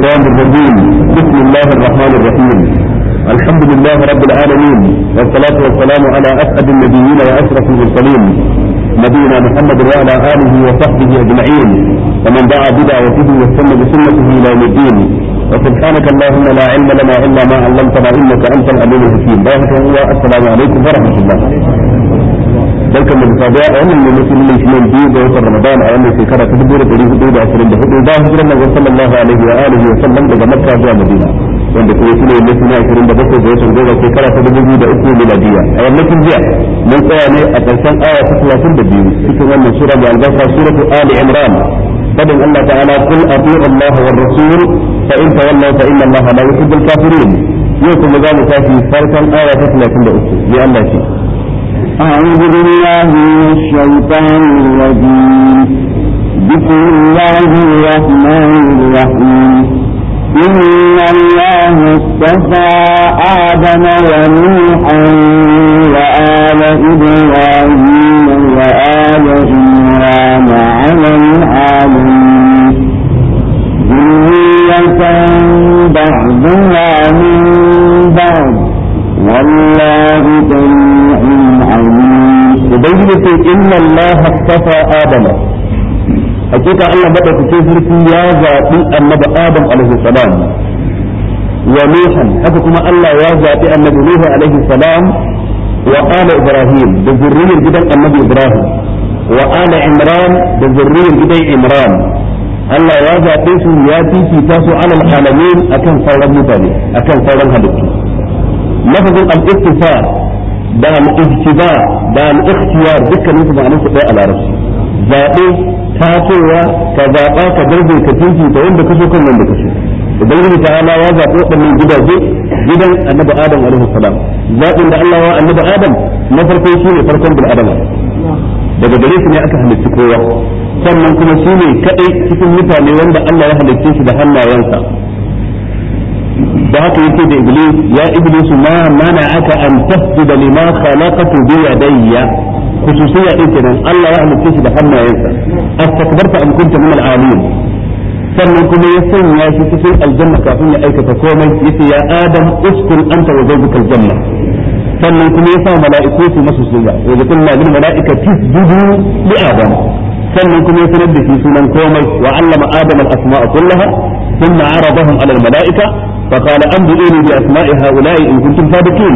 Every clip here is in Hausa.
الشيطان الرجيم بسم الله الرحمن الرحيم الحمد لله رب العالمين والصلاة والسلام على أسعد النبيين وأشرف المرسلين نبينا محمد وعلى آله وصحبه أجمعين ومن دعا بدعوته واستنى بسنته إلى يوم الدين وسبحانك اللهم لا علم لنا إلا ما علمتنا إنك أنت العليم الحكيم السلام عليكم ورحمة الله barkan mu sabuwa a wannan ne mutum ne shine biyu ga watan Ramadan a wannan shekara ta 1424 bayan hijirar Nabi sallallahu alaihi wa alihi wa sallam daga Makka zuwa Madina wanda kuma shine mutum ne 27 ga watan goma shekara ta 2003 miladiya a wannan jiya mun tsaya ne a karshen aya ta 32 cikin wannan sura mai albarka suratu Ali Imran fadin Allah ta'ala kul atiiu Allah war rasul fa in tawallaw fa inna Allah la yuhibbul kafirin yau kuma za mu tafi aya ta 33 ya أعوذ بالله من الشيطان الرجيم بسم الله الرحمن الرحيم إن الله اصطفى آدم ونوحا وآل إبراهيم وآل عمران على العالمين ذرية بعضها من بعض والله yace inna allaha istafa adama hakika Allah madaukake sarki ya zabi annabi adam alaihi salam wa nuhan haka kuma Allah ya zabi annabi nuhu alaihi salam wa ala ibrahim da zurriyar gidan annabi ibrahim wa ala imran da zurriyar gidan imran Allah ya zaɓe su ya fifita su alal alamin akan sauran mutane akan sauran halittu lafazin al-ittifa da al-ijtiba da al-ikhtiyar dukkanin su ma'anar su ɗaya a larabci zaɓe tasowa ka zaɓa ka darbe ka tunji ta wanda kaso kan wanda kaso ubangiji ta ala ya zaɓi waɗannan gidaje gidan annabi adam alaihi salam zaɓin da Allah wa annabi adam na farko shine farkon bil adama daga gare su ne aka halitta kowa sannan kuma shi ne kaɗai cikin mutane wanda Allah ya halitta shi da hannayensa da haka yake da iblis ya iblis ma mana aka an tasjuda lima khalaqatu bi yadayya khususiyya din kenan Allah ya halitta shi da hannayensa astakbarta am kunta min al sannan kuma ya sanya shi cikin aljanna kafin ya aikata komai yace ya adam uskun anta wa zawjuka aljanna sannan kuma ya sa mala'iku su masu sujda wa yaqulu lil mala'ikati isjudu li adam sannan kuma ya sanar da shi sunan komai wa allama adam al-asma'a kullaha thumma 'aradahum 'ala al-mala'ika fa qala anbi'uni bi asma'i ha'ula'i in kuntum sadiqin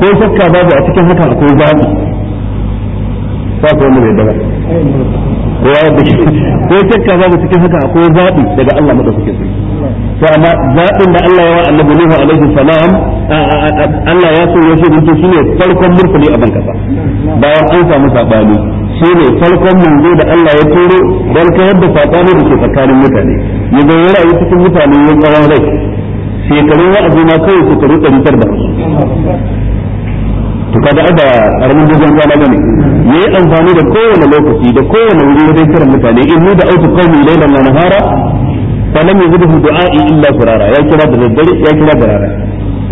ko shakka babu a cikin hakan akwai babu ba ko mun da kowa da shi ko shakka babu cikin haka akwai zaɓi daga Allah madaukakin sarki to amma zaɓin da Allah ya wa annabi Nuhu alaihi salam Allah ya so ya shi shine farkon murtali a bankasa bayan an samu sabani shine farkon manzo da Allah ya turo dan kayar da sabani da ke tsakanin mutane ga ya rayu cikin mutane ya tsawon rai shekarun wa'azi na kawai da 150 ka da ba karamin dogon kwana bane ya yi amfani da kowane lokaci da kowane wuri wajen kiran mutane in da autu qaumi laylan wa nahara falam yazidhu du'a'i illa firara ya kira da daddare ya kira da rana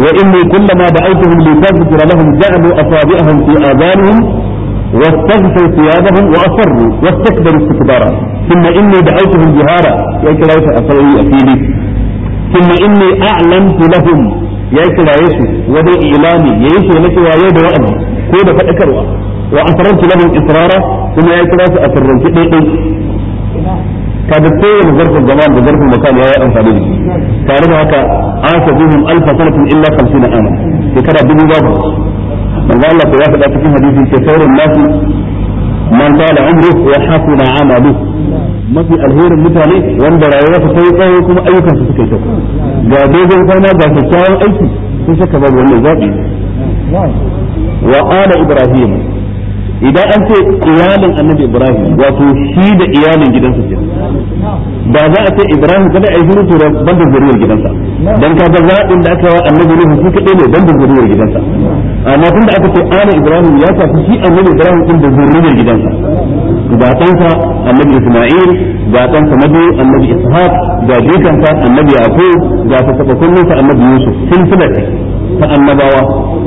wa inni kullama da'awtuhum li taghfira lahum ja'alu asabi'ahum fi adanihim واستغفر ثيابهم واصروا واستكبروا استكبارا ثم اني دعوتهم جهارا يا كلاوس اصلي افيدي ثم اني اعلنت لهم ya kiraye su wajen ilani yayi ke na cewa yau da wa'azi ko da fadakarwa wa asrartu lahum israra kuma ya kira su a sirrance dai dai kaga kowane zarfin zaman da zarfin makal ya yi amfani da tare da haka an sabuhum alfa sanatin illa 50 ana shekara dubu babu manzo Allah ko ya faɗa cikin hadisi ke sauran nasu man a umruhu wa hasuna amaluhu mafi alherin mutane wanda rayuwa ta sai tsawo kuma ayyukan su suka yi kyau ga dogon kwana ga kyakkyawan aiki sun saka babu wannan zaɓi wa ala ibrahim idan an ce iyalin annabi ibrahim wato shi da iyalin gidansa ce ba za a ce ibrahim kada a yi ban da zuriyar gidansa dan kaga zaɓin da aka wa annabi nuhu shi kadai ne banda zuriyar gidansa amma tun da aka ce ana ibrahim ya tafi shi annabi ibrahim din da zuriyar gidansa ga annabi isma'il ga ɗansa nabi annabi ishaq ga jikansa annabi yaqub ga sa annabi yusuf sun suna ta annabawa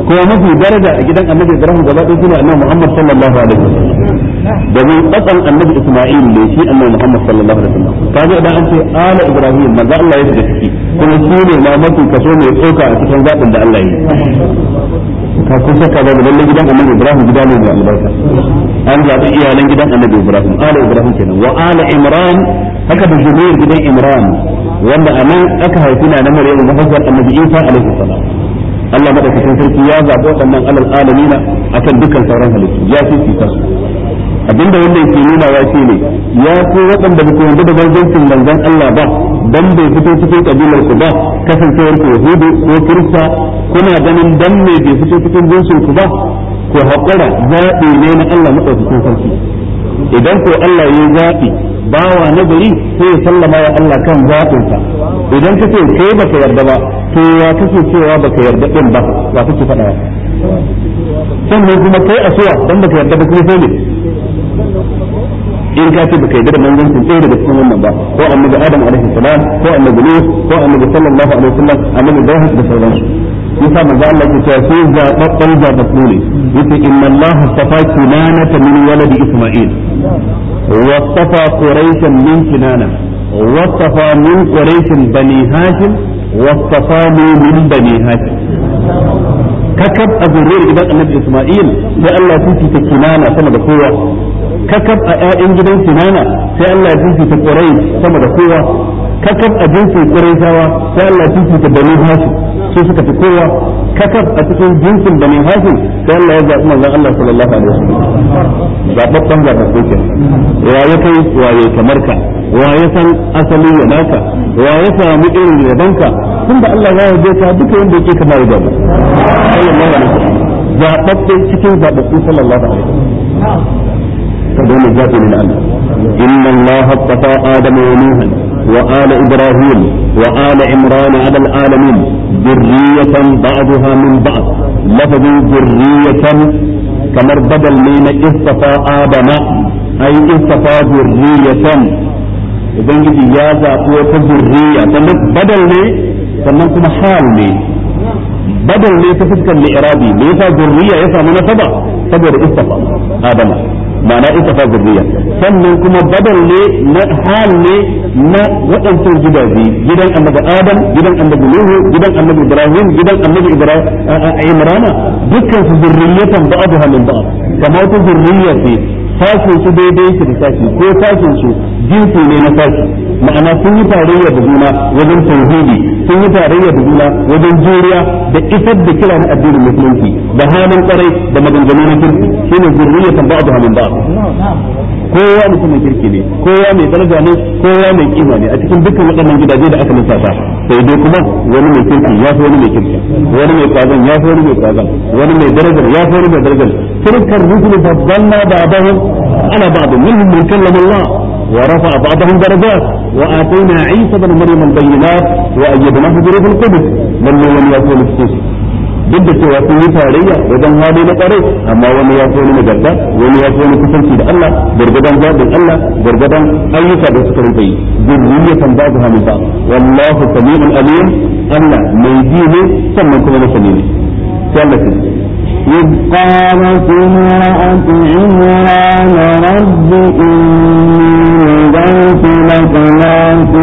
ko mafi daraja a gidan annabi Ibrahim gaba ɗaya shine annabi Muhammad sallallahu alaihi wasallam domin tsakan annabi Isma'il ne shi annabi Muhammad sallallahu alaihi wasallam kaje idan an ce ala Ibrahim manzo Allah ya shiga ciki kuma shi ne ma mafi kaso mai tsoka a cikin zaɓin da Allah ya yi ka kun saka da lallai gidan annabi Ibrahim gida ne mai albarka an zaɓi iyalan gidan annabi Ibrahim ala Ibrahim kenan wa ala Imran haka da zuriyar gidan Imran wanda anan aka haifi na na Maryam mahaifiyar annabi Isa alaihi salam Allah madaukakin sarki ya zaɓi waɗannan alal alamina akan dukkan sauran halittu ya fifita su abinda wanda yake nuna ya ce ne ya ko waɗanda ba ku yarda da bangancin manzon Allah ba dan bai fito cikin kabilar ku ba kasancewar ku yahudu ko kirista kuna ganin dan me bai fito cikin jinsin ku ba ku haƙura zaɓi ne na Allah madaukakin sarki idan ko Allah ya zaɓi bawa na gari sai ya sallama wa Allah kan zaɓinsa idan kace kai baka yarda ba to ya kace cewa baka yarda din ba wa kake faɗa sannan kuma kai asuwa dan baka yarda ba kuma sai ne in ka ce baka yarda da manzancin sai daga cikin wannan ba ko annabi adam alaihi salam ko annabi nuh ko annabi sallallahu alaihi wasallam annabi ibrahim da sauransu yasa manzo Allah ke cewa sai zababban zababbu ne yace inna Allah astafa kinanata min waladi isma'il wa astafa quraishan min kinana wa astafa min quraishin bani hashim wa astafa min bani hashim kakab a zuriyar gidan annabi isma'il sai Allah ya kina kinana sama da kowa kakab a ƴaƴan gidan sinana sai Allah ya ta ƙurai sama da kowa kakab a jinsin sawa sai Allah ya ta bani hasu su suka fi kowa kakab a cikin jinsin bani hasu sai Allah ya zaɓi manzon Allah sallallahu alaihi wasallam zaɓaɓɓen zaɓaɓɓe ke wa ya kai wa ya kamar ka wa ya san asali ya naka wa ya samu irin tun da Allah ya yabe ka duka yanda yake kamar da sallallahu alaihi wasallam zaɓaɓɓe cikin zaɓaɓɓe sallallahu alaihi wasallam تدوم الذات للأمر إن الله اصطفى آدم ونوحا وآل إبراهيم وآل عمران على العالمين ذرية بعضها من بعض لفظ ذرية كمر بدل من اصطفى آدم أي اصطفى ذرية ubangiji ya zaɓi wata zurriya sannan badal ne sannan kuma hal ne badal ne ta fuskar li'irabi me yasa zurriya ya samu nasaba saboda istafa adama ma'ana ita fa zuriya sannan kuma badal ne na hal ne na waɗancan gidaje gidan annabi adam gidan annabi nuhu gidan annabi ibrahim gidan annabi ibrahim imrana dukkan su zurriyatan ba'daha min ba'd kamar ta zurriya ce sashin su daidai su da sashi ko sashin su jinsi ne na sashi ma'ana sun yi tarayya da juna wajen tauhidi sun yi tarayya da juna wajen juriya da isar da kira na addinin musulunci da halin kwarai da maganganu na kirki shine zurriyatan ba'd halin ba'd kowa mutumin kirki ne kowa mai daraja ne kowa mai kima ne a cikin dukkan waɗannan gidaje da aka lissafa sai dai kuma wani mai kirki ya fi wani mai kirki wani mai kwazon ya fi wani mai kwazon wani mai darajar ya fi wani mai darajar tilkar rukun babban na ba'dahu ala ba'd minhum man kallama Allah ورفع بعضهم درجات وآتينا عيسى بن مريم البينات وأيدناه بروح القدس من لم يكن السوسي duk da cewa sun yi tarayya wajen hali na kwarai amma wani ya wani nagarta wani ya wani kusanci da Allah gargadan zaɓin Allah gargadan ayyuka da suka rinka yi zurriyatan ba su hannun ba wallahu sami'un Allah mai ji ne sannan kuma na sami ne sai yi عمران إني أذنت لك ما في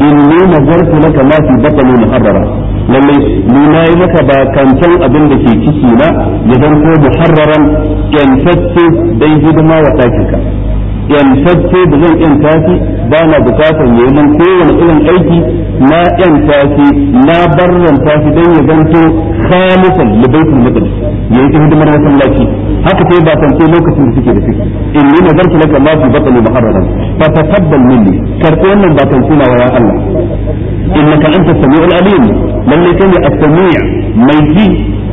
inni nazartu laka ma fi batni muharrara lalle ni nayi maka ba kancan abin da ke ciki na ya zanto muharraran kentacce dai hidima wa sakinka yantacce da zan yan shi ba na bukatar ya yi kowane irin aiki na yan shi na barranta shi don ya zanto khalisan libaitul maqdis ya yi hidimar masallaci haka sai ba san sai lokacin da suke da ciki inni nazartu laka ma fi batni muharraran fa taqabbal minni karɓi wannan ba san kuma wa ya Allah innaka anta samiul alim lalle kai ne as-sami' mai ji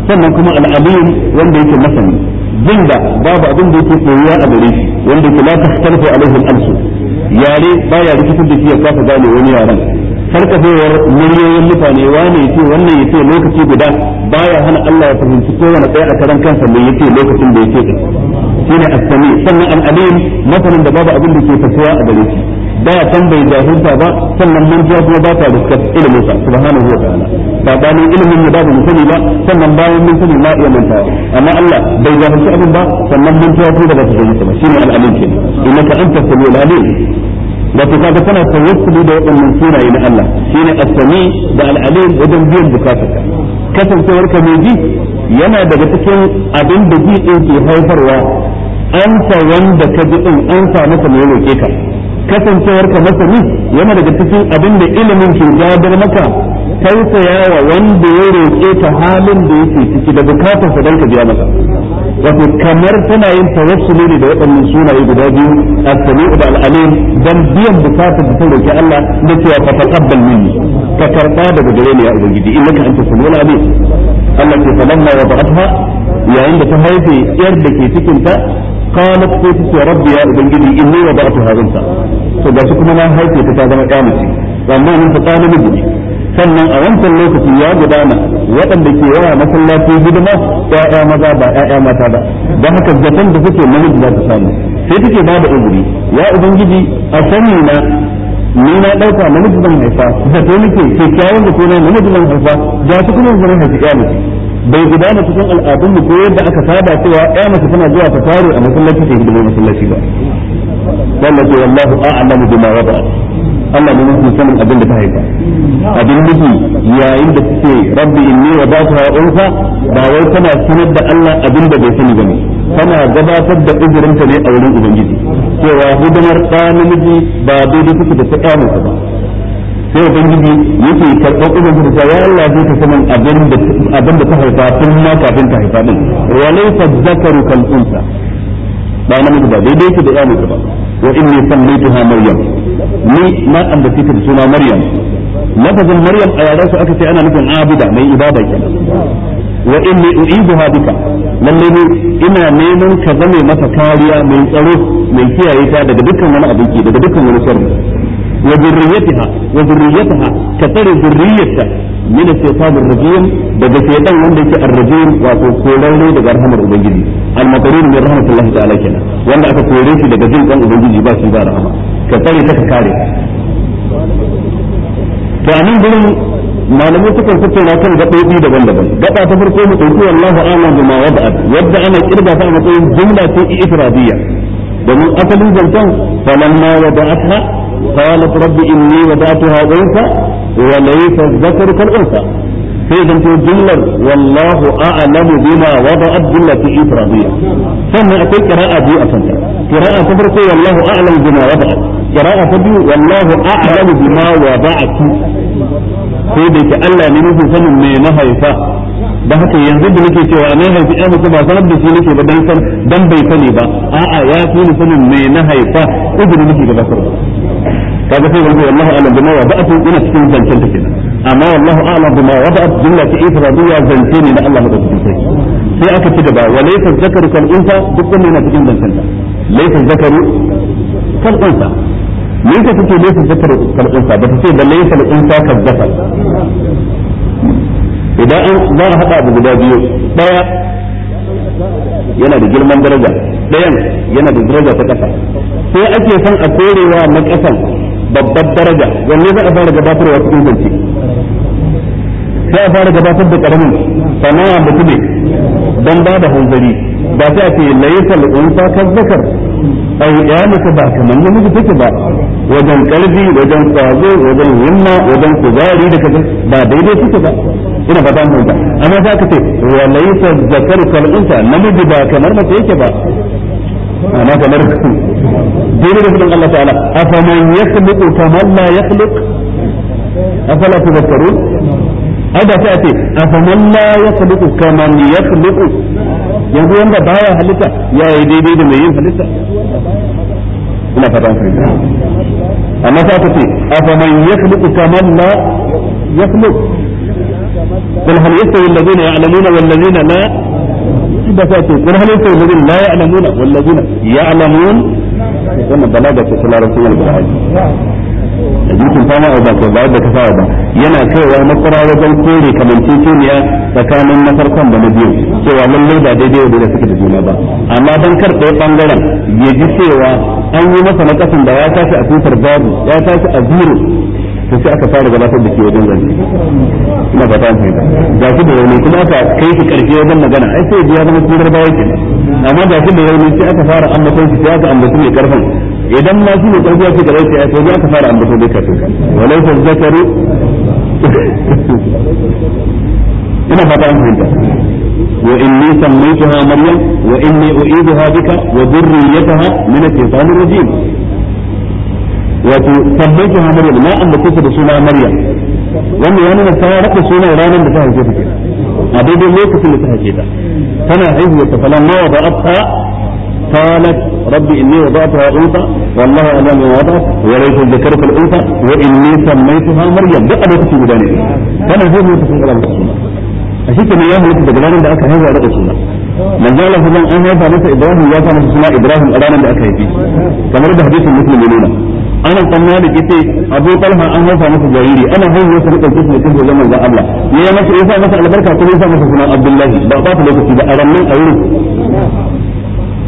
sannan kuma al-alim wanda yake masani jin da babu abin da yake koyuwa a gare shi wanda ke la tahtarfu alaihim alsu yare baya rikitar da shi ya kafa gane wani yaran sarkafewar miliyoyin mutane wane yace wannan yace lokaci guda ya hana Allah ya fahimci kowane ɗaya a karan kansa mai yace lokacin da yake din shine as-sami sannan al masanin da babu abin da ke fasuwa a gare shi baya can bai jahilta ba sannan mantuwa kuma ba ta da riskar ilimin sa subhanahu wa ta'ala sabanin ilimin mu da mu sani ba sannan bayan mun sani ma iya mantawa amma Allah bai jahilta abin ba sannan mantuwa kuma ba ta jahilta ba shine al-alim kenan innaka anta samiul alim wato kaga tana tawakkuli da waɗannan sunaye na Allah shine as-sami da al-alim wajen biyan bukatu kasancewar ka mai ji yana daga cikin abin da ji din ke haifarwa an sa wanda ka ji din an sa masa mai ka kasancewar ka masani yana daga cikin abin da ilimin ke gadar maka tausaya wa wanda ya roƙe ta halin da yake ciki da bukatarsa don ka biya masa wato kamar tana yin tawassuli ne da waɗannan sunaye guda biyu as-sami'u da al-alim dan biyan bukatar da ta roƙe Allah da cewa fa taqabbal minni ka karba daga gare ni ya ubangiji innaka antas samiul alim Allah ke falamma wa ba'atha yayin da ta haife yar da ke cikin ta qalat ko ta rabbi ya ubangiji inni wa ba'atha zanta to ga su kuma na haife ta ta zama kamace wannan mun ta namiji sannan a wancan lokaci ya gudana waɗanda ke yawa masallaci hidima yaya maza ba yaya mata ba da haka zaton da suke namiji za ta samu sai take ba da uzuri ya ubangiji a sani na ni na dauka namiji zan haifa da to nake kyawun da ko na namiji zan haifa da su kuma zan haifi kyamu bai gudana cikin al'adun mu ko yadda aka saba cewa ya mace tana zuwa ta tare a masallaci ta hidima masallaci ba wannan ce wallahu a'lamu bima wada Allah ne mutum sanin abin da ta haifa abin nufi yayin da suke rabbi inni wa ba ta unsa ba wai tana sanar da Allah abin da bai sani ba ne tana gabatar da uzurinta ne a wurin ubangiji cewa hidimar ɗa namiji ba daidai kuke da ta ƙyamata ba sai ubangiji yake karɓar ubangiji ta ya Allah zai ta saman abin da ta haifa tun ma kafin ta haifa din walai fa zakaru kal unsa ba namiji ba daidai kuke da ya ba wa inni sammaytuha maryam ni na ambace ta suna maryam lafazin maryam a yaran su aka ce ana nufin Abuda mai ibada kenan wa inni u'iduha bika lalle ne ina neman ka zame masa kariya mai tsaro mai kiyaye ta daga dukkan wani abinci daga dukkan wani sharri wa zurriyataha wa zurriyataha ka tsare zurriyarta min shaytan ar-rajim daga shaytan wanda yake ar-rajim wato korarre daga rahmar ubangiji al-matarun min rahmatillahi ta'ala kenan wanda aka kore shi daga jin kan ubangiji ba shi ba rahama ka tsare ta ka kare to anan gurin malamai sukan na kan gaɓoɓi daban-daban gaɓa ta farko mu ɗauki wallahu a'lam bima wada'at yadda ana kirga ta a matsayin jumla ce ifradiyya domin asalin zancen falamma wada'atha qalat rabbi inni wada'tuha unsa wa laysa dhakaru kal unsa sai zanto jumlar wallahu a'lamu bima wada'at jumla ce ifradiyya sannan akwai qira'a biyu a kanta qira'a ta farko wallahu a'lamu bima wada'at qira'a ta biyu wallahu a'lamu bima wada'at ko da ke Allah ne nufin sanin me na haifa da haka yanzu da nake cewa ne haifi ya mutu ba sanar da shi nake ba dan san dan bai sani ba a'a ya fi ni sanin me na haifa da nake gabatarwa kaga sai wanda wallahi alam bima wa ba'atu ina cikin zancen take amma wallahu a'lam bima wa ba'at jumla ta ifradiyya zance ne na Allah madaukakin sarki sai aka ci gaba wa laysa zakaru kal unsa duk wannan na cikin zancen ta laysa zakaru kal unsa me yasa take laysa zakar sa ba ta ce da laysa sa kan zakar idan an za a haɗa abu guda biyu ɗaya yana da girman daraja ɗayan yana da daraja ta ƙasa sai ake son a korewa na ƙasan babbar daraja wanne za a fara gabatarwa cikin zance sai a fara gabatar da ƙaramin sana'a mutumin don ba da hanzari ba sai a ce laysa sa kan zakar ai ɗayanka ba kamar namiji take ba wajen ƙarfi wajen kwazo wajen himma wajen kuzari da kaza ba daidai take ba ina ba ta mutunta amma za ka ce wa laisa zakaru kal unsa namiji ba kamar mace yake ba ana kamar dole da fadin Allah ta'ala afaman yakhluqu kama la yakhluq afala tadhakkarun ada sai a ce afaman la yakhluqu kaman yakhluqu yanzu wanda baya halitta ya yi daidai da mai yin halitta ina fata an fahimta amma sai aka ce afaman yakhluqu kaman la yakhluq قل هل يستوي الذين يعلمون والذين لا بساطة قل هل يستوي الذين لا يعلمون والذين يعلمون wannan balaga ce ta larabci wani balaga hadisin fama a zafi ba da kasawa ba yana kaiwa makura wajen kore cikiniya tsakanin na farkon da na biyu cewa lallai ba daidai da suke da juna ba amma dan karɓe ɓangaren bangaren ya ji cewa an yi masa na kasan da ya tashi a tutar babu ya tashi a zuru to sai aka fara gabatar da shi wajen zance ina ba ta ba ga shi da rauni kuma aka kai shi karshe wajen magana ai sai biya zama sun garba ke amma ga shi da rauni sai aka fara ambaton shi sai aka ambaci mai karfin idan ma shi mai karfi ake garai sai aka aka fara ambaton da kafin walau fa zakaru ina fata an fahimta wa inni sammaytuha maryam wa inni u'iduha bika wa dhurriyyataha min ash-shaytanir wato مريم ما maryam na ambace ta da suna maryam wanda ya nuna ta raka suna ranar da ta haife ta a daidai lokacin da ta haife ta tana ta ma قالت ربي إني وضعتها أنثى والله أعلم ما وضعت وليس الذكر كالأنثى وإني سميتها مريم دقة بيت في بدانها كان هو يتصل على رسول الله أشيك من يوم لك بدلان لأك هذا رسول الله من جعل فلان أن يفعل إبراهيم يفعل سنة إبراهيم أرانا لأك هيفي كما رد حديث المسلم يقولون ana dan malik yace abu talha an haifa masa jariri ana haihuwa sa rika kishi cikin wajen manzon Allah ya yi masa yasa masa albarka ko yasa masa sunan abdullahi ba ba ta lokaci ba a ranar a wurin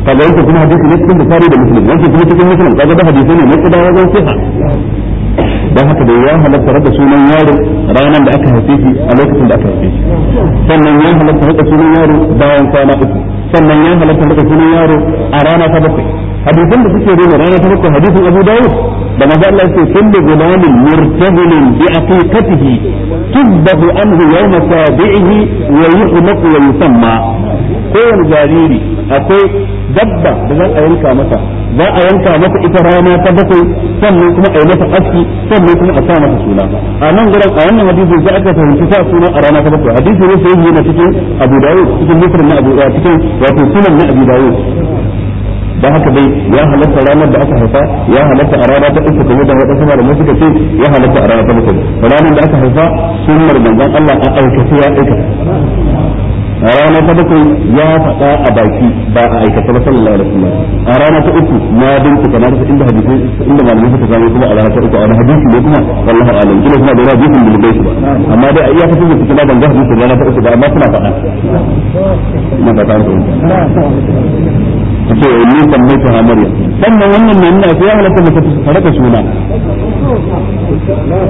kaga yanka kuma hadisi ne cikin bukhari da muslim yanka kuma cikin muslim kaga da hadisi ne mai kida wajen siha da haka da ya halatta rada sunan yaro ranar da aka haife shi a lokacin da aka haife shi sannan ya halatta rada sunan yaro bayan kwana uku sannan ya halatta maka sunan yaro a rana ta bakwai hadisan da suke nuna rana ta bakwai hadisin Abu Dawud da manzo Allah yake kullu gulamin murtabilin bi aqiqatihi tuzbahu anhu yawma sabihi wa yuhlaq wa yusamma kowane jariri akwai dabba da zan a yanka masa za a yanka masa ita rana ta bakwai sannan kuma a yi masa aski sannan kuma a sa masa suna a nan gurin a wannan hadisin sai aka fahimci sa suna a rana ta bakwai hadisi ne sai yana cikin Abu Dawud cikin Muslim na Abu cikin wato sunan na abi dawo da haka dai ya halatta ranar da aka haifa ya halatta a rana ta uku kuma da da malamai suka ce ya halatta a rana ta uku ranar da aka haifa sunnar manzon Allah a aikata ya aika a rana ta bakwai ya faɗa a baki ba a aikata ba sallallahu alaihi wasallam a rana ta uku na bincika na rasa inda hadisi inda malamai suka samu kuma a rana ta uku a wani hadisi ne kuma wallahi alim kila kuma da wani hadisin da bai ba amma dai iya fasin da kuma ban ga hadisin rana ta uku ba amma suna faɗa na faɗa ko ce ni kan mai ta mariya sannan wannan ne ina sai ya halatta mace ta farka suna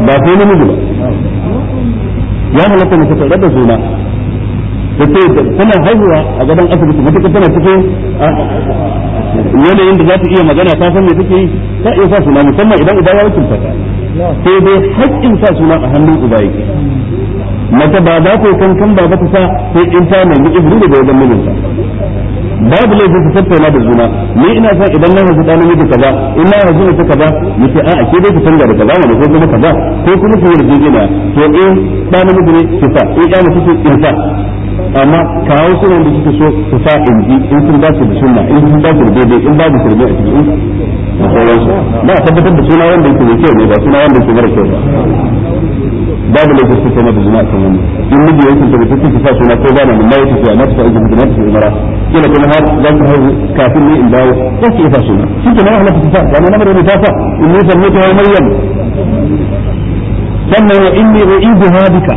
ba sai namiji ba ya halatta mace ta rada suna da tana haihuwa a gaban asibiti matuƙa tana cikin yanayin da za ta iya magana ta san me take yi ta iya sa suna musamman idan uba ya wakilta ta sai dai haƙƙin sa suna a hannun uba yake mata ba za ta yi kankan ba ta sa sai in ta nemi da daga wajen mijinta babu laifin su tattauna da juna ni ina san idan na haifi ɗan namiji kaza in na haifi ta kaza mu ce a'a ke dai ku tanga da kaza wani ko kuma kaza ko kuma ku gina to in eh, ɗan namiji ne ki sa in ɗan mutu ki in sa amma kawo sunan da kike so ku sa in ji in sun ku da sunna in sun ku da dai in babu dai a cikin ku sauransu ba tabbatar da suna wanda yake mai kyau ne ba suna wanda yake mara kyau ba babu da gaske kai mata jima'a kan wani in miji ya kunta da kike sa suna ko bana mun mai tafiya na tafi da mata umara kila kuma har za ta haihu kafin ne in dawo ko ki sa suna shi ke nan Allah ta ga nan ne ta fa in ne san ne ta maryam sannan wa inni u'idu hadika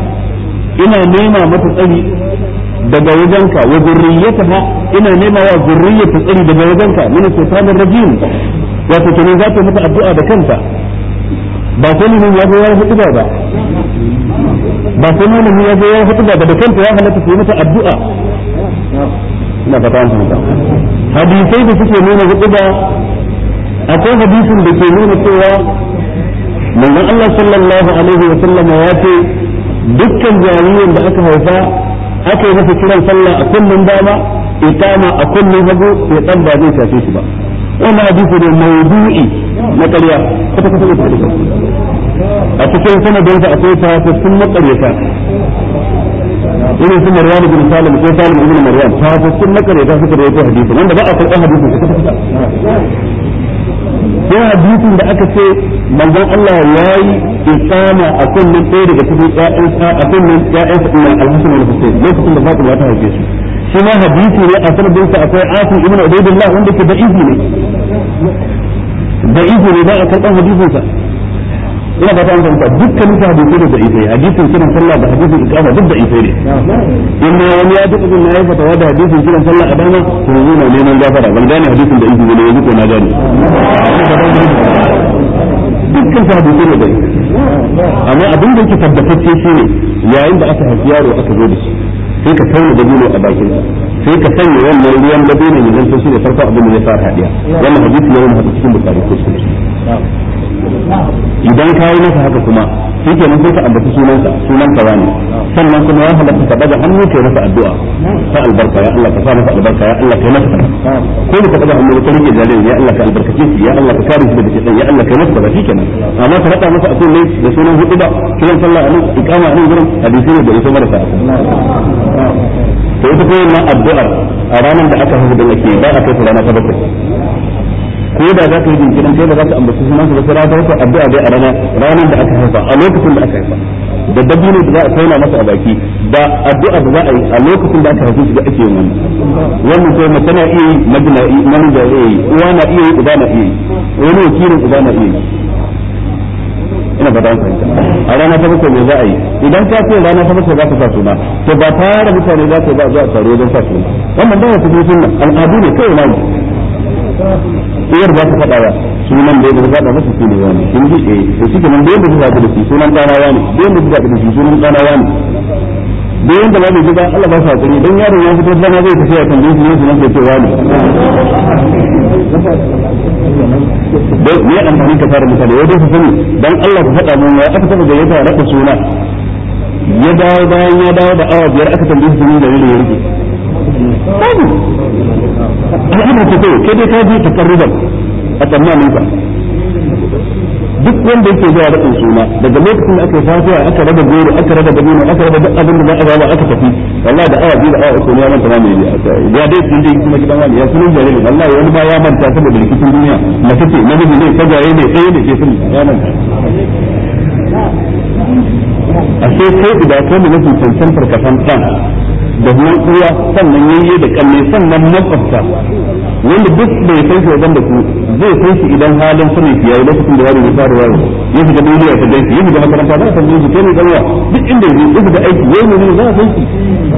ina nema mata tsari daga wajenka wa zurriyataha ina nema wa zurriyata tsari daga wajenka min shaytanir rajim wato kenan za ta mata addu'a da kanta ba ko ne ya ga wani hudu ba ba nuna mu ya zo ya hutu daga dukkan ta ya halatta su yi mata addu'a ina fata an fahimta hadisai da suke nuna ba akwai hadisin da ke nuna cewa manzon Allah sallallahu alaihi wa sallam ya ce dukkan jaririn da aka haifa aka yi masa kiran sallah a kullun dama itama a kullun hagu ya dan ba zai shafe shi ba wannan hadisi ne mawdu'i na ƙarya kwata kwata ne a cikin sanadinsa akwai ta sun makaryata irin su Maryam ibn Salim ko Salim ibn Maryam ta sun makaryata suka da yake hadisi wanda ba a karɓar hadisin su ta sai hadisin da aka ce manzon Allah ya yi isama a kunnen ɗaya daga cikin ƴaƴansa a kunnen ƴaƴansa ɗin al-Hasan al-Husayn lokacin da Fatima ta haife su shi ma hadisi ne a sanadin sanadinsa akwai Asim ibn Ubaydullah wanda ke da da'ifi ne da da'ifi ne ba a karɓar sa ina ba ta an fahimta dukkan ta hadisi da da'ifai hadisin kiran sallah da hadisin ikama duk da'ifai ne in ma wani ya duk ibn nayi fatawa da hadisin kiran sallah a dama to yanzu na neman gafara ban gane hadisin da ibi ne yanzu ko na gane dukkan ta hadisi da da'ifai amma abin da yake tabbatacce shine yayin da aka haifi yaro aka zo da shi sai ka tauna dabino a bakin sai ka sanya wannan ruwan dabino ne zan so shi ne farko abin da ya fara hadiya wannan hadisi ne wanda haka cikin bukari ko sunna idan ka yi masa haka kuma shi ke nan sai ka ambaci sunansa sunan ka ne sannan kuma ya halatta ka daga hannu ke masa addu'a ta albarka ya Allah ka sa masa albarka ya Allah kai masa ko ka daga hannu ka rike jaririn ya Allah ka albarkace shi ya Allah ka kare shi daga cikin ya Allah kai masa ba shikenan amma ka rada masa akwai ne da sunan hudu ba kiran sallah anan iqama anan gurin hadisi ne da ita sa'a to ita ko wannan addu'ar a ranar da aka hudu da ake ba a kai rana ta bakwai ko da za ka yi jinkirin sai ba za ka ambaci sunan su ba sai wasu ta addu'a dai a rana ranar da aka haifa a lokacin da aka haifa da dabino da za a kaina masa a baki da addu'a da za a yi a lokacin da aka haifin shi da ake yin wannan wannan sai mace na iya yi na namiji iya yi uwa na iya yi uba na iya yi wani wakilin uba na iya yi ina ba dan fahimta a rana ta bakwai me za a yi idan ka ce rana ta bakwai za ka sa suna to ba tare mutane za ka ba za a taro wajen sa suna wannan ba wata sunna al'adu ne kai na yar za ta faɗa ba sunan da ya zaɓa masa wani kin ji eh to shi kenan da yadda zaɓa da shi sunan ɗana wani da yadda zaɓa da shi sunan ɗana wani da yadda ba mai Allah ba sa hakuri don yaron ya fito zama zai tafiya kan jinsu ne sunan wani don me amfani ka fara misali wai dai su sani dan Allah ku faɗa mun ya aka taɓa suna ya dawo bayan ya dawo da awa biyar aka tambaye su sunan da ya rike babu al'adar ta kai kai dai ka ji takarruban a tsammanin ka duk wanda yake zuwa rabin suna daga lokacin da aka fatiha aka raba goro aka raba dabino aka raba duk abin da za a raba aka tafi wallahi da awa biyu da awa uku ne ya manta mai ya dai sun je kuma gidan wani ya sunan jaririn wallahi wani ba ya manta saboda rikicin duniya mace ce namiji ne fagaye ne ɗaya ne ke sun ya manta ashe kai idan kai ne mafi cancantar kasan kan. da nan kuwa sannan yayye da kalle sannan makwabta wanda duk bai san shi wajen da ku zai san shi idan halin sanin shi yayi lokacin da yaro ya fara wayo ya shiga duniya ta dai ya shiga makaranta za a san shi kai ne dan uwa duk inda yake duk da aiki yayi ne za a san shi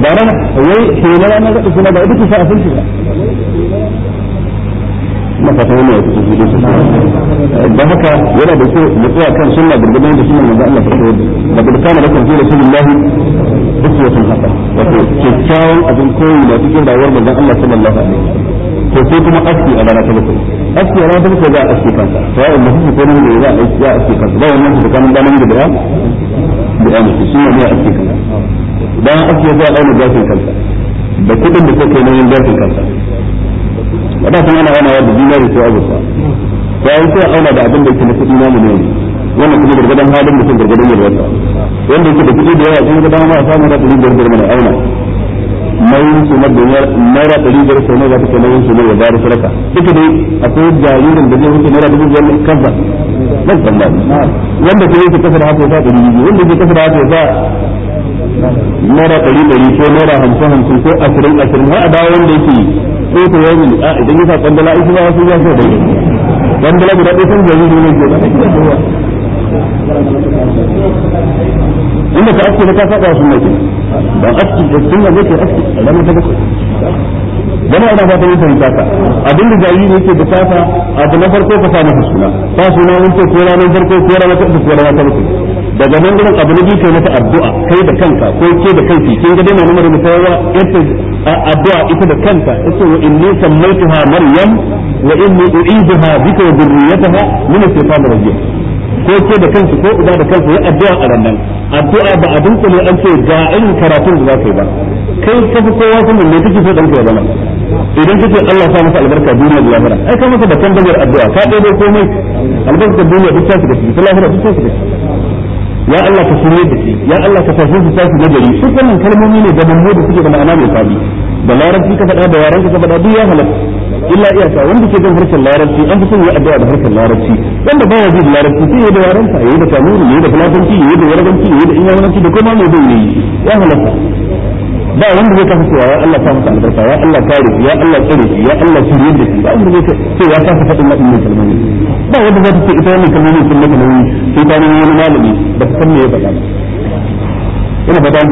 ba ran wai ke na ranar da kuma ba duk sa a san shi ba na fata wannan ya fito da haka yana da kyau mu tsaya kan sunna gurgurdan da sunna manzo Allah fito da da kana da kan fi rasulullah uswatun haka wato kyakkyawan abin koyi da cikin rayuwar manzo Allah sallallahu alaihi to sai kuma aski a rana ta aski a rana ta za a aski kansa to ya umma ko ne za a za a aski kansa ba wannan da kan da da da da an shi ne aski kansa dan aski ya ga dauna zafin kansa da kudin da kake nan zafin kansa da san ana yana da dinari ko azurfa ya yi sai auna da abin da yake na kuɗi namu ne wannan kuma gargadan halin mutum gargadan yalwata wanda yake da kuɗi da yawa sun gada ma a samu da kuɗi gargar mana auna nauyin su na duniyar naira ɗari biyar sau nawa za ta nauyin su ne ya bayar sadaka duka dai akwai jaririn da zai wuce naira dubu biyar ne kansa zan san ba wanda ke yake kasa da haka ya sa ɗari biyu wanda ke kasa da haka ya sa naira ɗari ɗari ko naira hamsin hamsin ko ashirin ashirin har a dawo wanda yake ko ta yau ne a idan yasa sa kwandala ita ba su ya so da kwandala guda ɗaya sun zai ne ke inda ka aske ka saba su mai ba aske da sun yanzu ke aske a zama ta bakwai wani ana fata yin fahimta ka abin da jayi ne ke bukata abu na farko ka sa masa suna sa suna wani ko ranar farko ko ranar ta bakwai daga nan gurin abu na biyu kai mata addu'a kai da kanka ko ke da kanki kin ga dai na namar mutawa yadda addu'a ita da kanta yace wa inni sammaytuha maryam wa inni u'iduha bika wa dhurriyyataha min ash-shaytanir rajim ko ke da kanki ko uba da kanki ya addu'a a nan addu'a ba abin ne an ce ga irin karatun da zaka yi ba kai ka fi kowa kuma me kake so dan kai ba zama idan kace Allah ya sa masa albarka duniya da lahira ai ka masa da kan dabar addu'a ka dai komai albarka duniya duk ta shiga cikin lahira duk ta shiga ya Allah ka shirye da shi ya Allah ka tafi su tafi nagari su kalmomi ne da mambo da suke da ma'ana mai fadi da larabci ka faɗa da yaran ka faɗa duk ya halatta illa iyaka wanda ke jin harshen larabci an fi son ya addu'a da harshen larabci wanda baya jin larabci sai ya da yaran ya yi da kanuri yayi da fulatanci yayi da ya yi da inyamanci da kuma mai bai yi ya halatta ba wanda zai kafa cewa ya Allah sa musu albarka ya Allah kare ya Allah tsare ya Allah shirye da shi ba wanda zai ce ya kafa fadin na ummi kalmomi ba wanda zai ce ita wannan kalmomi sun maka nauyi sai ta nemi wani malami da ta san me ya faɗa ba ina ba dan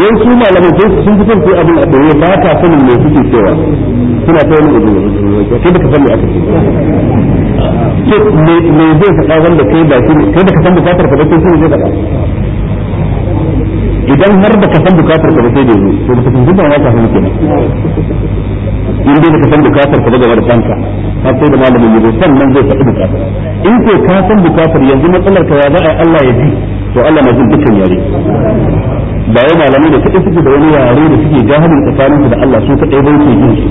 yau su malamai sai sun fi son sai abin a tsaye ba ta sanin me suke cewa suna ta wani gudu kai baka san me aka ce ce me zai faɗa wanda kai ba shi kai baka san bukatar ka ba kai shi ne zai faɗa idan har da ka san bukatar ka ba sai da yi to baka san zuba ma ka ke kenan in dai baka san bukatar ka ba game da kanka ka sai da malamin yanzu sannan zai faɗi bukatar in ko ka san bukatar yanzu matsalar ka ya za a Allah ya ji to Allah na jin dukkan yare ba wai malamai da kaɗai suke da wani yare da suke jahilin tsakanin su da Allah su kaɗai bai ke jin su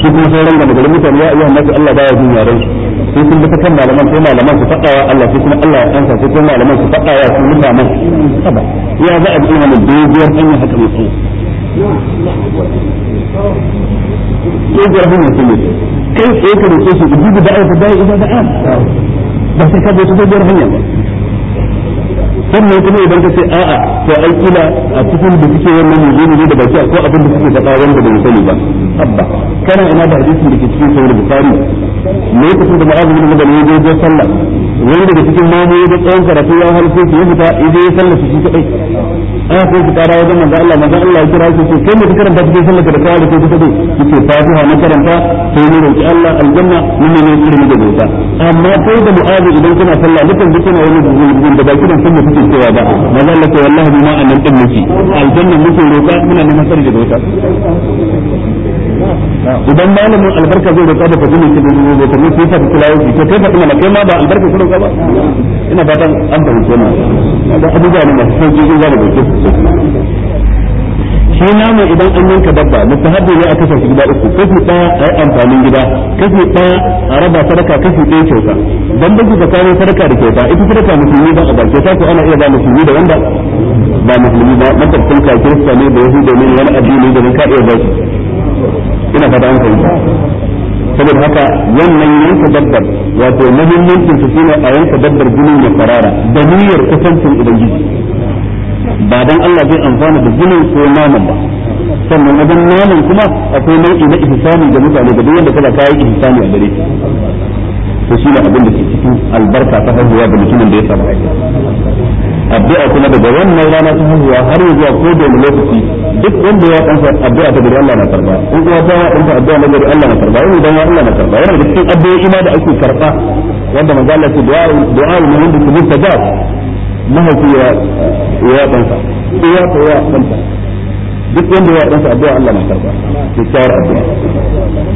su kuma sauran da magarin mutane ya iya nasu Allah baya jin yaren su sai sun bi kan malaman sai malaman su faɗa Allah sai kuma Allah ya ansa sai kuma malaman su faɗa wa su mutanen ya za a ji mana doguwar hanyar haka mai tsawo sai jarfin mutum ne kai tsaye ka da su su gudu da aiki da aiki da aiki ba sai ka bai su doguwar hanya ba sannan kuma idan ka ce a'a to ai kila a cikin da suke wannan ne ne da baki akwai abin da suke faɗa wanda bai sani ba abba kana ina da hadisin da ke cikin sahih bukhari lokacin da ma'azu bin jabal ne ga sallah wanda da cikin mamu da tsawon karatu ya halko ya fita ya ya sallah shi kadai an ko ki kara wajen manzo Allah manzo Allah ya kira shi ce kai ne karanta cikin sallar da kawai ko kuka dai yake fatiha na karanta sai ne roki Allah aljanna mun ne ne kiri da bauta amma kai da mu'azi idan kuna sallah dukan duk kana wani zuwa da baki dan sallar kuke cewa ba manzo Allah ce wallahi bima annan din miki aljanna muke roka muna neman sarri da bauta idan malamin albarka zai roƙa da fadilin ki da zai ta mutu ta yau ki kai ka kuma kai ma ba albarka ki ka ba ina fatan an fahimce na da abubuwa ne masu sauki zai zama da kike shi nama idan an yanka dabba mustahabbi ne a kasance gida uku kashi ɗaya a yi amfanin gida kashi ɗaya a raba sadaka kashi ɗaya kyauta dan da ku tsakanin sadaka da kyauta ita sadaka musulmi ba a ba kyauta ko ana iya ba musulmi da wanda ba musulmi ba matabtun ka kirista ne da yahuda ne wani addini da ka iya ba ina fata an fahimta saboda haka wannan yanka dabbar wato muhimmancin su shine a yanka dabbar jinin ya farara da niyyar kusancin ubangiji ba dan Allah zai amfana da jinin ko naman ba sannan wajen naman kuma akwai nau'i na ihsani da mutane da duk wanda kaza kai ihsani a gare to shi ne abin da ke cikin albarka ta hajjuwa da mutumin da ya samu aiki addu'a kuma daga wannan rana ta haihuwa har ya zuwa ko da lokaci duk wanda ya kansa addu'a ta gari Allah na karba in kuma ta ya kansa addu'a na gari Allah na karba in idan ya Allah na karba yana da cikin addu'o'i ma da ake karba wanda manzo Allah ya du'a du'a ne wanda ke mustajab mahaifi ya ya kansa ya ta ya kansa duk wanda ya kansa addu'a Allah na karba kyakkyawar addu'a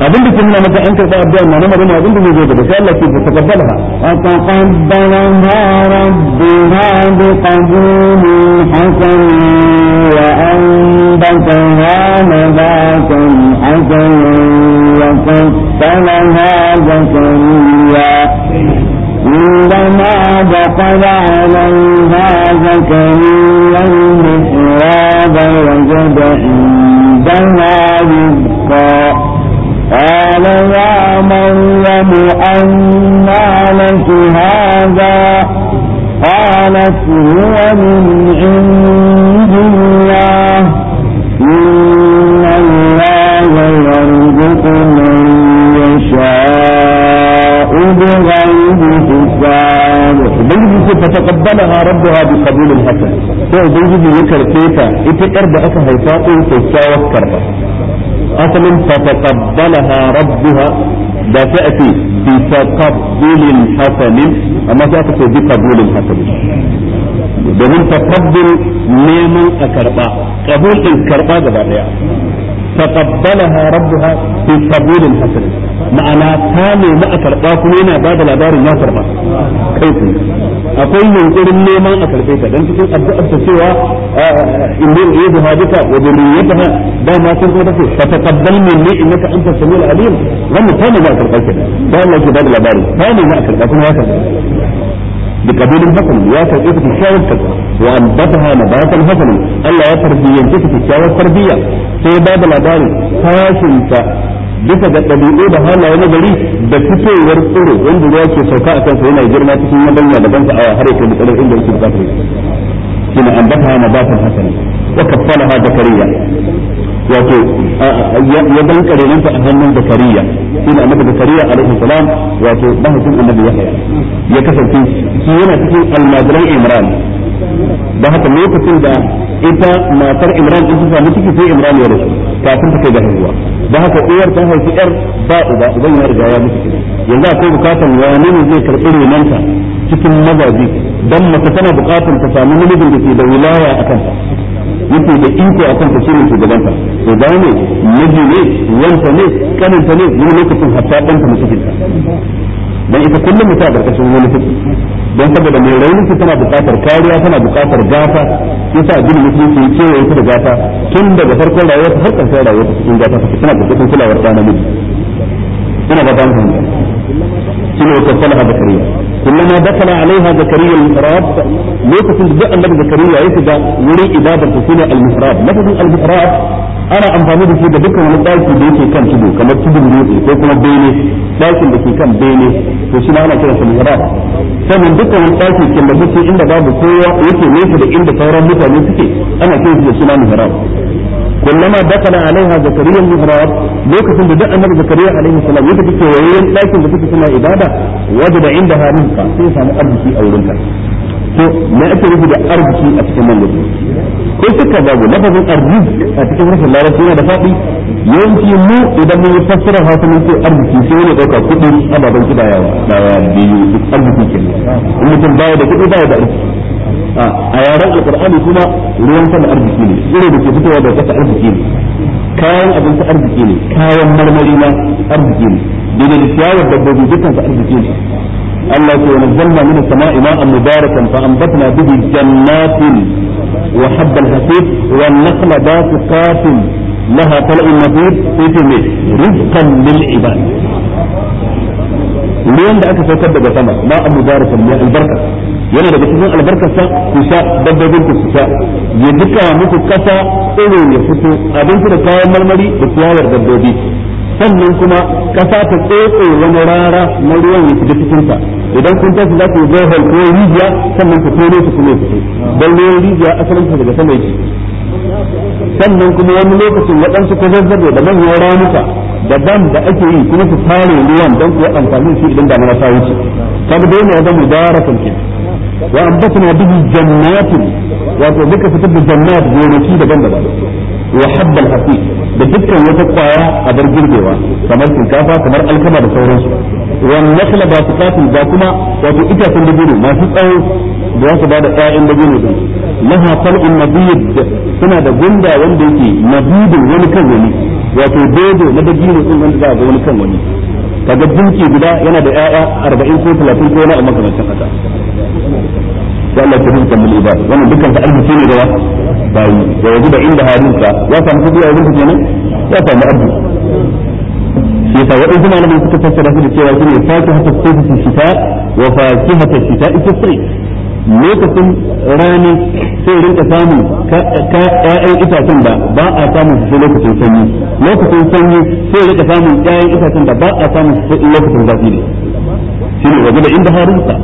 abin da ke nuna maka an karɓa addu'a na nan magana abin da zai zo gaba sai Allah ke ta taqabbalaha ataqabbalaha rabbuna bi qabulin hasan wa anbataha nabatan hasan wa qassalaha zakariya عندما دخل عليها زكريا المحراب وجد عندها رزقا قال يا مريم أنى لك هذا قالت هو من عند الله إن الله يرزق من يشاء بغير حساب ubangiji ce ta taqabbala ha bi qabulin hasan sai ubangiji ya karfe ta ita yar da aka haifa ɗin kyakkyawar karba asalin fataqabbalaha rabbuha da sai a ce bi taqabbulin hasanin amma sai aka ce bi qabulin hasanin domin taqabbul neman a karba qabul din karba gaba daya taqabbalaha rabbuha fi qabulin hasan ma'ana ta a karba kuma yana ba da labarin karba kai akwai yunkurin neman a karbe dan cikin addu'ar ta cewa ah, inni uyidu hadika wa dhurriyyataha da ma sun kuma tace fa taqabbal minni innaka antas samiul alim karba da Allah ke ba da ya karba wa ambataha nabatan hasanan Allah ya tarbiyyance ta kyakkyawar tarbiyya sai ba da labari tashinta bisa ga ɗabi'u da halaye na gari da fitowar tsoro wanda ruwa ke sauka a kansa yana girma cikin madanya da bansa a har yake mutsalar inda yake bukatar shi ne ambataha nabatan hasanan wa kaffalaha zakariya wato ya dan karenin a hannun zakariya shi ne annabi zakariya alaihi salam wato mahaifin annabi yahya ya kasance shi yana cikin almajiran imran da haka lokacin da ita matar imran din ta sami ciki sai imran ya rasu kafin ta kai ga haihuwa da haka uwar ta haifi yar ba uba uban ya riga ya mutu yanzu akwai bukatar wani ne zai karɓi renanta cikin mazaji dan mace tana bukatar ta samu namijin da ke da wilaya a kanta yake da iko a kanta shi ne shugabanta to da ne miji ne wanta ne kaninta ne wani lokacin hatta ɗanta mutu dan ita kullum mutum a karkashin wani fiki don saboda mai rauni tana buƙatar kariya tana buƙatar gata yasa addinin mutum ke yi ta da gata tun daga farkon rayuwar har karshen rayuwar cikin gata take tana buƙatar kulawar ɗan namiji ina ba ta mu ta wa da kariya كلما دخل عليها زكريا المحراب ليس في الجزء النبي زكريا يتبع وري إبادة تسينا المحراب مثل المحراب أنا أم فاميدي في بذكر من الدائس بيكي كان تبو كما تبو بيكي تبو بيني دائس بيكي كان بيني تسينا أنا كلا في المحراب فمن بذكر من الدائس كما بيكي عند باب القوة يتبع ليس بإن بطوران مثل نسكي أنا كيف تسينا المحراب kullama dakala alaiha zakariya mihrab lokacin da duk annabi zakariya alaihi salam yake take wayoyin dakin da take suna ibada wajada da inda sai ya samu arziki a wurinta to me ake nufi da arziki a cikin nan lokaci ko suka babu lafazin arziki a cikin rashin larabci yana da faɗi yawanci mu idan mun yi fassarar hausa mun ce arziki sai ne ɗauka kuɗi ababen kidayawa ɗaya biyu arziki ke in mutum baya da kuɗi baya da arziki a yaran alkur'ani kuma ruwan sama arziki ne tsiro da ke fitowa da kasa arziki ne kayan abinci arziki ne kayan marmari na arziki ne daga da ciyawar dabbobi dukkan su arziki ne Allah ya nazzalna min as-sama'i ma'an mubarakan fa anbatna bihi jannatin wa habbal hasib wa an-nakhla basiqatin laha tal'un nadid fi rizqan lil ibad ruwan da aka saukar daga sama ma abu da rasul mai albarka yana daga cikin albarkarsa ku sha dabbobin ku sha ya duka muku kasa tsiro ya fito abinci da kayan marmari da ciyawar dabbobi sannan kuma kasa ta tsotse wani rara na ruwan ya fita cikin ta idan kun tashi za ku zo hol ko rijiya sannan ku tono su kuma fito dan ruwan rijiya asalin ta daga sama yake sannan kuma wani lokacin waɗansu ko zazzabe da manyan ramuka da dam da ake yi kuma su fare ruwan don su yi amfani shi idan damuna ta wuce kaga dai ne da mubarakan ke wa ambatna bihi jannatin wato duka fitar da jannat gonaki daban-daban wa habbal hafi da dukkan wata kwaya a bar girbewa kamar shinkafa kamar alkama da sauransu wa nakla ba su kafin ba kuma wato itacen dabino masu tsawo da za su bada ƴaƴan dabino din laha tal'in nabiyid suna da gunda wanda yake nabidin wani kan wani wato dodo na dabino din wanda za a ga wani kan wani kaga dinki guda yana da ƴaƴa 40 ko 30 ko wani a makamantan haka ya Allah ta rinka mul ibad wannan dukkan ta arziki ne da wa bayi da yanzu da inda harin ka ya samu kudi a wurin kenan ya samu shi yasa waɗansu malamai suka fassara su da cewa shine fatihatul sayfi fi shita wa fatihatul shita fi sayf lokacin rani sai rinka samu ƴaƴan itacen da ba a samun su lokacin sanyi lokacin sanyi sai rinka samun ƴaƴan itacen da ba a samun su lokacin zafi ne ne wajen da inda harinsa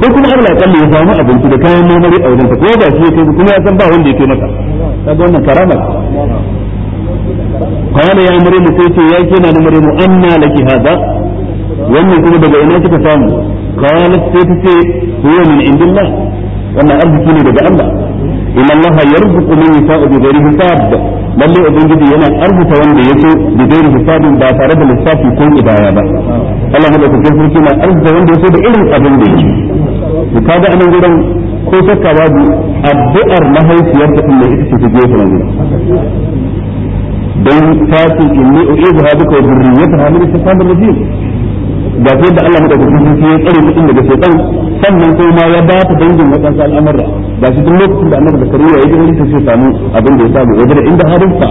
ko kuma Allah ya kalle ya samu abinci da kayan marmari a wajensa ko ba shi ya kai kuma ya san ba wanda ya kai masa kaga wannan karama قال يا مريم سيتي يا كنا مريم أنا لك هذا wannan kuma daga ina kika samu qalat sai ta ce huwa min indillah wannan arziki ne da Allah inna Allah yarzuqu man yasha'u bi ghairi hisab lalle ubangiji yana arzuta wanda ya so da ghairi hisabin ba tare da lissafi ko idaya ba Allah madaukakin sarki na arzuta wanda ya so da irin abin da yake to kaga anan gurin ko shakka babu addu'ar mahaifiyar ta inda ita ce ta je ta nan dan ta ce inni u'izu hadaka wa dhurriyyataha min ash-shaytanir rajim ga ta da Allah madaukakin sarki ya tsare mutum daga shaytan sannan kuma ma ya ba ta dangin wadansu al'amura ga shi duk lokacin da annabi zakariya ya ji wani sai samu abin da ya samu wajen inda harinsa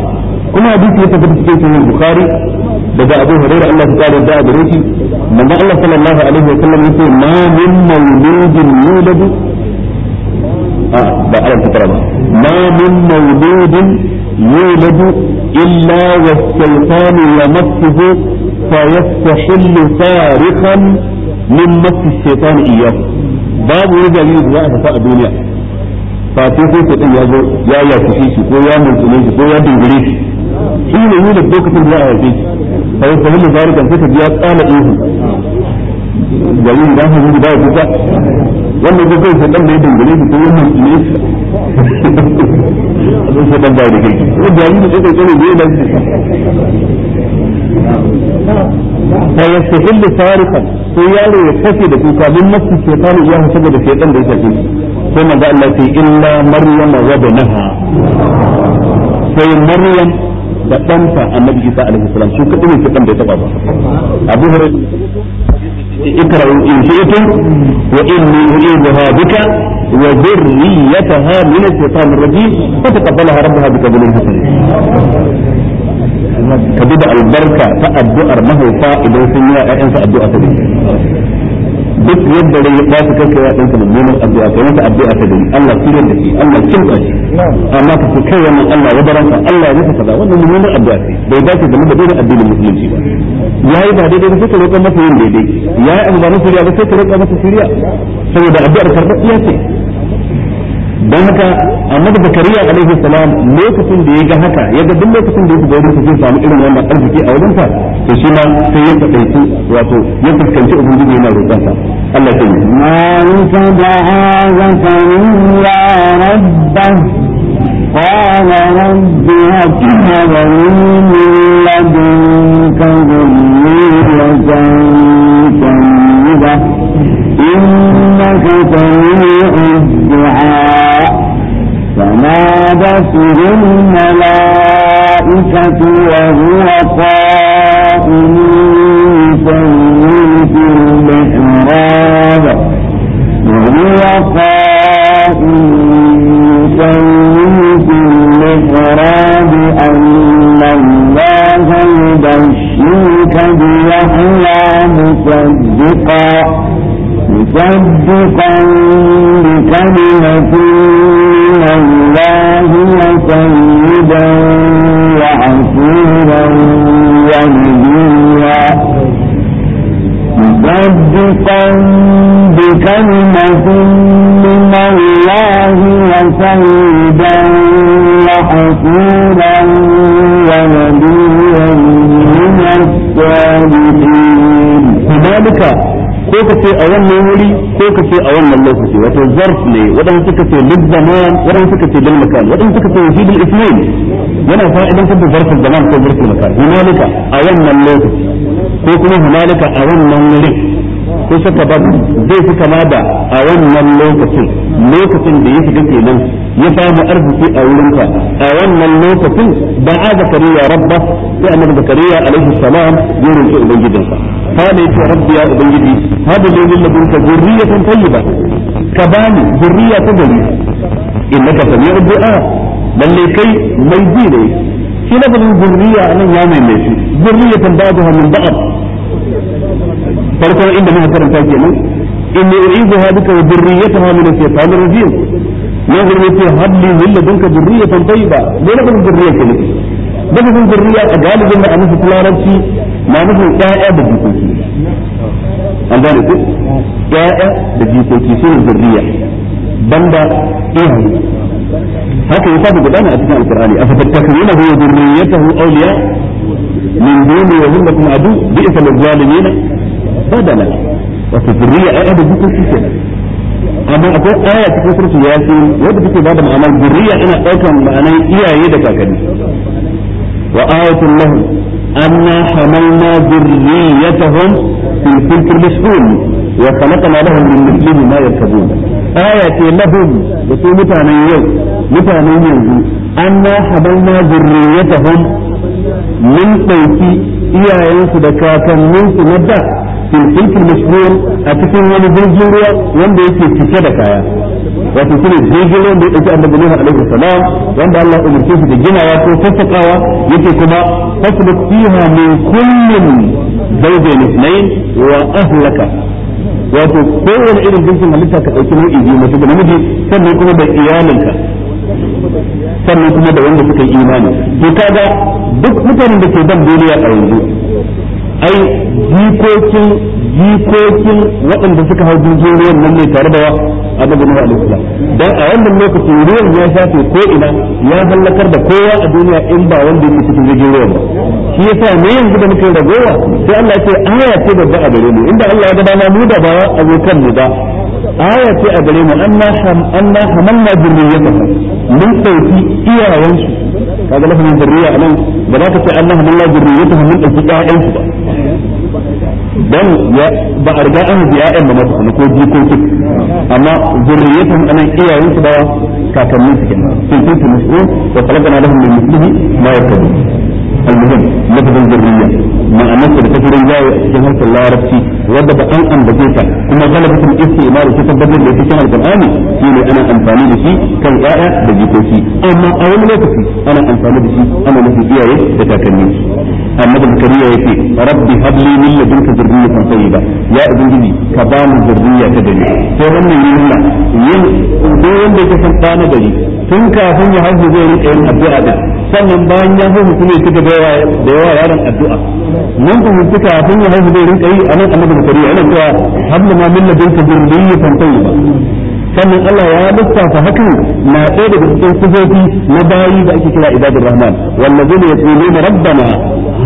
kuma hadisi ya tabbata cikin sahih bukhari daga abu hurairah Allah ta kare da gare shi manzo Allah sallallahu alaihi wa sallam yace ma min mawlidin yuladu آه، ما من مولود يولد إلا والسلطان يمسه فيستحل فارقا من مس الشيطان إياه باب رجع يريد رأس فاء الدنيا فاتوكي تقول يا زو يا يا تحيشي كو يا ملتنيشي كو يا بنجريشي حين يولد دوكة الله يجيشي فيستحل فارقا فتب يا طالعيه ويولد رأس يريد رأس فاء wannan zai zai dan dangane ko wannan ne zai zai dan da ko da da kai ne ko yaro ya kace da kuka min nafsi shaytan ya hasaba da shaytan da yake sai manzo Allah sai illa maryama wa banaha sai maryam da ɗansa annabi isa alaihi salam su kaɗai ne kiɗan bai taɓa ba abu hurairah ikra in shi'tum wa inni u'izuha bika wa dhurriyyataha min ash-shaytanir rajim fa taqabbalaha rabbuha bi qabulin hasan ka duba albarka ta addu'ar mahaifa idan sun yi wa ƴaƴansa addu'a ta duk yadda rai ya ɓata kanka ya ɗauka mummunan addu'a kai masa addu'a ta gari Allah kira da shi Allah kinka shi amma ka ce kai wannan Allah ya baranta Allah ya masa kaza wannan mummunan addu'a ce bai dace da mutum da addinin musulunci ba yayi ba daidai ba sai ka roƙa masa yin daidai yayi abu ba na shari'a ba sai ka roƙa masa shari'a saboda addu'ar karɓar iya ce don haka annabi zakariya alaihi salam lokacin da ya ga haka ya ga duk lokacin da ya ga wurin samu irin wannan arziki a wurin sa to shi ma sai ya fadaitu wato ya fuskanci ubangiji yana roƙon sa Allah ya yi ma ta da zakariya rabbah قال رب هب لي من لدنك ذرية طيبة إنك توفته الملائكة وهو قائم يصلي في المحراب وهو قائم يصلي في المحراب أن الله يبشرك بيحيى مصدقا مصدقا بكلمة الله سيدا وعسيرا ونبيا مصدقا بكلمة من الله وسيدا وحسيرا ونبيا من الصالحين كذلك ko ka ce a wannan wuri ko ka ce a wannan lokaci wato zarf ne wadanda suka ce lil zaman wadanda suka ce lil makan wadanda suka ce al ismail yana fa'idan da zarfin zaman ko zarfin makan hunalika a wannan lokaci ko kuma hunalika a wannan wuri ko shakka ba zai fi kama da a wannan lokacin lokacin da yake dake nan ya samu arziki a wurinka a wannan lokacin da a zakariya rabba sai annabi zakariya alaihi salam ya roƙi ubangijinsa kana yace rabbi ya ubangiji hadu li min ladunka zurriyatan tayyiba ka bani zurriya ta gari innaka sami'u du'a lalle kai mai ji ne shi lafazin zurriya nan ya mai mai shi zurriyatan ba'daha min ba'd farkon inda muka karanta kenan inni u'izuha bika wa dhurriyyataha min ash-shaytanir rajim yanzu ne ce habli min ladunka zurriyatan tayyiba ne na bin zurriya ke nufi daga bin zurriya a galibin da annabi tularabci na nufin ƴaƴa da jikoki an gane ku ƴaƴa da jikoki su ne zurriya banda iyaye haka ya saba gudana a cikin alqur'ani afa tattakhirunahu wa zurriyatahu awliya min duni wa hum lakum adu bi'sa lil zalimin badala wato zurriya ƴaƴa da jikoki kenan amma akwai aya cikin ya yasin wadda take bada ma'anar zuriya ina daukan ma'anar iyaye da kakanni wa ayatul lahum anna hamalna dhurriyyatahum fil fulk al-mashhun wa khalaqna lahum min mithlihi ma yarkabun aya ce lahum da su mutanen yau mutanen yanzu anna hamalna dhurriyyatahum min dauki iyayensu da kakanninsu na da fil fulkil mashhur a cikin wani jirgin ruwa wanda yake cike da kaya wato shine jirgin ruwan da yake annabi Nuhu alaihi salam wanda Allah ya umarce shi da ginawa ko sassakawa yake kuma fasbuk fiha min kullin zawjayn ithnayn wa ahlaka wato kowane irin jinsin halitta ka ɗauki nau'i biyu mace da namiji sannan kuma da iyalinka sannan kuma da wanda suka yi imani to kaga duk mutanen da ke ban duniya a yanzu ai jikokin jikokin waɗanda suka hau jirgin ruwan nan ne tare da wa annabi Nuhu alaihi salam dan a wannan lokacin ruwan ya shafe ko ina ya hallakar da kowa a duniya in ba wanda yake cikin jirgin ruwan ba shi yasa ne yanzu da muke ragowa sai Allah ya ce aya ce babba a gare mu inda Allah ya ga dama mu da ba abokan mu ba aya ce a gare mu anna ham anna hamanna zurriyatahu mun dauki iyayensu kaga lafazin zurriya anan ba za ka ce anna hamanna zurriyatahu mun dauki iyayensu ba dan ya ba a riga an biya ƴan mamata kuma ko ki amma zurriyatan anan iyayen su da kakanni su kenan sun kuntu mas'ul wa khalaqna lahum min mithlihi ma yakun المهم لفظ الذرية ما أمس بكثير الله جهة الله ربتي وضب أن أنبتيك كما قال بكم غلبة الاستئمار في تبدل التي كان القرآن فيني أنا أنفاني بشي كي كالآية بجيكوشي أما أول ما تكي أنا أنفاني بشي أنا نفي إياه بتاكني أما ذكرية يتي ربي هب لي من لدنك ذرية طيبة يا ابن جدي كبان الذرية تدري فهم من الله yin دون wanda ya san تنكا هم tun kafin ya haihu zai rika yin addu'a din sannan yawa da yawa yaron addu'a mun fahimci kafin ya haihu zai rinka yi a nan annabi bakari yana cewa hablu ma min ladunka zurriyyatan tayyiba sannan Allah ya lissafa hakan na ɗaya daga cikin sifofi na bayi da ake kira ibadur rahman wallazina yaquluna rabbana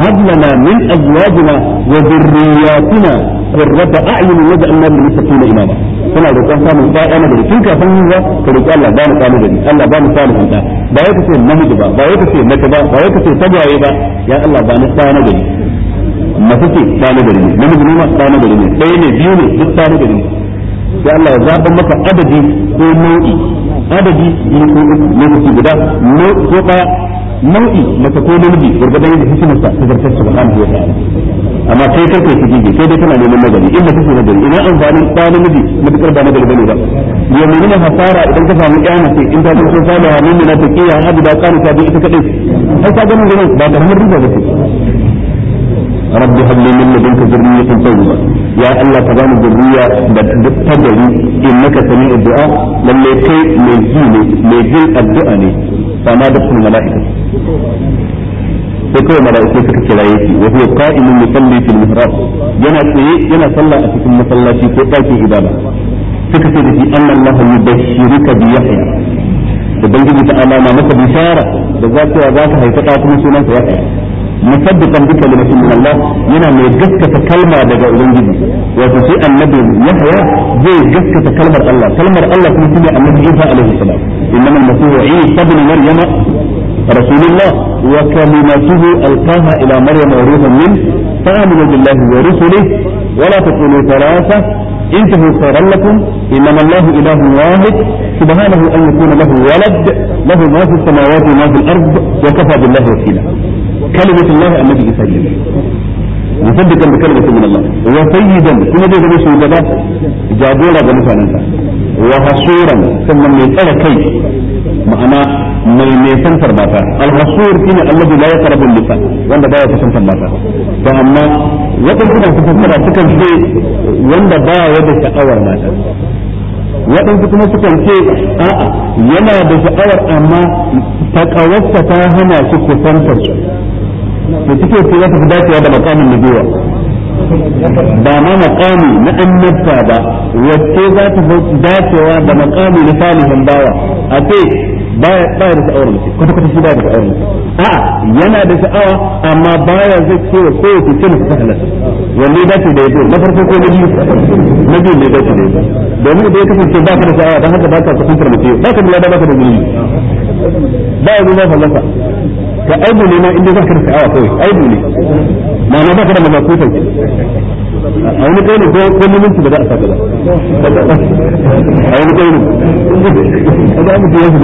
hab min azwajina wa dhurriyyatina qurrata a'yunin waj'alna lil muttaqina imama kana roƙon samun sa'a na gari tun kafin yin ka roƙi Allah ba mu samu gari Allah ba mu samu hanta ba ya kace namiji ba ba ya kace mace ba ba ya kace tagwaye ba ya Allah ba na gari mace ce na gari ne namiji ne ma na gari ne ɗaya ne biyu ne ya maka adadi ko nau'i adadi guda ko nau'i ta ko namiji gurgurdan yadda hikimarsa ta zartar subhanahu wa ta'ala amma kai kar kai shige kai dai kana neman nagari in ba kake nagari ina amfanin da namiji mutukar ba nagari bane ba ya menene hasara idan ka samu ƙyana ce in ta zo sa da hanin na taqiya hadu da kana ta bi ita kaɗai har ta ganin ganin ba da har riba bace rabbi habli min ladunka dhurriyyatan tayyibah ya Allah ka bani zuriya da ta in innaka sami'u du'a lalle kai mai ji ne mai jin addu'a ne fama da kuma mala'ika sai kawai mala'ikai suka kira yake wa huwa qa'imun yusalli fil mihrab yana tsaye yana sallah a cikin masallaci ko ɗakin ibada suka ce da shi annallahu yubashshiruka bi yahya ubangiji ta alama maka bishara da za ta za ka haifa ɗa kuma sunansa yaya مصدقا بكلمة من الله ينا ما يجسكت كلمة لجا أبنجي وتسيء النبي يحيى زي يجسكت كلمة الله كلمة الله كنت سمع أن يفا عليه السلام إنما المسيح عيسى بن مريم رسول الله وكلمته ألقاها إلى مريم وروحا منه فآمنوا بالله ورسله ولا تقولوا ثلاثة انتهوا خيرا لكم انما الله اله واحد سبحانه ان يكون له ولد له ما في السماوات وما في الارض وكفى بالله وكيلا kalimatullahi annabi isa kenan musaddiqan bi kalimatin min Allah wa sayyidan kuma zai zama shugaba jagora ga mutanensa wa hasuran sannan mai tsara kai ma'ana mai nesantar mata al-hasur shine alladhi la yaqrabu nisa wanda ba baya kusantar mata to amma wadansu da suka fara sukan ce wanda ba baya da sha'awar mata waɗansu kuma sukan ce a'a yana da sha'awar amma takawarsa ta hana shi kusantar su da suke ce za fi dacewa da makamin ba ma makami na annabta ba wacce za ta dacewa da makami na salihin bawa a ce baya baya da sha'awar mace kwata kwata shi baya da sha'awar mace a yana da sha'awa amma baya zai ce wa ko ya ce mace ta halal wanne da ce da yabo na farko ko na biyu na biyu ne da ce da yabo domin da ya kasance ba ka da sha'awa dan haka ba ka kusantar mace ba ka da ba ka da gulmi ba ya fallasa da aibu ne ma inda zaka da awa kawai aibu ne ma na baka da mazakutan ke a wani kai ne ko ko mutunci da za a saka ba a wani kai ne a za mu ji wasu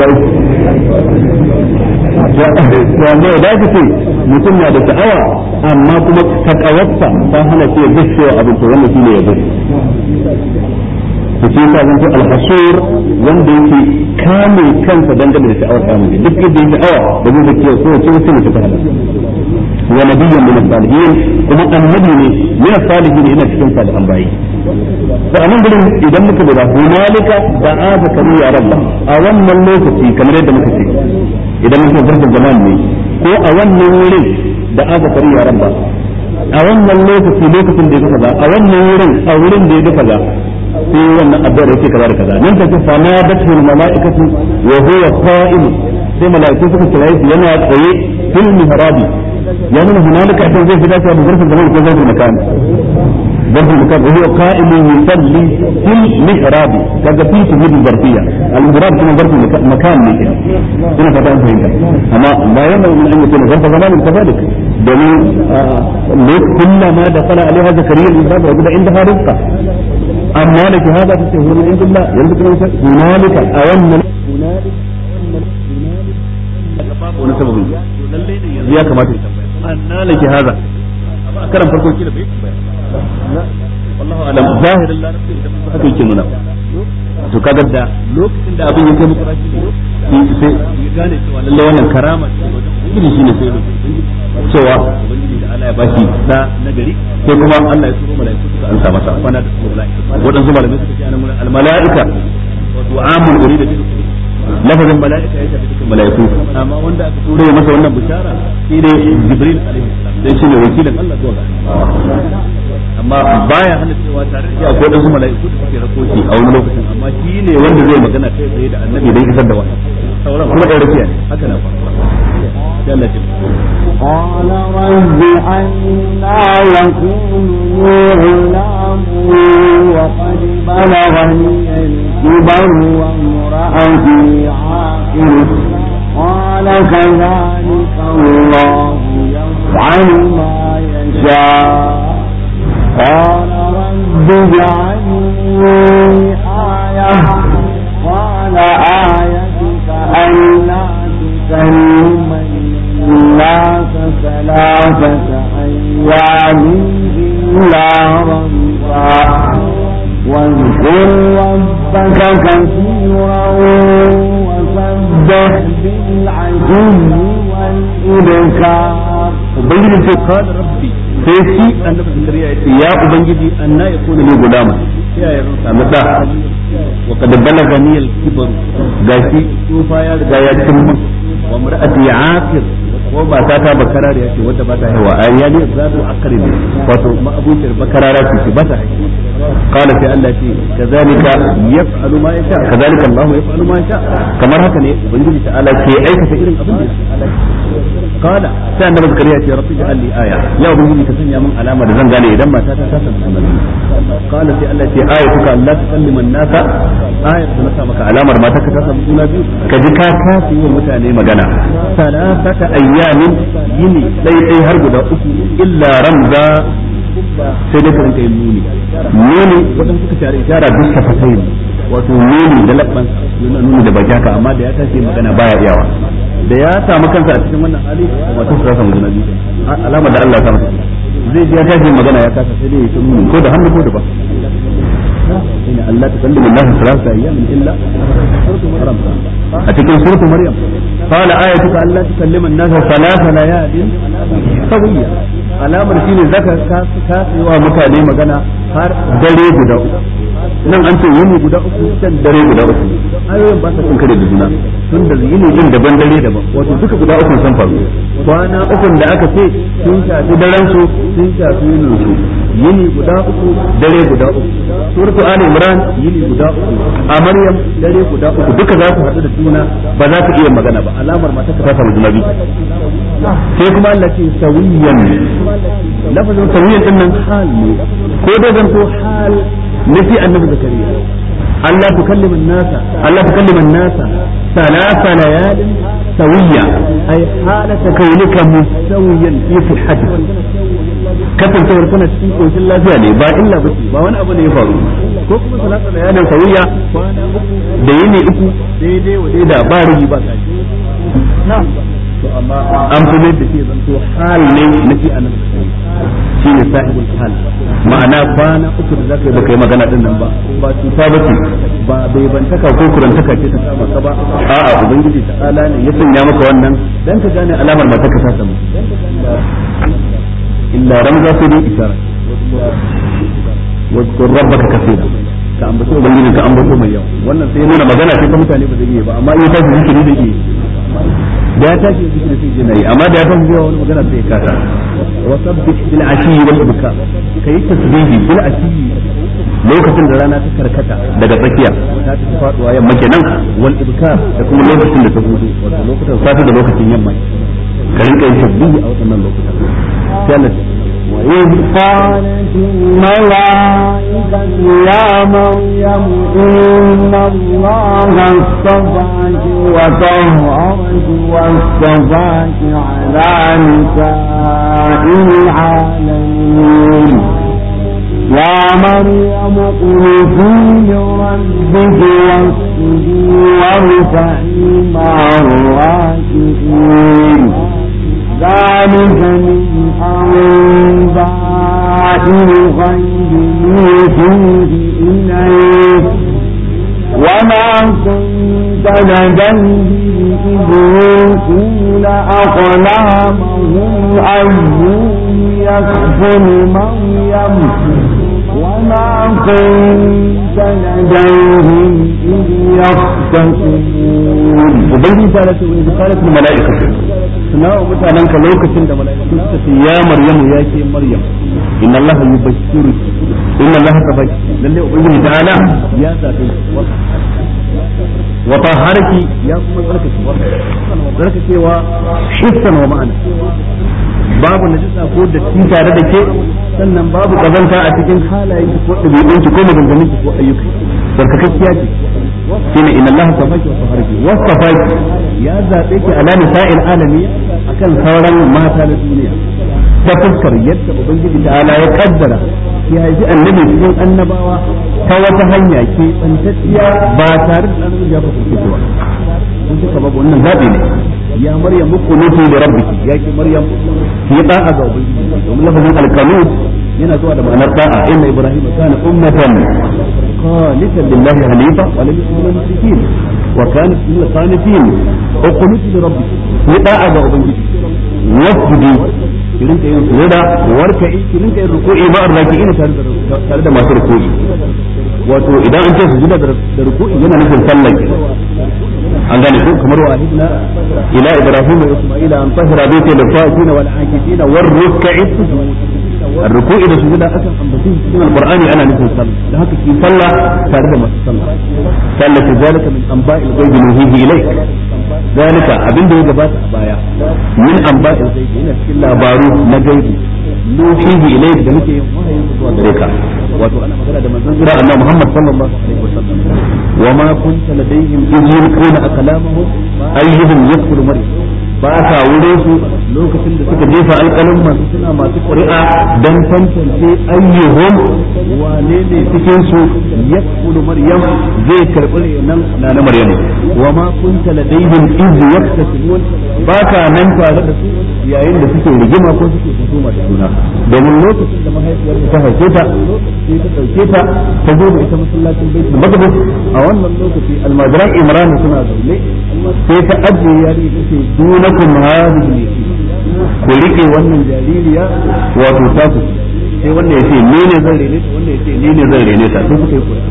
da wanda ya dace ce mutum na da ta'awa amma kuma takawarsa ta hana ce gaskewa abin to wannan shine ya gaske to sai yasa zanto al-hasur wanda yake kame kansa dangane da sha'awar kamun da duk inda yake awa da zai zake so ce wace mace ta halaka wa nabiyyan min salihin kuma annabi ne min as-salihin yana cikin salihan bayi to anan gurin idan muka lura aza da'a ya rabba a wannan lokaci kamar yadda muka ce idan muka zarta zaman ne ko a wannan wurin da aka ya rabba a wannan lokaci lokacin da ya kaza a wannan wurin a wurin da ya kaza sai wannan addu'a yake kaza da kaza nan take fama da tun malaikatu wa huwa qa'im sai mala'ikatu suka kira shi yana tsaye fil mihrabi ya nuna hunalika kan zai fi dace da zurfin zaman ko zurfin makan zurfin makani wa huwa qa'im yusalli fil mihrabi kaga fi sujud zarfiya al mihrab kuma zurfin makan ne kina kina fata an fahimta amma la mun yi an yakuna zurfin zamanin kadalik domin duk eh, ma da fara alaiha zakariya insa ba da inda haruka amma da shahada ta ce hurin in Allah yanzu kuma sai hunalika a wannan wani sababu ya kamata ya tambaya haza. a karan farko bai tambaya wallahu alam zahirin haka yake nuna to da lokacin da abin ya kai sai ya gane cewa wannan karama ubangiji shine sai cewa ubangiji da Allah ya bashi na nagari ko kuma Allah ya turo mala'iku suka wannan bishara shi jibril alaihi salam dan wakilin Allah baya hana cewa tare da akwai a wani lokaci amma wanda zai magana kai tsaye da annabi na faruwa قال قال رب أنا يكون غلام وقد بلغني الكبر وامرأتي عاقل قال كذلك الله يفعل ما يشاء قال رب اجعلني آية قال آيتك ألا تكلم الناس ثلاثة أيام إلا رمضان واذكر ربك كثيرا وسبح بالعشي والإبكار وبنجد قال ربي سيسي أن يا أبنجدي أن يكون لي غلاما متى وقد بلغني الكبر ko ba ta ta bakara ba ta haihuwa a ya ne za su akari ne wato ma bakara ce ba ta haihuwa sai Allah ce kazalika ma kazalika Allah ma kamar haka ne ubangiji ta ke aikata irin abin da ya qala sai annabi zakariya ce rabbi ja'al li aya ya ubangiji ka sanya min alamar da zan gane idan mata ta ta san annabi sai Allah ce ayatuka an la tukallima an-nasa ayat da nasa maka alamar mata ka ta san biyu ka ji ka tafi wa mutane magana salasata ayyamin yini dai dai har guda uku illa ramza sai dai karanta yin nuni nuni wadanda suka tare ishara duk ta fasayin wato nuni da labban nuna nuni da baki haka amma da ya tashi magana baya iyawa da ya samu kansa a cikin wannan hali wato sai samu juna biyu alama da Allah ya samu zai ya tashi magana ya kasa sai dai ya nuni ko da hannu ko da ba shine Allah ta a cikin suratul maryam qala ayatuka Allah ta kallama an alamar shine zaka ka ka wa mutane magana har dare guda uku nan an ce yini guda uku can dare guda uku ayoyin ba sa cin kare da juna tun da yini din daban dare daban wato duka guda uku sun faru kwana ukun da aka ce sun shafi daren sun shafi yinin su yini guda uku dare guda uku surtu ali imran yini guda uku a maryam dare guda uku duka za su haɗu da juna ba za su iya magana ba alamar mata ka samu junabi sai kuma Allah ce sawiyan lafazin sawiyan din nan hal ne ko zan ko hal fi annabi zakariya Allah tukallimin nasa Allah tukallimin nasa ثلاث ليال سوية أي حالة كونك musawiyan fi hadith kasancewar kana cikin koshin lafiya ne ba illa ba ba wani abu ne ya faru ko kuma salatu da yanin da yini uku daidai wa daida ba rigi ba kashi an fi mai da ke zanto hal ne na fi anan shi ne sa'ibul hal ma'ana na uku da za ka yi baka yi magana din nan ba ba cuta ba ce ba bai bantaka ko kurantaka ce ta kama ka ba a'a ubangiji ta'ala ne ya sanya maka wannan dan ka gane alamar matar ta ta samu إلا ramza sai إشارة isharar واذكر ربك كثيرا ka ambaci ubangiji ka يوم mai yawa wannan sai nuna magana ce ta mutane ba zai yi ba amma da ke da ya tashi zikiri amma da ya tashi zuwa wani magana sai kasa wa sabbih bil ashiyi wal ibka kai tasbihi bil ashiyi lokacin da rana ta karkata daga tsakiya ta ta faduwa yamma kenan wal ibka da kuma lokacin da ta hudu wato lokacin safi da lokacin yamma ka rinka yin tasbihi a wannan lokacin ثلاث وإذ قالت الملائكة يا مريم إن الله اصطفاك وطهرك واصطفاك على نساء العالمين يا مريم اقلفي لربك واسجدي وارفعي مع الراكعين ذلك من أنباء الغيب نوحيه إليك وما كنت لديهم إذ يلقون أقلامهم أيهم يكفر مريم وما كنت لديهم إذ يختصمون وبين ذلك وإذ قالت الملائكة suna wa mutanenka lokacin da mala'iku suka ce ya maryamu ya ke maryam inna allaha yubashshiru inna allaha tabaki lalle ubangiji ta'ala ya zabe wa taharaki ya kuma tsarkake wa babu na najasa ko da tin tare da ke sannan babu kazanta a cikin halayen ki ko dabi'un ki ko maganganun ki ko ayyukan barkakakkiya ce shine inna allaha tafaki wa taharki wa tafaki ya zaɓe ki ala nisa'il alami akan sauran mata na duniya ta fuskar yadda ubangiji ta'ala ya kaddara ya ji annabi cikin annabawa ta wata hanya ke tsantacciya ba tare da annabi ya fahimci ba kun ji babu wannan zabi ne ya maryam ku nufi da rabbiki ya ki maryam ki da'a ga ubangiji domin lafazin alkalu yana zuwa da ma'anar da'a inna ibrahima kana ummatan qanita lillahi hanifa wa lam yakun minal mushrikin wa kana min al-qanitin uqnut li rabbik ni da'a ga ubangiji wasjudi kirin ka yin sujada warka kirin ka yin ruku'i arraki ina tare da masu ruku'i wato idan an ce sujada da ruku'i yana nufin sallah an gane ko kamar wa ahidna ila ibrahim wa isma'ila an tahira baiti lil-qanitina wal-aakifina war-ruk'i sujud ruku'i da sujuda akan ambaci cikin alqur'ani ana nufin sallah da haka ki sallah tare da masu sallah sallah ta zalika min amba'il ghaibi nuhihi ilayk zalika abin da ya gabata a baya min amba'il ghaibi yana cikin labaru na gaibi nuhihi ilayk da muke yin wahayi zuwa gare ka wato da manzon jira annabi Muhammad wa ma ba su lokacin da suka jefa alƙalin masu suna masu ƙuri'a don tantance ayyuhum wane ne cikin su ya kulu maryam zai karɓi nan na na maryam wa ma kunta ladaihim iz ba baka nan tare da su yayin da suke rigima ko suke kusuma da juna domin lokacin da mahaifiyar ta haife ta sai ta dauke ta ta zo da ita masallacin baitul maqdis a wannan lokaci almajiran imran suna zaune sai ta ajiye yari take dunakum hadhihi ku rike wannan jaririya wato ta ku sai wannan ya ce ni ne zan rene ta wannan ya ce ni ne zan rene ta sai kuka yi kura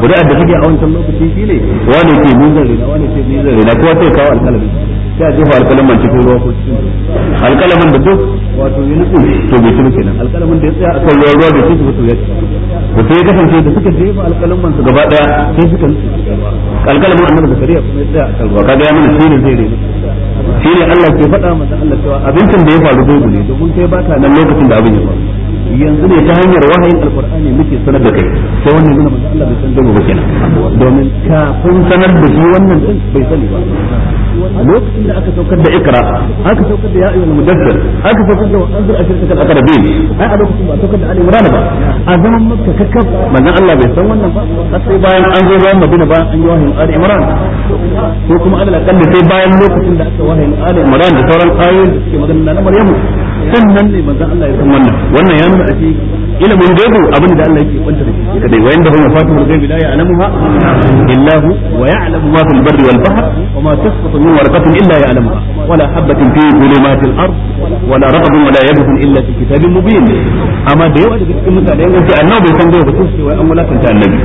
guda da kake a wancan lokaci shi ne wani ce ni zan rena wani ce ni zan rena kowa sai kawo alkalami sai a jefa alkalaman cikin ruwa ko cikin alkalaman da duk wato ya nutsu to bai ci kenan alkalaman da ya tsaya akan ruwa ruwa bai ci ba to ya ci ba sai ya kasance da suka jefa alkalaman su gaba daya sai suka nutsu alƙalaman annabi da kariya kuma ya tsaya akan ruwa kaga ya mana ne zai rena ne Allah ke faɗa masa Allah cewa abincin da ya faru bai ne domin kai baka nan lokacin da abin ya faru yanzu ne ta hanyar wahayin alkur'ani muke sanar da kai sai wannan nuna manzo Allah bai san gaba ba kenan domin kafin sanar da shi wannan din bai sani ba a lokacin da aka saukar da ikra aka saukar da ya ayyuhal mudaththir aka saukar da anzur ashirka al-aqrabin ai a lokacin ba saukar da ali imran ba a zaman makka kakkab manzo Allah bai san wannan ba sai bayan an zo bayan madina bayan an yi wahayin ali imran ko kuma kan da sai bayan lokacin da aka wahayin ali imran da sauran ayoyin da suke magana na maryamu sannan ne manzon Allah ya san wannan wannan ya nuna ashe ilimin gaibu abin da Allah yake kwanta da shi kadai wa inda huwa fatimul ghaibi la ya'lamuha illa hu wa ya'lamu ma fil barri wal bahr wa ma tasqutu min warqatin illa ya'lamuha wala habatin fi dhulumatil ard wala raqabin wala yabhun illa fi kitabin mubin amma da yawa daga cikin mutane yan ce annabi bai san gaibu ba sai wai an wulakanta annabi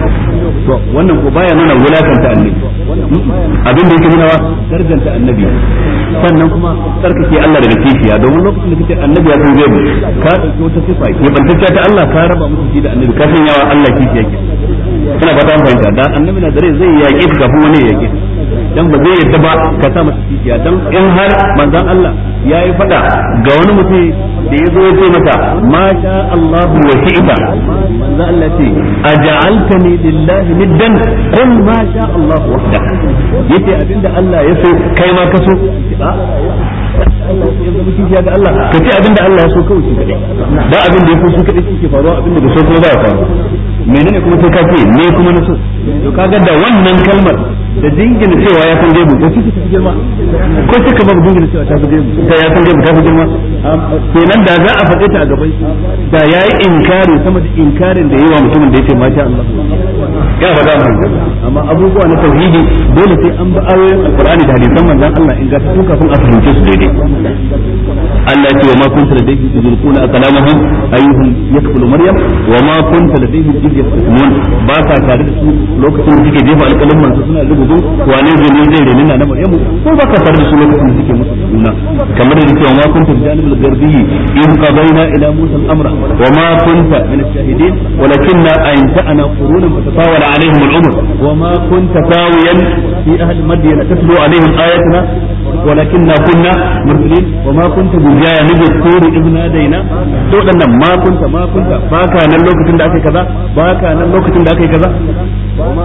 to wannan ko baya nuna wulakanta annabi abin da yake nuna wa darjanta annabi sannan kuma tsarkake Allah daga kishiya domin lokacin da annabi. annabi ya san zai mu ka dauki wata sifa ke bantacciya ta Allah ka raba musu shi da annabi ka san yawa Allah kishi yake kana fata fahimta da annabi na dare zai yaƙi kafin wani yaƙi dan ba zai yadda ba ka sa masa kishiya dan in har manzon Allah ya yi fada ga wani mutum da ya zo ya ce mata ma sha Allah wa shi'ta manzon Allah ce aj'altani lillahi niddan qul ma sha Allah wahda yace abinda Allah ya so kai ma ka so kishiya ga Allah ka ce abinda Allah ya so kawai shi kadai da abinda ya so shi kadai shi ke faruwa abinda ba so kuma ba ya faruwa menene kuma sai ka ce ne kuma na so to kaga da wannan kalmar da dingina cewa ya san gebu ko kike ta girma ko kika ba dingina cewa ta gebu. ta ya san gebu ta girma kenan da za a faɗe ta a gaban da yayi inkari sama da inkarin da yawa mutumin da yake masha Allah ya bada mun amma abubuwa na tauhidi dole sai an ba ayoyin alqur'ani da hadisan manzon Allah in ga su kafin a fahimce su daidai Allah ya ce wa ma kunta ladayhim idh a aqlamahum ayyuhum yakfulu maryam wa ma kunta ladayhim idh yaqulun ba ka tare da su lokacin da suke jefa alƙalin mansu suna rubutu wane ne zai rene na na maryamu ko ba ka tare da su lokacin da suke musu suna kamar da cewa ma kunta bijanibul gardi in qadaina ila musa al-amra wa ma kunta min ash-shahidin walakinna anta'ana quruna mutatawala alaihim al-umr wa ma kunta tawiyan fi ahli madyan tatlu alaihim ayatina na kunna mursalin wa ma kunta ya yi جانب الطور إذ نادينا to waɗannan ma kunta ma kunta ba ka nan lokacin da ake kaza ba ka nan lokacin da ake kaza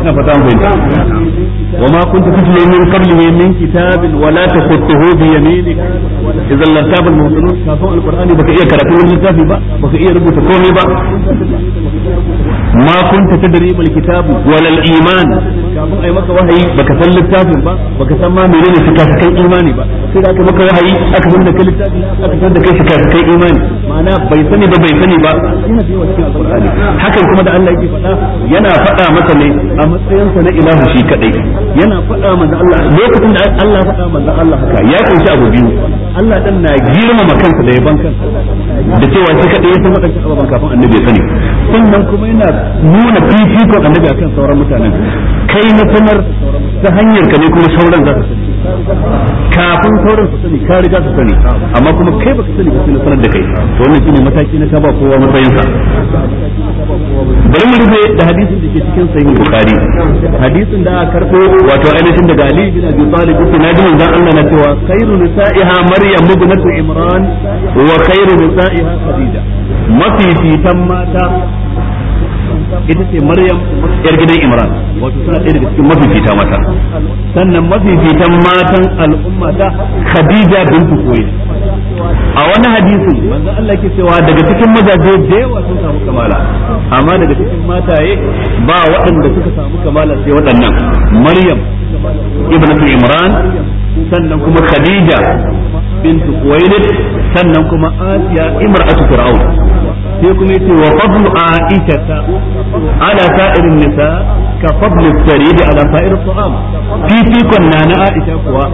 ina fata mu fahimta wa ma kunta tutlu min qabli min kitabin wa la taqutuhu bi yaminik idan lam tabal muhsinun kafin alqur'ani baka iya karatu wani littafi ba baka iya rubuta komai ba ma ta tadri bil kitab wal iman kafin ai maka wahayi baka san littafin ba baka san ma menene sakasakan imani ba sai da aka maka wahayi aka san da kai littafi aka san da kai sakasakan imani ma'ana bai sani ba bai sani ba yana da cikin alqur'ani hakan kuma da Allah yake faɗa faɗa masa ne a matsayinsa na ilahu shi kadai yana faɗa manzo Allah ya kunshi abu biyu Allah dan na girmama kansa da yaban kansa da cewa shi kadai ya san kafin sannan kuma yana nuna fifikon annabi akan sauran mutanen kai na sanar ta hanyar ka ne kuma sauran za su sani kafin sauran su sani ka riga su sani amma kuma kai baka sani ba sai na sanar da kai to wannan shine mataki na kaba kowa matsayin sa bari mu rufe da hadisin da ke cikin sahihin bukhari hadisin da aka karbo wato ainihin daga ali bin abi talib yake naji manzon Allah na cewa khairu nisa'iha maryam ibnatu imran wa khairu nisa'iha khadija fitan mata ita ce maryam yar gidan imran wato suna ɗaya daga cikin mafifita mata sannan mafifitan matan al'umma ta khadija bintu kuwait a wani hadisin manzon Allah ke cewa daga cikin mazaje da yawa sun samu kamala amma daga cikin mataye ba waɗanda suka samu kamala sai waɗannan maryam ibnatu imran sannan kuma khadija bintu kuwait sannan kuma asiya imratu fir'aun sai kuma yace wa fadlu aisha ala sa'irin nisa ka fadlu sarid ala sa'ir ta'am fifikon na na aisha kuwa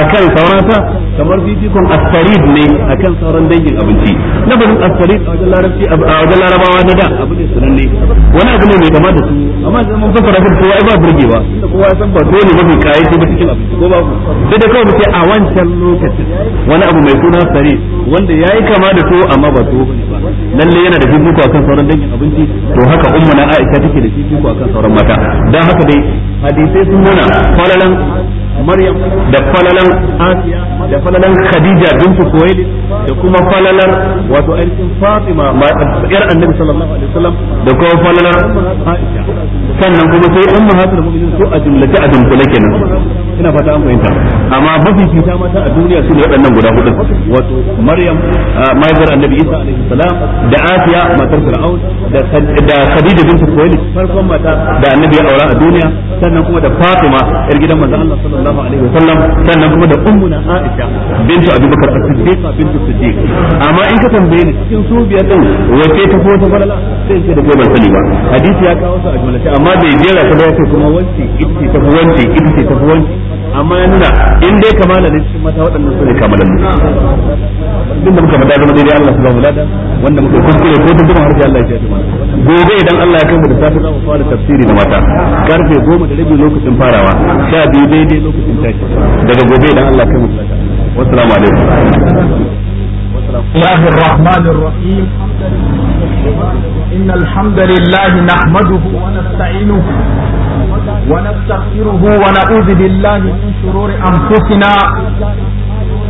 akan sauransa kamar fifikon as-sarid ne akan sauran dangin abinci lafazin as-sarid a wajen larabci a wajen larabawa na da abu ne wani abu ne mai kama da su amma sai mun fassara shi kowa ba burgewa kowa san ba dole mafi kayi ce ba cikin abinci ko ba ku sai da kawai muke a wancan lokacin wani abu mai suna sarid wanda yayi kama da to amma ba to ba lalle yana da fifiko akan sauran dangin abinci to haka ummu na Aisha take da fifiko akan sauran mata dan haka dai hadisai sun nuna falalan Maryam da falalan Asiya da falalan Khadija bintu Khuwailid da kuma falalan wato ainihin Fatima ma yar Annabi sallallahu alaihi wasallam da kuma falalan Aisha sannan kuma sai ummahatul mu'minin su a jumlace a dunkule kenan ina fata an fahimta amma mafi fita mata a duniya su ne waɗannan guda hudu wato Maryam ah, mahaifiyar Annabi Isa alaihi salam da asiya matar fir'aun da khadija bint khuwailid farkon mata da annabi ya aura a duniya sannan kuma da fatima yar gidan manzon Allah sallallahu alaihi wasallam sannan kuma da ummuna aisha bint abubakar as-siddiq bint siddiq amma in ka tambaye ni cikin su biyar din wace ta ko ta falala sai ce da ko ban sani ba hadisi ya kawo su a jumlace amma bai jera ta ba sai kuma wance ita ta wance ita ce ta wance amma yana nuna in dai kamala ne cikin mata waɗannan su ne kamalan duk da muka faɗa zama daidai Allah subhanahu wa ta'ala wanda muka kuskure kai ko duk harshe Allah ya ce gobe idan Allah ya kai da safe za mu fara tafsiri da mata karfe 10 da rabi lokacin farawa sha biyu daidai lokacin tashi daga gobe idan Allah ya wassalamu alaikum بسم الله الرحمن الرحيم إن الحمد لله نحمده ونستعينه ونستغفره ونعوذ بالله من شرور أنفسنا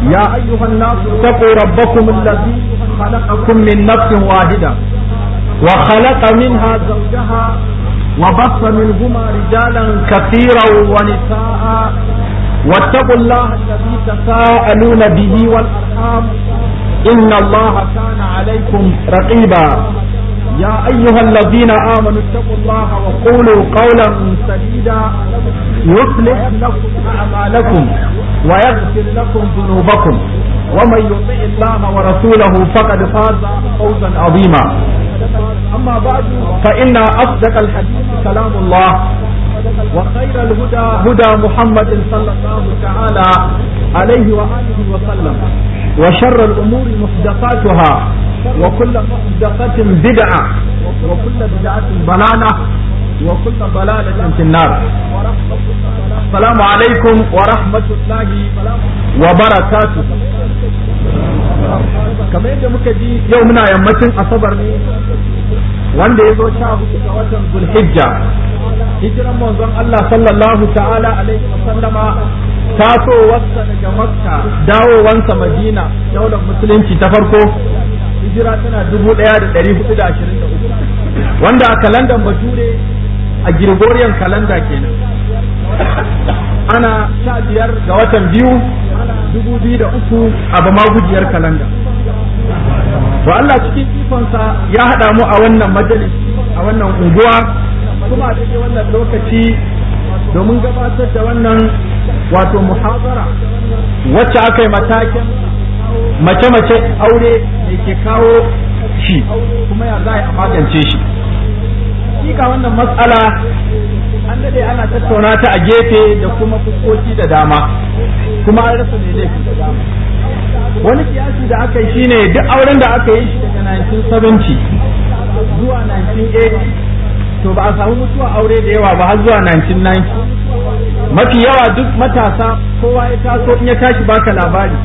يا أيها الناس اتقوا ربكم الذي خلقكم من نفس واحدة وخلق منها زوجها وبص منهما رجالا كثيرا ونساء واتقوا الله الذي تساءلون به والأرحام إن الله كان عليكم رقيبا يا أيها الذين آمنوا اتقوا الله وقولوا قولا سديدا يصلح لكم أعمالكم ويغفر لكم ذنوبكم ومن يطع الله ورسوله فقد فاز فوزا عظيما أما بعد فإن أصدق الحديث كلام الله وخير الهدى هدى محمد صلى الله تعالى عليه وآله وسلم وشر الأمور محدثاتها وكل محدثة بدعة وكل بدعة بلانة وكل بلالة في النار السلام عليكم ورحمة الله وبركاته kamar yadda muka ji yau muna yammacin asabar ne wanda ya zo sha hudu ga watan zulhijja hijiran manzon Allah sallallahu ta'ala alaihi so wasa daga makka dawowansa madina daular musulunci ta farko hijira tana dubu ɗaya da ɗari hudu da ashirin da uku wanda a kalandan bature a girgoriyan kalanda kenan ana sha biyar ga watan biyu dubu biyu da uku a bama gujiyar kalanda ba Allah cikin ikonsa ya haɗa mu a wannan majalis a wannan unguwa kuma a cikin wannan lokaci domin gabatar da wannan wato muhabara wacce aka yi matakin mace-mace aure da ke kawo shi kuma ya za a magance shi. Hakika wannan matsala an daɗe ana tattauna ta a gefe da kuma fuskoki da dama kuma an rasa mai laifin da dama wani kiyasi da aka yi shine duk auren da aka yi shi daga 1970 zuwa 1980 to ba a samu mutuwa aure da yawa ba har zuwa 1990 mafi yawa duk matasa kowa ya taso in ya tashi baka labari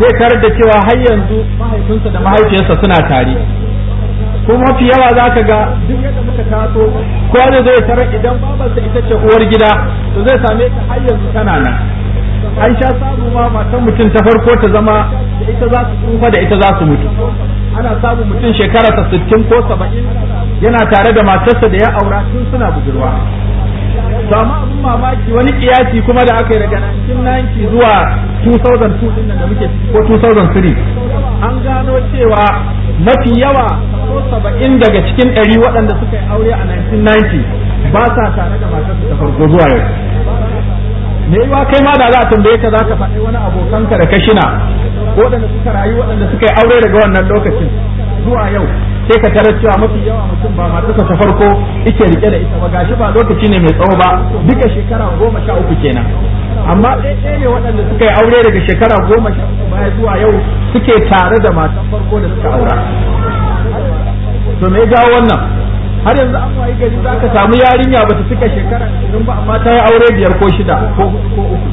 zai tarar da cewa har yanzu mahaifinsa da mahaifiyarsa suna tare kuma fi yawa za ka ga duk yadda muka taso ko da zai tara idan babarsa ita ce uwar gida to zai same ta har yanzu tana nan an sha samu ma matan mutum ta farko ta zama da ita za su tsufa da ita za su mutu ana samun mutum shekara ta sittin ko saba'in yana tare da matarsa da ya aura tun suna budurwa to amma abin mamaki wani kiyasi kuma da aka yi daga 1990 zuwa 2002 da muke ko 2003 an gano cewa mafi yawa ko 70 daga cikin 100 waɗanda suka yi aure a 1990 ba sa tare da su ta farko zuwa yau me yiwa kai ma da za a tambaye ka za ka faɗi wani abokanka da kashina waɗanda suka rayu waɗanda suka yi aure daga wannan lokacin zuwa yau sai ka tarar cewa mafi yawa mutum ba matarsa ta farko ike rike da ita ba gashi ba lokaci ne mai tsawo ba duka shekara goma sha uku kenan amma ɗaya ne waɗanda suka yi aure daga shekara goma sha uku baya zuwa yau suke tare da matan farko da suka aura to me jawo wannan har yanzu an wayi gari za ka samu yarinya ba ta cika shekara ashirin ba amma ta yi aure biyar ko shida ko ko uku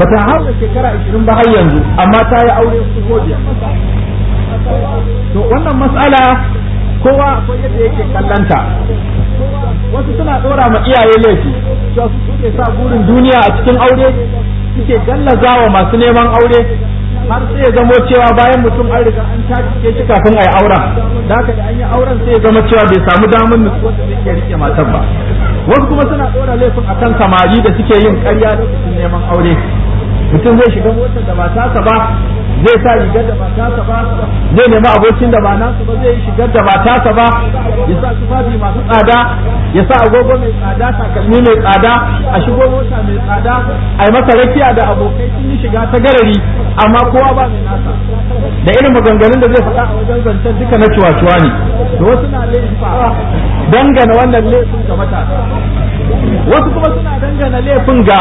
ba ta haura shekara ashirin ba har yanzu amma ta yi aure ko biyar to wannan mas'ala kowa ko yadda yake kallanta wasu suna dora ma iyaye laifi to su suke sa burin duniya a cikin aure suke gallazawa masu neman aure har sai ya zamo cewa bayan mutum an riga an tace shi kafin a yi auren da haka da an yi auren sai ya zama cewa bai samu damar nutsuwa da zai rike matan ba wasu kuma suna dora laifin a kan samari da suke yin ƙarya da neman aure mutum zai shiga motar da ba ta sa ba zai sa rigar da ba ta sa ba zai nemi abokin da ba nasu ba zai shigar da ba ta sa ba ya sa tufafi masu tsada ya sa agogo mai tsada takalmi mai tsada a shigo mota mai tsada a yi masa rakiya da abokai sun yi shiga ta garari amma kowa ba mai nasa da irin maganganun da zai faɗa a wajen zancen duka na cuwacuwa ne da wasu na laifa dangana wannan laifin ga matasa wasu kuma suna dangana laifin ga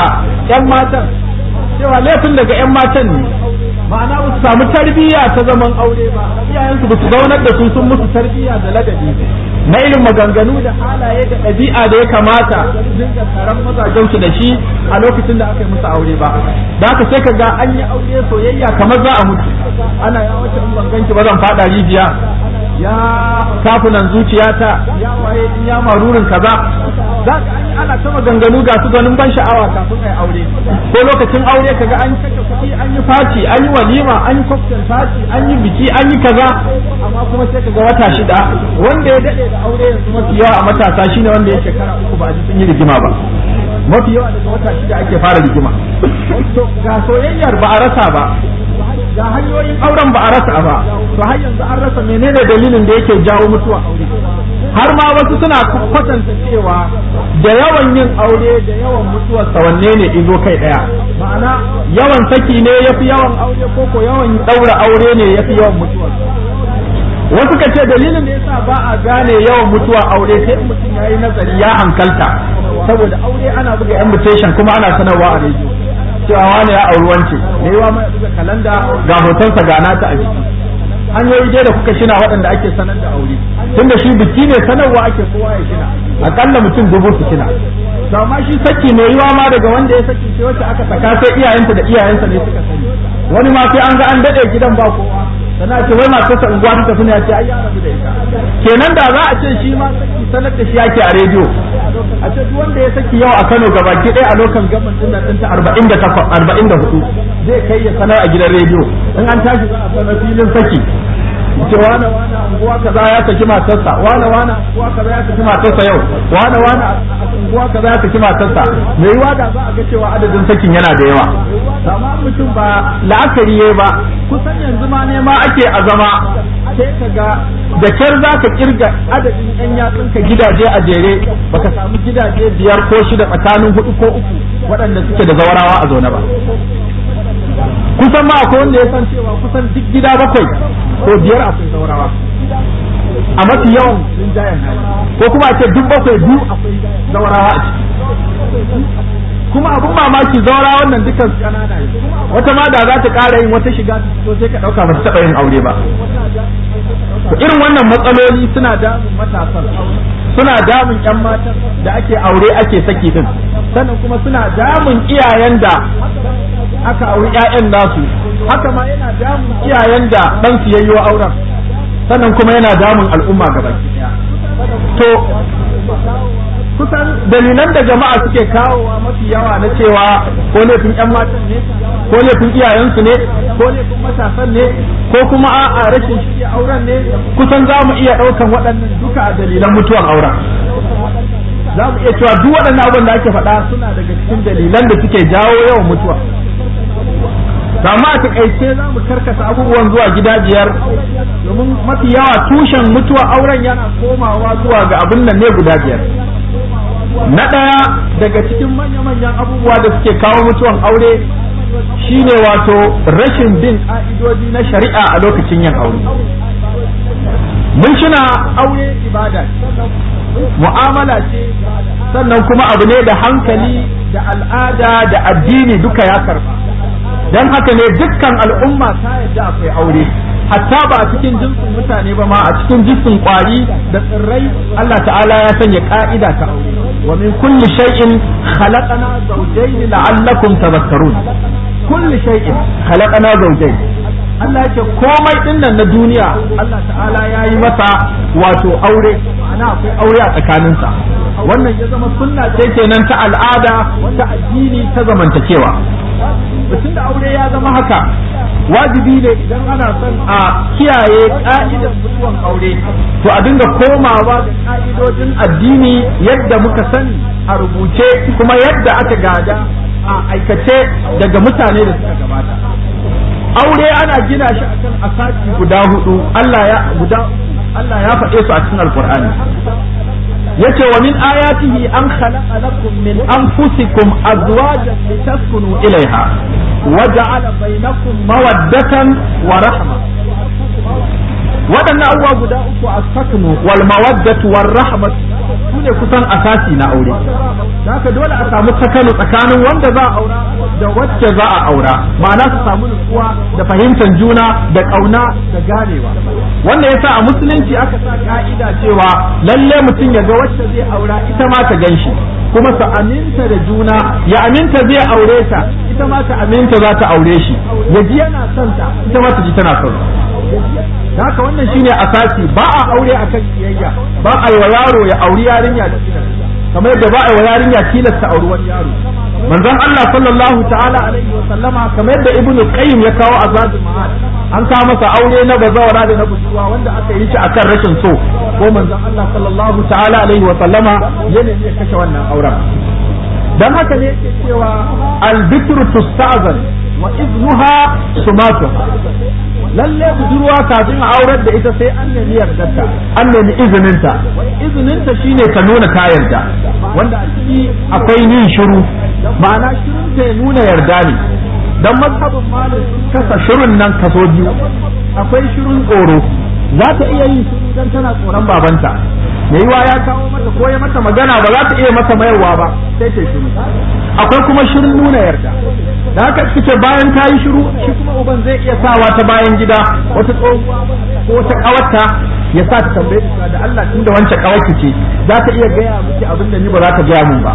'yan matan cewa laifin daga 'yan matan ne ma'ana ba su samu tarbiyya ta zaman aure ba iyayensu ba su zaunar da su sun musu tarbiyya da ladabi na irin maganganu da halaye da ɗabi'a da ya kamata dinga taron mazajen su da shi a lokacin da aka yi musu aure ba da aka sai ka ga an yi aure soyayya kamar za a mutu ana ya wace in ban ba zan faɗa rijiya ya kafunan zuciyata ya waye in ya marurin kaza za ana ta maganganu ga su ganin ban sha'awa kafin ai aure ko lokacin aure kaga an saka kuɗi an yi fati an yi walima an yi cocktail faci an yi biki an yi kaza amma kuma sai kaga wata shida wanda ya dade da aure yanzu mafi yawa a matasa shine wanda ya shekara uku ba a ji sun yi rigima ba mafi yawa daga wata shida ake fara rigima to ga soyayyar ba a rasa ba ga hanyoyin auren ba a rasa ba to har yanzu an rasa menene dalilin da yake jawo mutuwa aure har ma wasu suna kwatanta cewa da yawan yin aure da yawan mutuwar wanne ne izo kai daya ma'ana yawan saki ne yafi yawan aure ko ko yawan daura aure ne yafi yawan mutuwar wasu ka ce dalilin da yasa ba a gane yawan mutuwa aure sai in mutum yayi nazari ya hankalta saboda aure ana buga invitation kuma ana sanarwa a rediyo cewa wani ya auri wance ne yawa mai buga kalanda ga hotonsa gana ta a jiki hanyoyi dai da kuka shina waɗanda ake sanar da aure tunda shi biki ne sanarwa ake kowa ya shina akalla mutum dubu su shina to amma shi saki ne yiwa ma daga wanda ya saki sai wacce aka saka sai iyayenta da iyayensa ne suka sani wani ma sai an ga an daɗe gidan ba kowa sana ce wai masu matarsa unguwa ta tafi ne ya ce ai da ita kenan da za a ce shi ma saki sanar da shi yake a rediyo a ce duk wanda ya saki yau a Kano gabaki ɗaya a lokan gaban din nan ɗinta 44 zai kai ya sanar a gidan rediyo in an tashi za a sanar filin saki ce wane wane unguwa kaza ya saki matarsa wane wane unguwa kaza ya saki matarsa yau wane wane unguwa kaza ya saki matarsa mai yiwa da za a ga cewa adadin sakin yana da yawa amma mutum ba la'akari ya ba kusan yanzu ma ne ma ake azama sai ka ga da kyar za ka kirga adadin yan yatsun ka gidaje a jere baka samu gidaje biyar ko shida tsakanin hudu ko uku waɗanda suke da zawarawa a zaune ba kusan ma akwai wanda ya san cewa kusan duk gida bakwai ko biyar akwai saurawa a mafi yawan jayan ko kuma a ce duk bakwai biyu akwai zaurawa a ciki kuma abun mamaki zaura wannan dukkan su kanana ne wata ma da za ta ƙara yin wata shiga to sai ka ɗauka ba ta taɓa yin aure ba irin wannan matsaloli suna damun matasan suna damun yan matan da ake aure ake saki din sannan kuma suna damun iyayen da aka auri ƴaƴan nasu haka ma yana damun iyayen da dan su yayyo auren sannan kuma yana damun al'umma gaba to kusan dalilan da jama'a suke wa mafi yawa na cewa ko ne tun yan matan ne ko ne tun iyayensu ne ko ne tun matasan ne ko kuma a rashin shi auren ne kusan za mu iya ɗaukan waɗannan duka a dalilan mutuwar auren za mu iya cewa duk waɗannan abin da ake faɗa suna daga cikin dalilan da suke jawo yawan mutuwa amma a takaice za mu karkasa abubuwan zuwa gida biyar domin mafi yawa tushen mutuwa auren yana komawa zuwa ga abin nan ne guda biyar na ɗaya daga cikin manya-manyan abubuwa da suke kawo mutuwan aure shine wato rashin bin ƙa'idodi na shari'a a lokacin yin aure mun shina aure ibada mu'amala ce sannan kuma abu ne da hankali da al'ada da addini duka ya karba don haka ne dukkan al'umma ta yadda akwai aure hatta ba a cikin jinsin mutane ba ma a cikin jinsin kwari da tsirrai Allah ta'ala ya sanya ka'ida ta wa min kulli shay'in khalaqana zawjayn la'allakum tadhakkarun kulli shay'in khalaqana zawjayn Allah ya ce komai nan na duniya Allah ta'ala ya yi masa wato aure ana akwai aure a tsakaninsa wannan ya zama sunna ce kenan ta al'ada ta addini ta zamantakewa mutum da aure ya zama haka wajibi ne idan ana son a kiyaye ka'idar mutuwan aure to a dinga komawa da ka'idojin addini yadda muka sani a rubuce kuma yadda aka gada a aikace daga mutane da suka gabata aure ana gina shi akan asasi guda hudu Allah ya guda Allah ya faɗe su a cikin alƙur'ani yace wa min ayatihi an khalaqa lakum min anfusikum azwajan litaskunu ilayha wa bainakum mawaddatan wa rahma waɗannan abubuwa guda uku a saknu wal mawaddatu war rahmat sune kusan asasi na aure haka dole a samu sakano tsakanin wanda za a aura da wacce za a aura ma'ana su samu nutsuwa da fahimtar juna da kauna da ganewa wanda yasa a musulunci aka sa ka'ida cewa lalle mutum ya ga wacce zai aura ita ma ta shi kuma su aminta da juna ya aminta zai aure ta ita ma ta aminta za ta aure shi ya ji yana son ta ita ma ta ji tana son ta haka wannan shine asasi ba a aure akan kiyayya ba a yaro ya auri yarinya da kamar yadda ba a wa yarinya tilasta a ruwan yaro manzon Allah sallallahu ta'ala alaihi wa sallama kamar yadda ibnu qayyim ya kawo a ma'ad an kawo masa aure na bazawara da na budurwa wanda aka yi shi akan rashin so ko manzon Allah sallallahu ta'ala alaihi wa sallama yana ne kashe wannan auren dan haka ne yake cewa albikru tustazan wa iznuha sumatu lalle budurwa kafin a aurar da ita sai an nemi yardarta an nemi izininta izininta shine ka nuna kayanta wanda a akwai yin shiru ma'ana shirin ta ya nuna yarda ne dan mazhabin sun kasa shirin nan kaso biyu akwai shirin tsoro za ta iya yin shirin dan tana tsoron babanta mai yiwa ya kawo mata ko ya mata magana ba za ta iya masa mayarwa ba sai ta shiru akwai kuma shirin nuna yarda da haka kike bayan ta yi shiru shi kuma uban zai iya sawa ta bayan gida wata tsohuwa ko wata kawarta ya sa ta tambaye ta da Allah tun da wancan kawaki ce za ta iya gaya miki abin da ni ba za ta gaya mun ba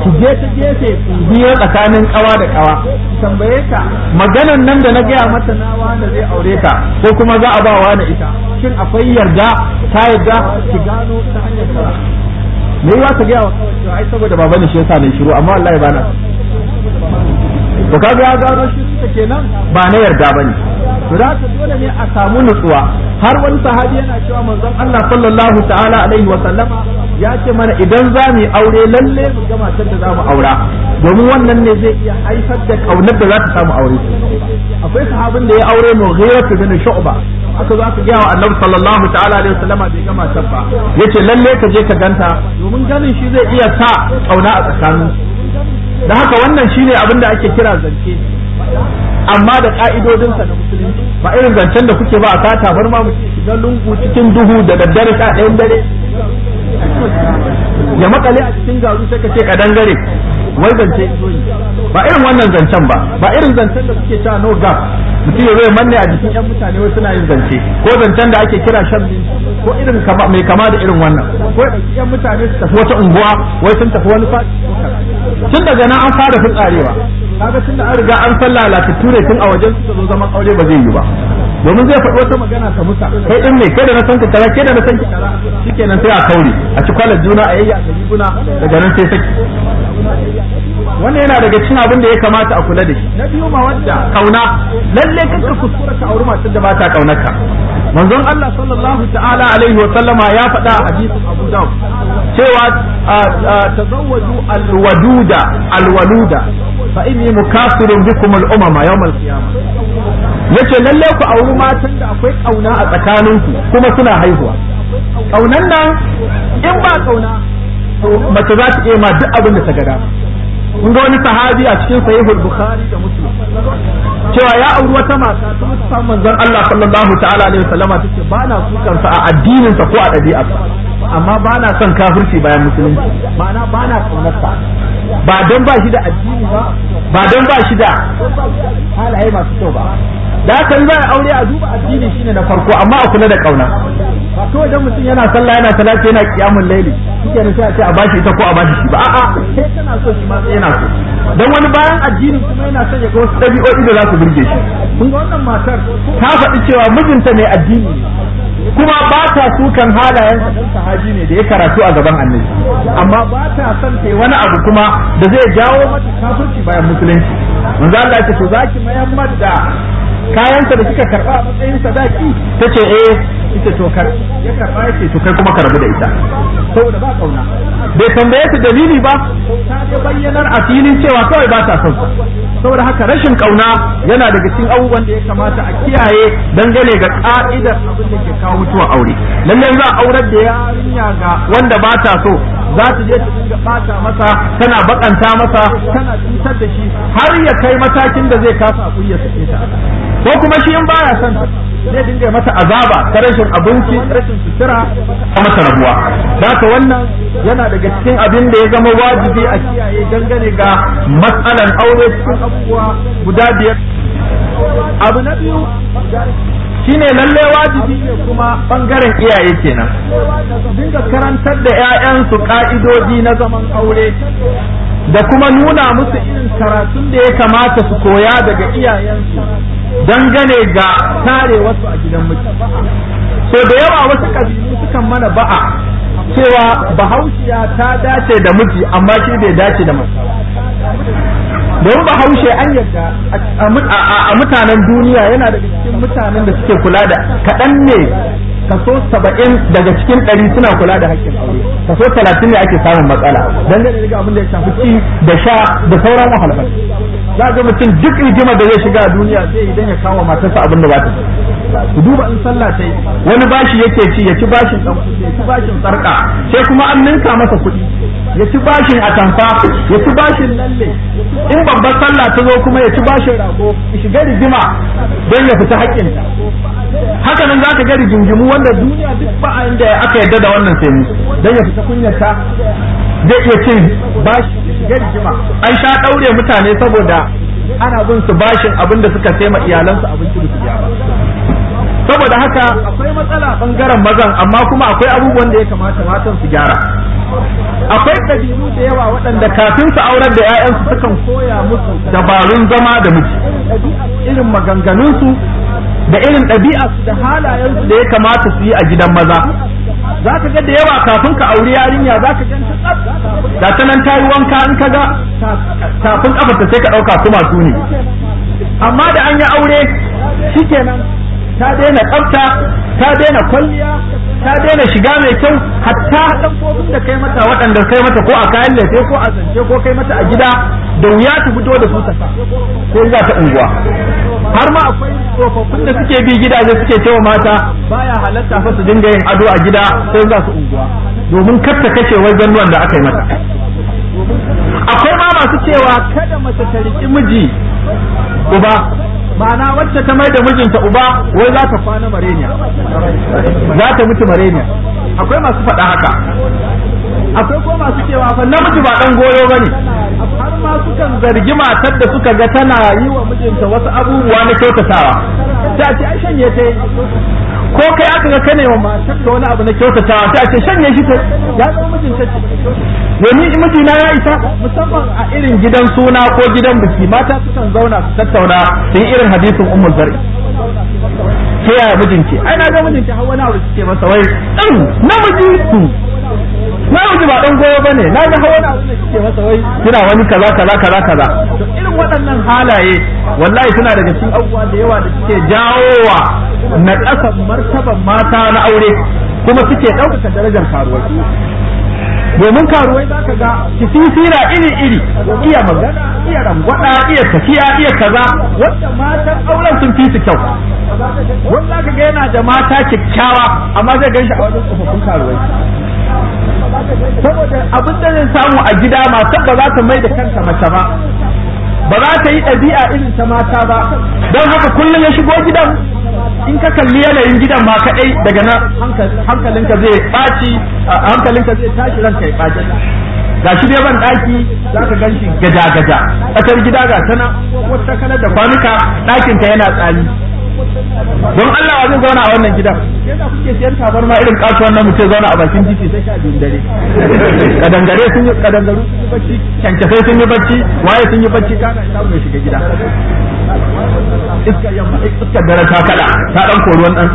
ki je ta gefe ku biyo tsakanin kawa da kawa ki tambaye ta maganan nan da na gaya mata na wanda zai aure ta ko kuma za a ba wa da ita shin akwai yarda ta yarda ki gano ta hanyar ka? me yiwa ta gaya wa kawai ai saboda baba ne shi yasa ne shiru amma wallahi ba na to kaga ya gano shi suka kenan ba na yarda bane za su dole ne a samu nutsuwa har wani sahabi yana cewa manzon Allah sallallahu ta'ala alaihi wa sallama ya ce mana idan za mu aure lalle mu ga matar da za mu aura domin wannan ne zai iya haifar da kaunar da za ta samu aure akwai sahabin da ya aure ta bin Shu'ba aka zo aka gaya wa Annabi sallallahu ta'ala alaihi wa sallama bai ga matar ba yace lalle ka je ka ganta domin ganin shi zai iya sa kauna a tsakanin da haka wannan shine abin da ake kira zance amma da ka'idodin sa na musulunci ba irin zancen da kuke ba a sata bar ma mu da lungu cikin duhu da daddare ka ɗayan dare ya makale a cikin garu sai ka ce ka wai zance ba irin wannan zancen ba ba irin zancen da suke cewa no gap mutum ya zai manne a jikin yan mutane wai suna yin zance ko zancen da ake kira shabbi ko irin kama mai kama da irin wannan ko yan mutane su tafi wata unguwa wai sun tafi wani fadi tun daga nan an fara fitsarewa kaga tun da an riga an sallah latattu ne tun a wajen su zo zaman aure ba zai yi ba domin zai faɗi wata magana ka musa kai din ne kai da na san ka tara kai da na san ki tara shikenan sai a kauri a ci kwalar juna a yayya da riguna daga nan sai saki wannan yana daga cin abin da ya kamata a kula da shi na biyu wadda kauna lalle kanka kuskura ka auri matar da ba ta kaunarka manzon Allah sallallahu ta'ala alaihi wa sallama ya faɗa a hadisin Abu Dawud cewa tazawwaju alwaduda alwaluda fa inni mukafirun bikum al-umama yawm al-qiyamah yace lalle ku auri matan da akwai kauna a tsakaninku kuma suna haihuwa kaunan nan in ba kauna mace za ta ma duk abin da ta gada kun ga wani sahabi a cikin sahihul bukhari da muslim cewa ya auri wata mata ta mutu manzon Allah sallallahu ta'ala alaihi wasallama tace ba na kukan sa a addinin sa ko a ɗabi'ar sa amma ba na son kafirci bayan musulunci ma'ana ba na kaunar sa ba don ba shi da addini ba ba don ba shi da halaye masu kyau ba da haka za a aure a duba addini shine na farko amma a kula da kauna ba to idan mutum yana sallah yana salati yana kiyamun laili shike ne sai a ce a bashi ita ko a bashi shi ba a'a sai tana so shi ma yana so dan wani bayan addini kuma yana son ya ga wasu ɗabi'o'i da za su burge shi kun ga wannan matar ta faɗi cewa mijinta mai addini kuma ba ta sukan halayen dan haji ne da ya karatu a gaban annabi amma ba ta son ta wani abu kuma da zai jawo mata kafirci bayan musulunci za Allah ce to zaki mayammar da kayansa da suka karba a matsayin sadaki ce eh ita to kar ya karba ya to kai kuma ka da ita saboda ba kauna bai tambaye ta dalili ba ta ga bayyanar a filin cewa kawai ba ta son saboda haka rashin kauna yana daga cikin abubuwan da ya kamata a kiyaye dangane ga ka'idar abin da ke kawo mutuwar aure lalle za a aurar da yarinya ga wanda ba ta so za ta je ta dinga bata masa tana bakanta masa tana cutar da shi har ya ta kai matakin da zai kasa a kunya sake ta ko kuma shi in baya son ta zai dinga mata azaba ta rashin abinci rashin sutura ta mata rabuwa haka wannan yana daga cikin abin da ya zama wajibi a kiyaye dangane ga matsalan aure cikin abubuwa guda biyar abu na biyu shine lalle wajibi ne kuma bangaren iyaye kenan dinga karantar da 'ya'yansu ka'idoji na zaman aure da kuma nuna musu irin karatun da ya kamata su koya daga iyayensu don gane ga tare wasu a gidan miji so da yawa wasu kabilu sukan mana ba'a cewa bahaushiya ta dace da miji amma shi bai dace da mace don ba haushe an yadda a mutanen duniya yana daga cikin mutanen da suke kula da kaɗan ne kaso saba'in daga cikin ɗari suna kula da hakkin aure kaso talatin ne ake samun matsala don da daga abin da ya shafi ci da sha da sauran wahalhal za ga mutum duk rigima da zai shiga a duniya sai idan ya kawo matarsa abin da ba ta ku duba in sallah yi wani bashi yake ci ya ci bashin ya ci bashin sarka sai kuma an ninka masa kuɗi ya ci bashin atamfa ya ci bashin lalle in babbar sallah ta zo kuma ya ci bashin rago ya shiga rigima don ya fita haƙƙin haka nan zaka ga rigingimu wanda duniya duk ba a inda aka yadda da wannan sai mu don ya fita kunyata zai iya cin bashi shiga rigima an sha ɗaure mutane saboda ana bin su bashin abin da suka sai ma iyalansu abinci da su ba saboda haka akwai matsala bangaren mazan amma kuma akwai abubuwan da ya kamata matan su gyara akwai ɗabi'u da yawa waɗanda kafin su aurar da 'ya'yansu sukan koya musu dabarun zama da miji irin maganganunsu da irin su da halayensu da ya kamata su yi a gidan maza za ka ga da yawa kafin ka aure yarinya za ka ganta tsaf Da ta nan ta yi wanka in ka ga kafin ta sai ka ɗauka su masu ne amma da an yi aure shikenan ta daina tsafta ta daina kwalliya ta daina shiga mai kyau hatta kofin da kai mata waɗanda kai mata ko a kayan lefe ko a zance ko kai mata a gida da wuya ta fito da su ta ko za ta unguwa har ma akwai tsofaffin da suke bi gida gidaje suke cewa mata baya halatta fa su dinga yin ado a gida sai za su unguwa domin karta kace kashe wajen ruwan da aka yi mata akwai ma masu cewa kada mace ta riƙi miji uba ma'ana wacce ta mai da mijinta uba wai za ta kwana mareniya za ta mutu mareniya akwai masu faɗa haka akwai kuma masu cewa fa namiji ba dan goyo bane har ma sukan zargi matar da suka ga tana yi wa mijinta wasu abubuwa na kyautatawa ta ce ai shanye ta ko kai aka ga kane wa matar da wani abu na kyautatawa ta ce shanye shi ta ya zama mijinta ce domin mijina ya isa musamman a irin gidan suna ko gidan biki mata sukan zauna su tattauna su yi irin hadisin umar zari ke yaya mijinki ai na ga mijinki har wani abu suke masa wai din namiji miji ba dan goyo bane na ga har wani abu suke masa wai kina wani kaza kaza kaza kaza to irin waɗannan halaye wallahi suna daga cikin abubuwa da yawa da suke jawowa na ƙasan martaban mata na aure kuma suke ɗaukaka darajar karuwa domin karuwai za ka ga kisisira iri-iri iya magana iya rangwada iya tafiya iya kaza wanda matan auren sun fi su kyau wanda ka ga yana da mata kyakkyawa amma zai gan shi a wajen tsofaffin karuwai saboda abin da zai samu a gida ma ba za ta mai da kanta mace ba ba za ta yi ɗabi'a irin ta mata ba don haka kullum ya shigo gidan in ka kalli yanayin gidan ma kaɗai daga nan hankalinka zai ɓaci hankalinka zai tashi ranka ya ɓaci ga shi ban ɗaki za ka gan shi gaja-gaja ƙasar gida ga tana wata kanar da kwanuka ɗakinta yana tsari don Allah wa zai zauna a wannan gidan yadda kuke siyan tabarma irin kasuwan nan mutum zauna a bakin titi sai sha biyun dare kadangare sun yi kadangaru sun yi bacci sun yi bacci waye yi bacci kana ina mai shiga gida iskar yamma iskar dare ta kada ta dan koruwan dan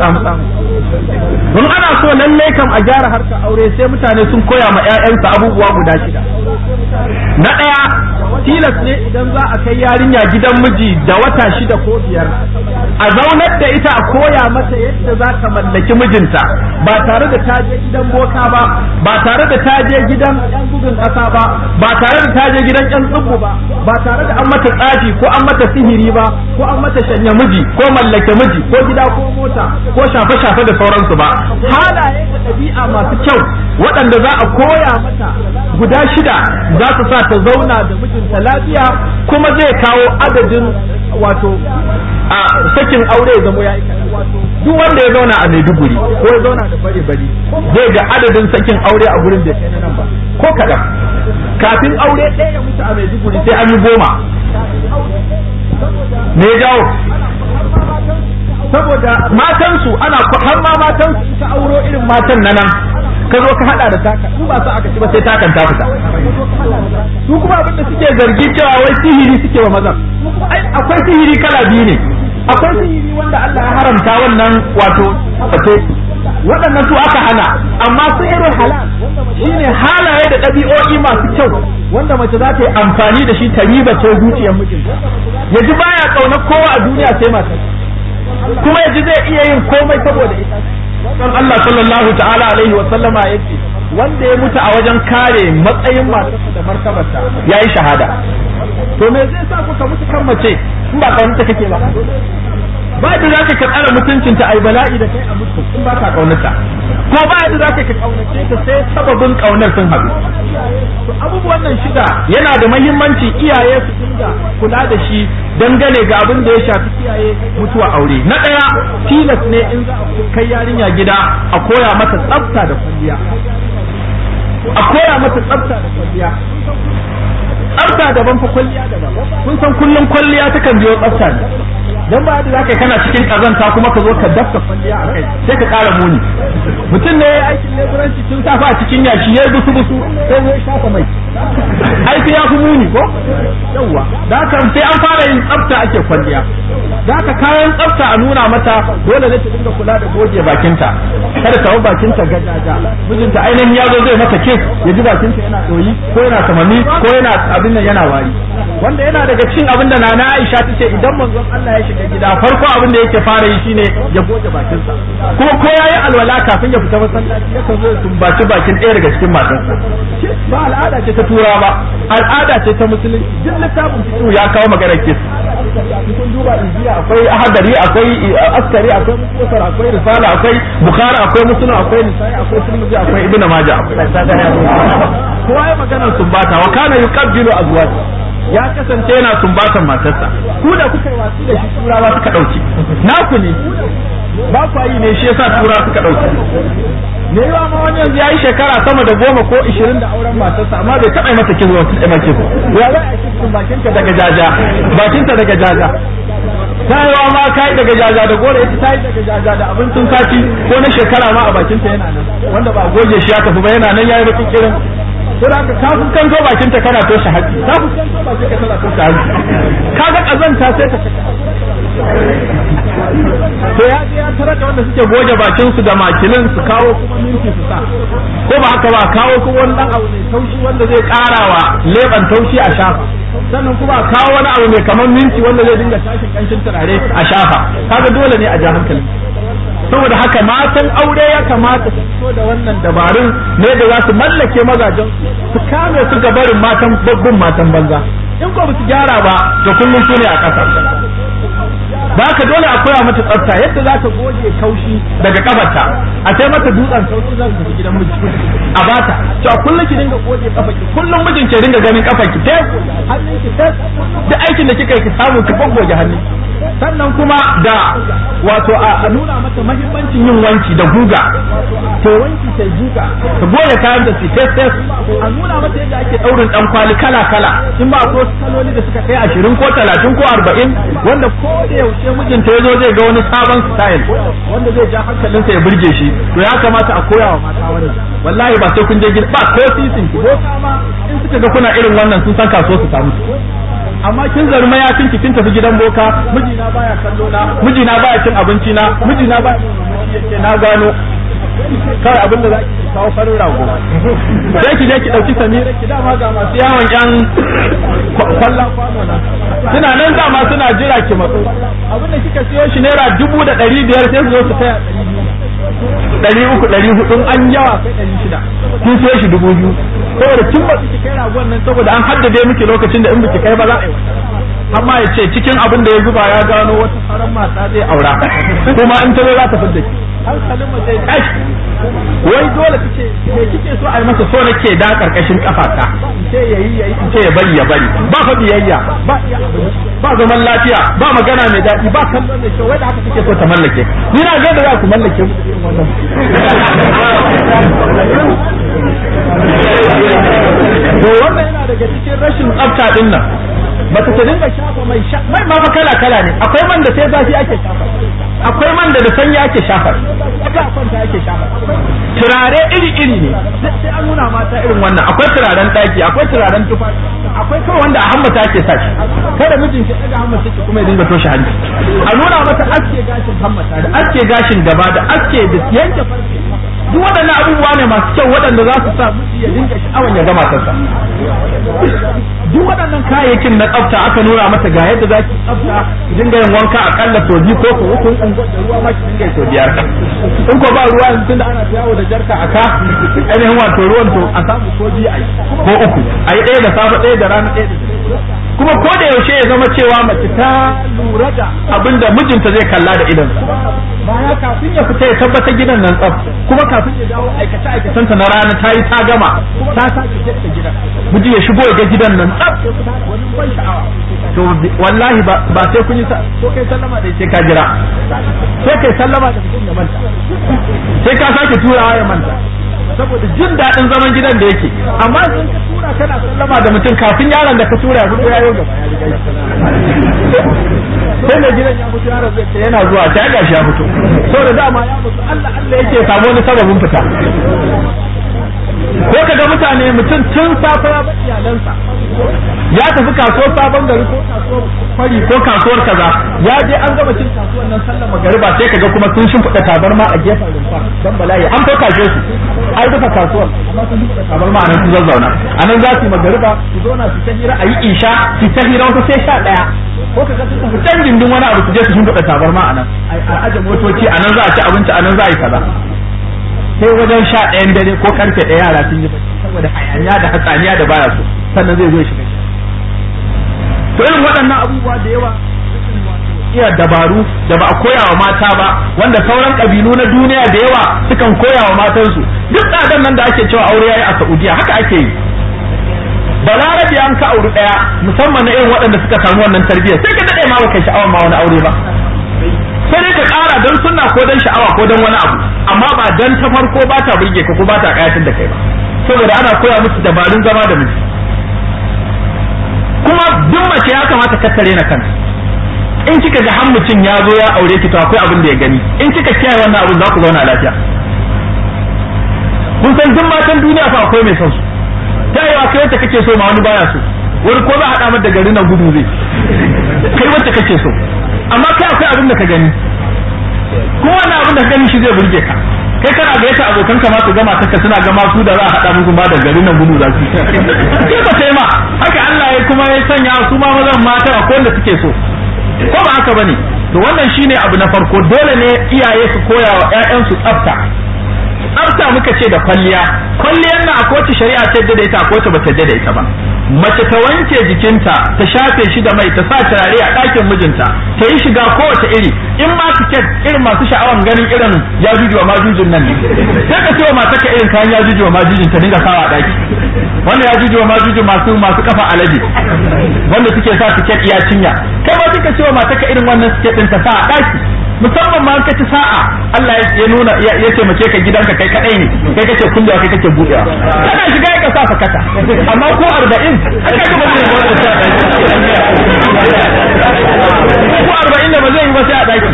don ana so lalle kam a gyara harka aure sai mutane sun koya ma 'ya'yansa abubuwa guda shida na ɗaya tilas ne idan za a kai yarinya gidan miji da wata shida ko biyar a zaunar da ita a koya mata yadda za ta mallaki mijinta ba tare da ta je gidan boka ba ba tare da ta je gidan yan gudun ƙasa ba ba tare da ta je gidan yan tsubu ba ba tare da an mata tsafi ko an mata sihiri ba ko an mata shanya miji ko mallake miji ko gida ko mota ko shafe-shafe da sauransu ba halaye da ɗabi'a masu kyau waɗanda za a koya mata guda shida za su sa ta zauna da mijin da lafiya kuma zai kawo adadin wato a sakin aure ya zama ya yi duk wanda ya zauna a Maiduguri ko ya zauna da bari bari zai ga adadin sakin aure a gurin da ya nan ba ko kaɗan kafin aure ɗaya ya mutu a Maiduguri sai an yi goma me ya jawo saboda matansu ana har ma matansu ta auro irin matan na nan ka zo ka hada da taka su ba su aka ci ba sai takan ta fita su kuma abinda suke zargi cewa wai sihiri suke wa mazan akwai sihiri kala biyu ne akwai sihiri wanda Allah ya haramta wannan wato wato waɗannan su aka hana amma su irin halal shine halaye da ɗabi'o'i masu kyau wanda mace za ta yi amfani da shi ta riba ce zuciyar mijinta Yaji baya ƙaunar kowa a duniya sai mata kuma yaji zai iya yin komai saboda ita don Allah sallallahu ta'ala alaihi wa sallama ce, wanda ya mutu a wajen kare matsayin matarsa da martabarta yayi shahada to me zai sa kuka mutu kan mace in ba kaunta kake ba ba da zaka ka tsara mutuncinta ai bala'i da kai a mutu in ba ka kaunta ko ba yadda za ka ka kaunace ta sai sababin kaunar sun haɗu to abubuwan nan shida yana da mahimmanci iyaye su dinga kula da shi dangane ga abin da ya shafi kiyaye mutuwa aure na ɗaya tilas ne in za a kai yarinya gida a koya mata tsafta da kwalliya a koya mata tsafta da kwalliya tsafta daban fa kwalliya daban kun san kullum kwalliya takan biyo tsafta ne dan ba da zaka kana cikin kazanta kuma ka zo ka dafka kwalliya a kai sai ka kara muni mutum ne aikin leburanci tun safa a cikin yashi ya busu busu sai ya shafa mai aiki ya fi muni ko yawa da haka sai an fara yin tsafta ake kwalliya da haka kayan tsafta a nuna mata dole ne ta dinga kula da goge bakinta kada ta bakinta gajaja mijinta ainihin ya zo zai mata kis ya ji bakinta yana doyi ko yana samani ko yana abin nan yana wari wanda yana daga cikin abin da nana Aisha tace idan manzon Allah ya shiga gida farko abin da yake fara yi shine ya goge bakinsa kuma ko yayi alwala kafin ya fita masallaci ya kan zo ya tumbaci bakin ɗaya daga cikin sa ba al'ada ce ta tura ba al'ada ce ta musulunci duk littafin cikin ya kawo maganar ke. kun duba injiya akwai ahadari akwai eh, askari akwai musafar akwai risala akwai bukhari akwai musulun akwai nisai akwai tirmidhi akwai ibnu majah akwai kowa ya sun bata wa kana yuqabbilu azwaj ya kasance yana sumbatan matarsa ku da kuka yi wasu da shi turawa suka dauke naku ne ba ku yi ne shi yasa turawa suka dauke ne yawa ma wani yanzu ya yi shekara sama da goma ko ishirin da auren matarsa amma bai taɓa yi mata kizo wasu da mace ya za a cikin bakinta daga jaja bakinta daga jaja Ta tayawa ma yi daga jaja da gore ita tayi daga jaja da abincin sati ko na shekara ma a bakinta yana nan wanda ba goge shi ya tafi ba yana nan ya yi bakin kirin ko da ka kan zo bakin ta kana toshe haƙƙi ka fi kan zo bakin ta kana toshe haƙƙi ka ga kazanta sai ka to ya je ya tarar da wanda suke goge bakin su da makilin su kawo kuma minti su sa ko ba haka ba kawo kuma wani dan abu mai taushi wanda zai karawa leban taushi a shafa sannan kuma kawo wani abu mai kamar minti wanda zai dinga tashin kanshin turare a shafa kaga dole ne a ja hankali saboda haka matan aure ya kamata su fito da wannan dabarun ne da za su mallake mazajen su kame su ga barin matan babban matan banza in ko su gyara ba to kullum su ne a ƙasa ba ka dole a koya mata tsafta yadda za ta goge kaushi daga kafarta a sai mata dutsen sauki za ta gidan miji a bata to a kullum ki dinga goge kafarki kullum mijin ke dinga ganin kafarki ta hannun ki aikin da kika yi ki samu ki goge hannu sannan kuma da wato a nuna mata mahimmancin yin wanki da guga to wanki ta guga ta goge kayan da su test test a nuna mata yadda ake daurin dan kwali kala kala in ba ko saloli da suka kai 20 ko 30 ko 40 wanda ko da yaushe sai mijinta ya zo zai ga wani sabon style wanda zai ja hankalinsa ya burge shi to ya kamata a koya wa mata wannan wallahi ba sai kun je gida ba ko sisin ki ko ma in suka ga kuna irin wannan sun san kasuwa su samu amma kin zari mayafin ki kin tafi gidan boka mijina baya kallo na mijina baya cin abinci na mijina baya yake na gano kawai abin da za ki kawo farin rago sai ki je ki dauki samira ki dama ga masu yawon yan kwallon kwano na suna nan dama suna jira ki matso abin da kika siyo shi naira dubu da ɗari biyar sai su zo su taya ɗari uku ɗari hudu an yawa kai ɗari shida kin siyo shi dubu biyu saboda kin ba su kai ragon nan saboda an haddade miki lokacin da in biki kai ba za a yi amma ya ce cikin abin da ya zuba ya gano wata faran mata zai aura kuma in tare za ta fidda ki hankalin zai kash wai dole kace me kike so a yi masa so nake da karkashin kafata ce yayi yayi ce ya bari ya bari ba fa biyayya ba ba zaman lafiya ba magana mai daɗi ba kallon da wai da haka kike so ta mallake ni na ga da za ku mallake to wannan yana daga cikin rashin tsafta din nan baka ta dinga shafa mai sha mai ma fa kala kala ne akwai man da sai zafi ake shafa akwai man da da sanyi ake shafa aka kwanta ake shafa turare iri iri ne sai an nuna mata irin wannan akwai turaren daki akwai turaren tufafi akwai kawai wanda a hammata ake sa shi kada mijin ki daga hammata ki kuma ya dinga toshe hanci a nuna mata aske gashin hammata da aske gashin gaba da aske da yanke farce duk waɗannan abubuwa ne masu kyau waɗanda za su sa mutum ya dinga sha'awan ya gama kansa duk waɗannan kayayyakin na tsafta aka nura masa ga yadda za ki tsafta dinga yin wanka akalla sau biyu ko ko uku in da ruwa ma ki dinga sau biyar in ko ba ruwa yanzu tunda ana yawo da jarka aka ainihin wato ruwan to a samu ko biyu a ko uku a yi ɗaya da safe ɗaya da rana ɗaya da kuma ko da yaushe ya zama cewa mace ta lura da abinda mijinta zai kalla da sa. ma'ana kafin ya fita ya tabbata gidan nan tsaf kuma kafin ya dawo aikace aikacen ta na rana ta yi ta gama ta sake jetta gidan miji ya shigo ga gidan nan tsaf wani ban sha'awa to wallahi ba sai kun yi sa ko kai sallama da sai ka jira sai kai sallama da mutum ya manta sai ka sake turawa ya manta saboda jin daɗin zaman gidan da yake amma sun ka tura kana sallama da mutum kafin yaron da ka tura ya fito ya yi gaba sai mai gidan ya mutu yaron zai yana zuwa ta ga shi ya fito saboda dama ya mutu Allah Allah yake samu wani sababin fita ko ka ga mutane mutum tun safe ya bar iyalansa ya tafi kasuwar sabon gari ko kasuwar fari ko kasuwar kaza ya je an gama cin kasuwar nan sallar magariba sai ka ga kuma sun shimfiɗa tabarma a gefen rumfa Don bala'i an fauka ce su an rufe kasuwar amma sun shimfiɗa tabarma a nan su zazzauna a nan za su yi magariba su zauna su ta hira a yi isha su ta hira wasu sai sha ɗaya ko ka ga sun tafi can gindin wani abu su je su shimfiɗa tabarma a nan a aje motoci a nan za a ci abinci a nan za a yi kaza sai wajen sha ɗayan dare ko karfe ɗaya yara sun yi saboda hayaniya da hatsaniya da baya so sannan zai zo shi. to irin waɗannan abubuwa da yawa iya dabaru da ba a koya wa mata ba wanda sauran ƙabilu na duniya da yawa sukan koya wa matansu duk tsadan nan da ake cewa aure yayi a Saudiya haka ake yi balarabi an ka auri daya musamman na irin waɗanda suka samu wannan tarbiyyar sai ka dade ma baka sha'awar ma wani aure ba sai dai ka kara don sunna ko don sha'awa ko don wani abu amma ba don ta farko ba ta burge ka ko ba ta kayatar da kai ba saboda ana koya musu dabarun zama da miji kuma duk mace ya kamata ka tare na kanta in kika ga har mutum ya zo ya aure ki to akwai abin da ya gani in kika kiyaye wannan abin za ku zauna lafiya kun san duk matan duniya fa akwai mai son su ta yi kai wacce kake so ma wani baya so wani ko za a haɗa mata garin nan gudu zai kai wacce kake so amma kai akwai abin da ka gani ko wani abin da ka gani shi zai burge ka kai kana ga abokan ka ma su gama kanka suna gama su da za a hada musu ma da garin nan gudu za su sai ba sai ma haka Allah ya kuma ya sanya su ma mazan mata a kowanne suke so ko ba haka bane to wannan shine abu na farko dole ne iyaye su koya wa ƴaƴansu tsafta tsafta muka ce da kwalliya kwalliyar na a kowace shari'a ta yadda da ita a kowace ba ta yadda da ita ba mace ta wanke jikinta ta shafe shi da mai ta sa turare a ɗakin mijinta ta yi shiga kowace iri in ma su ke irin masu sha'awan ganin irin ya jujuwa ma nan ne sai ka cewa mata ka irin kayan ya jujuwa ma ta dinga sawa a ɗaki wanda ya jujuwa ma masu masu kafa alade wanda suke sa su ke iya cinya kai ma ka cewa mata ka irin wannan suke ɗin ta sa a ɗaki musamman ma ka ci sa'a Allah ya nuna ya taimake ka gidanka kai kadai ne kai kake kullewa kai kake budewa kana shiga ya kasa fakata amma ko 40 aka ga ba zai ba ta ko 40 da ba zai yi ba sai a daki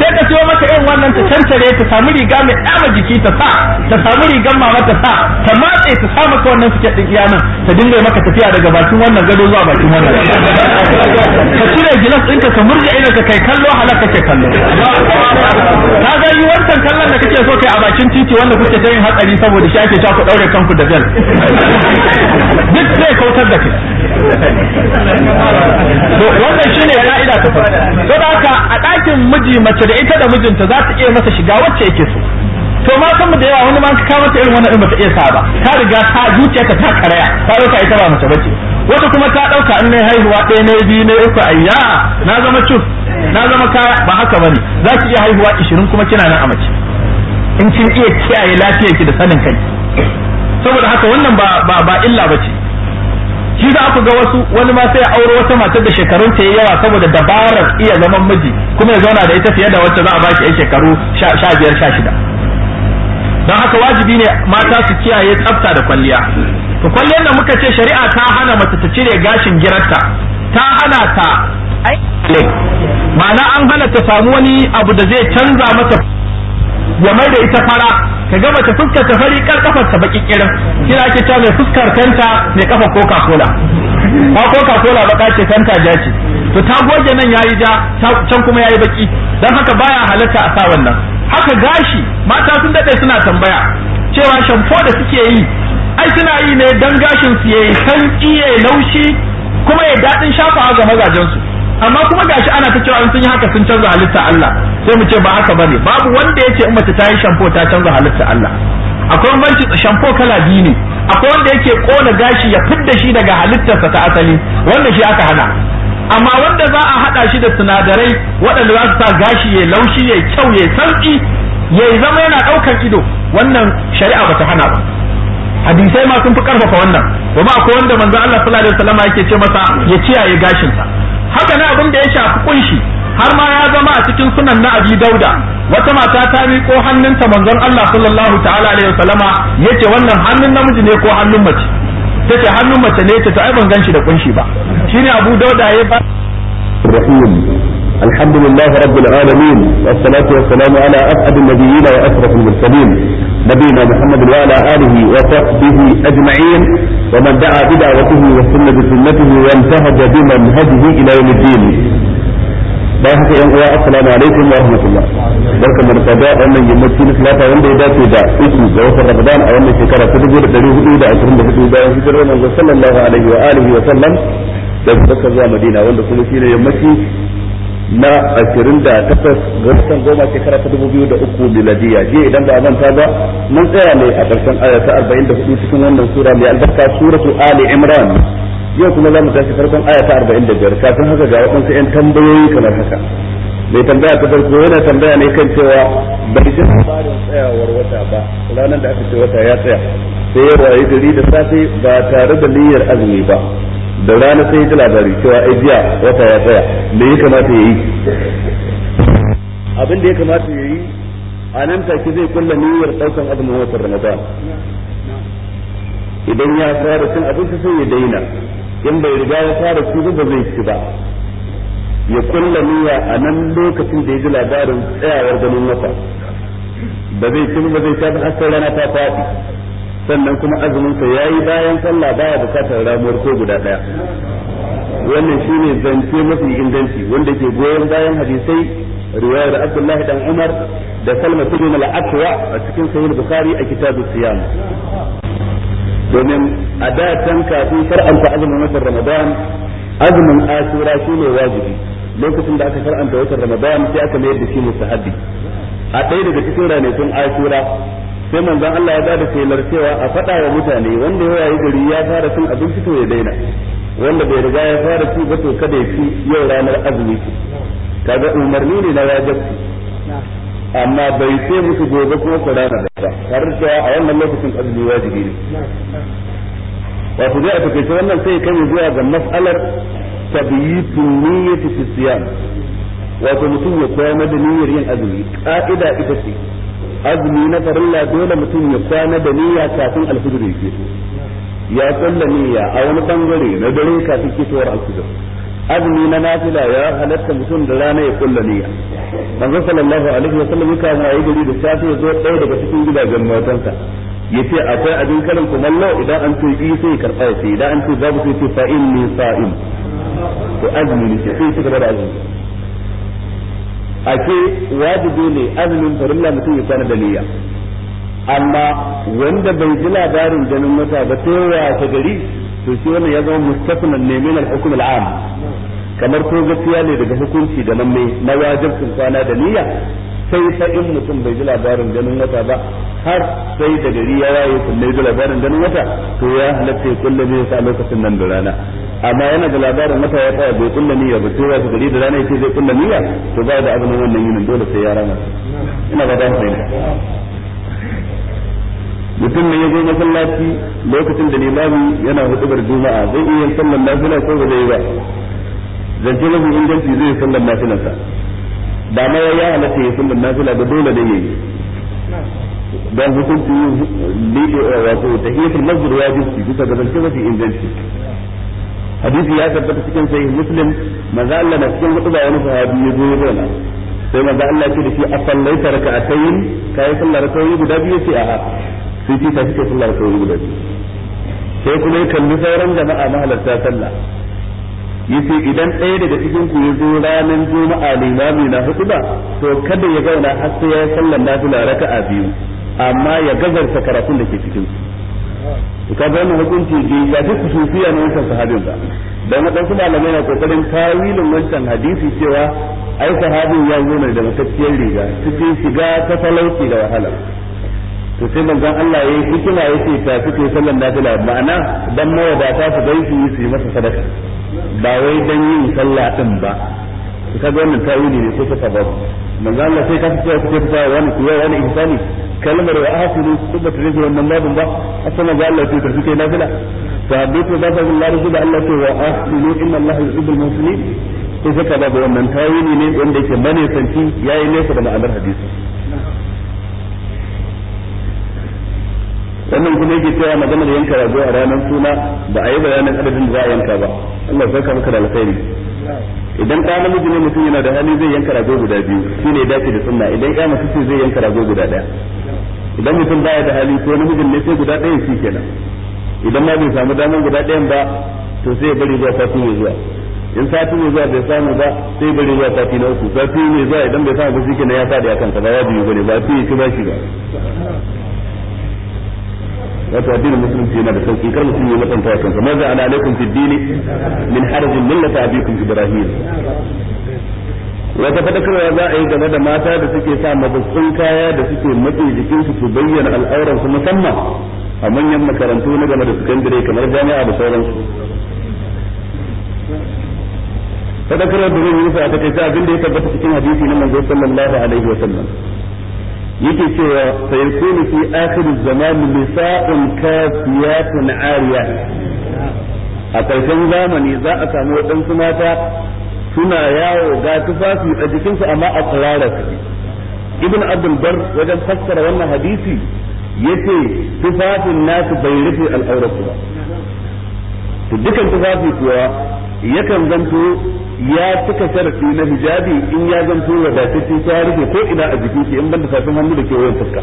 sai ka siyo mata irin wannan ta cancare ta samu riga mai dama jiki ta sa ta samu rigar mama ta sa ta matse ta sa maka wannan suke din iya nan ta dinga maka tafiya daga bakin wannan gado zuwa bakin wannan ka cire gilas ɗinka ka murje ina ka kai kallo halaka kake kallo ka ga yi wancan kallon da kake so kai a bakin titi wanda kuke ta yin hatsari saboda shi ake ku daure kanku da bel duk zai kautar da kai wannan shine ya'ida ta farko saboda haka a ɗakin miji mace da ita da mijinta za ta iya masa shiga wacce yake so to ma san da yawa wani ma ka kawo ta irin wannan din ta iya sa ba ta riga ta zuciya ta ta karaya ta dauka ita ba mace bace wata kuma ta dauka in nayi haihuwa ɗaya ne biyu ne uku ayya na zama cus na zama kaya ba haka bane za ki iya haihuwa 20 kuma kina nan a mace in kin iya kiyaye lafiyarki da sanin kai saboda haka wannan ba ba ba illa bace shi za ku ga wasu wani ma sai aure wata matar da shekarun ta yawa saboda dabarar iya zaman miji kuma ya zauna da ita fiye da wacce za a baki yan shekaru 15 shida. don haka wajibi ne mata su kiyaye tsafta da kwalliya to kwalliyar da muka ce shari'a ta hana mace ta cire gashin girarta ta hana ta ma'ana an hana ta samu wani abu da zai canza mata ya mai da ita fara ka ga mace fuskar ta fari kar kafar ta baki kirin kira ake cewa mai fuskar kanta mai kafa coca cola ba coca cola baka ce kanta ja ce to ta goge nan yayi ja can kuma yayi baki dan haka baya halatta a sa wannan haka gashi mata sun dade suna tambaya cewa shamfo da suke yi ai suna yi ne dan gashin su yayi san iye laushi kuma ya dadin shafawa ga mazajen su amma kuma gashi ana ta cewa in sun yi haka sun canza halitta Allah sai mu ce ba haka bane babu wanda yace in mace ta yi shampo ta canza halitta Allah akwai banci shampo kala biyu ne akwai wanda yake kona gashi ya fidda shi daga halittarsa ta asali wanda shi aka hana amma wanda za a hada shi da sinadarai waɗanda za su sa gashi ya laushi ya kyau ya sauki ya zama yana ɗaukan ido wannan shari'a bata hana ba hadisai ma sun fi karfafa wannan kuma akwai wanda manzo Allah sallallahu alaihi wasallam yake ce masa ya ciyaye gashin sa haka na abin da ya shafi kunshi har ma ya zama a cikin sunan na abi dauda wata mata ta miƙo hannunta manzon Allah sallallahu ta'ala alaihi wasallama yace wannan hannun namiji ne ko hannun mace tace hannun mace ne ta ai ban ganshi da kunshi ba shine abu dauda ya ba الحمد لله رب العالمين والصلاة والسلام على أسعد النبيين وأشرف المرسلين نبينا محمد وعلى آله وصحبه أجمعين ومن دعا بدعوته وسن بسنته وانتهج بمنهجه إلى يوم الدين بارك الله فيكم السلام عليكم ورحمة الله بارك من تابع ومن يمتلك لا ثلاثة وين بيدا تودا اسم جوف رمضان أو من شكرا تبجر دلوه إيدا أجرم بسيدا وفكر ومن صلى الله عليه وآله وسلم لذلك الله مدينة وين بسيدا يمتلك na 28 ga watan goma shekara ta 2003 miladiya je idan ba manta ba mun tsaya ne a ƙarshen aya ta 44 cikin wannan sura mai albarka suratu ali imran yau kuma za mu tashi farkon aya ta 45 kafin haka ga waɗansu 'yan tambayoyi kamar haka mai tambaya ta farko yana tambaya ne kan cewa bai ji tsarin tsayawar wata ba ranar da aka ce wata ya tsaya sai ya waye gari da safe ba tare da niyyar azumi ba da rana sai ji labari cewa ai jiya wata ya tsaya me ya kamata ya yi abin da ya kamata ya yi a nan take zai kulla niyyar daukan azumin watan ramadan idan ya fara cin abinci sai ya daina in bai riga ya fara ci ba zai ci ba ya kulla niyya a nan lokacin da ya ji labarin tsayawar ganin wata ba zai ci ba zai tafi har rana ta faɗi sannan kuma azumin sa yayi bayan sallah baya bukatar ramuwar ko guda daya wannan shine zance mafi inganci wanda ke goyon bayan hadisai riwayar Abdullahi dan Umar da Salma bin al-Aqwa a cikin Sahih Bukhari a kitabus siyam domin a da can kafin shar'anta azumin watan Ramadan azumin asura shine wajibi lokacin da aka karanta watan ramadan sai aka mayar da shi mustahabbi a ɗaya daga cikin ranakun ashura sai manzon Allah ya bada shelar cewa a faɗa wa mutane wanda ya yayi gari ya fara cin abinci to ya daina wanda bai riga ya fara ci ba to kada ya ci yau ranar azumi ce kaga umarni ne na wajibi amma bai ce musu gobe kuma ku rana da ba har da a wannan lokacin azumi wajibi ne wato dai a takaice wannan sai kai zuwa ga mas'alar tabyitun niyyati fi siyam wato mutum ya kwana da niyyar yin azumi ƙa'ida ita ce azumi na farilla dole mutum ya kwana da niyya kafin alfijir ya ya kulla niyya a wani bangare na dare kafin ketowar alfijir azumi na nafila ya halatta mutum da rana ya kulla niyya manzo sallallahu alaihi wa sallam yaka mu da safe ya zo ɗaya daga cikin gidajen matansa yace akwai abin karin kumallo idan an ce yi sai karba ya sai idan an ce babu sai ce fa inni sa'im to azumi ne sai sai gaba da azumi ake wajibi ne azumin farilla mutum ya kwana da niyya amma wanda bai ji labarin ganin mata ba sai ya ta gari to shi wannan ya zama mustafnan ne min al-hukm al-am kamar ko gaskiya ne daga hukunci da nan na wajibcin kwana da niyya sai fa in mutum bai ji labarin ganin wata ba har sai da gari ya waye kunne ji labarin ganin wata to ya halatta ya kulle ne sa lokacin nan da rana amma yana da labarin wata ya tsaya bai kulle niyya ba to ya gari da rana yake zai kulle niyya to ba da abin wannan yinin dole sai ya rana ina ba da fahimta mutum ne ya zo masallaci lokacin da limami yana hudubar juma'a zai iya sallan nafila ko ba zai ba zance mafi inganci zai sallar nafilansa ba ma ya halatta ya sunan nafila da dole ne yayi dan hukunci lido eh, wato tahiyatul masjid wajibi bisa ga zance mafi inganci hadisi ya tabbata cikin sahih muslim manzo Allah na cikin hudu ba wani sahabi ya zo ya na sai manzo Allah ya ce da shi asallaita raka'atayn kai sallar raka'o'i guda biyu sai a sai ce ta cikin sallar raka'o'i guda biyu sai kuma ya kalli sauran jama'a mahalarta sallah yace idan ɗaya daga cikin ku ya zo ranar juma'a imami na ba to kada ya zauna har sai ya sallan raka a biyu amma ya gazarta karatun da ke cikin su ka zama hukunci bai su kusufiya na wancan sahabin ba dan wadansu malamai na kokarin tawilin wancan hadisi cewa ai sahabin ya zo mai da matakkiyar riga cikin shiga ta talauci da wahala to sai manzon Allah yayi hikima yace ta fito sallan nafila ma'ana dan mawadata su gaishi su yi masa sadaka ba wai dan yin sallah din ba ka ga wannan tawili ne sai ka sababu manzo Allah sai ka ka ku fita wani ku wani insani kalmar wa ahsinu kuma tare da wannan babin ba asan ga Allah sai ka fita nafila sahabbai ko zaka Allah rasul Allah sai wa ahsinu inna Allah yuhibbul muslimin sai ka babu wannan tawili ne wanda yake mane santi yayi nesa da ma'anar hadisi wannan kuma yake cewa da yanka rago a ranar suna ba a yi bayanin adadin da za a yanka ba Allah ya saka maka da alkhairi idan ka namiji ne mutum yana da hali zai yanka rago guda biyu shine ya dace da sunna idan ya mace zai yanka rago guda daya idan mutum baya da hali ko namijin ne sai guda daya shi kenan idan ma bai samu daman guda dayan ba to sai ya bari zuwa sati ne zuwa in sati ne zuwa bai samu ba sai bari zuwa sati na uku sati ne zuwa idan bai samu ba shi kenan ya sa da ya kansa ba ya biyu bane ba sai ya shi ba shi ba wato addinin musulunci yana da sauki kar mutum ya matsanta kansa maza ala alaikum fi dini min harajin millata abikum ibrahim wata fadakarwa za a yi game da mata da suke sa mabassun kaya da suke matsi jikinsu su bayyana su musamman a manyan makarantu na game da sakandare kamar jami'a da sauransu fadakarwa da zai yi sa ta kai abin da ya tabbata cikin hadisi na manzo sallallahu alaihi wa sallam yake cewa sayakunu fi akhiru zamani nisa'un kasiyatun ariya a ƙarshen zamani za a samu waɗansu mata suna yawo ga tufafi a jikinsu amma a tsirara su ibn abdul bar wajen fassara wannan hadisi yace tufafin nasu bai rufe al'auratu ba dukkan tufafi kuwa yakan zanto ya cika sharafi na hijabi in ya zanto wadatacce ta rufe ko ina a jikin shi in banda safin hannu da ke wayan fuska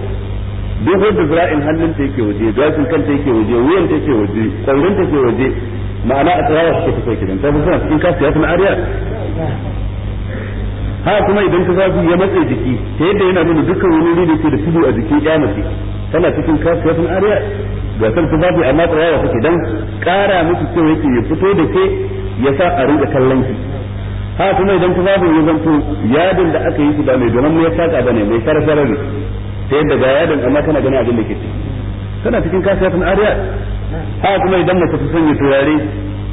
duk wanda zira'in hannun ta yake waje gashin kanta yake waje wuyan ta yake waje kwaurin ta yake waje ma'ana a tsayawa suke fito kidan ta suna cikin kasu ta fi na'ariya ha kuma idan ka zafi ya matse jiki ta yadda yana nuna dukkan wani wuri da ke da tudu a jikin ya mace tana cikin kasuwa tun ariya ga san ta zafi amma tsayawa take dan kara miki cewa yake ya fito da ke ya sa a rinka kallon shi ha kuma idan tufafin ya zanto yadin da aka yi shi ba mai domin mai saka bane mai farfara ne ta yadda ga yadin amma kana gani abin da ke ci kana cikin kasiyatun ariya ha kuma idan mace ta sanya turare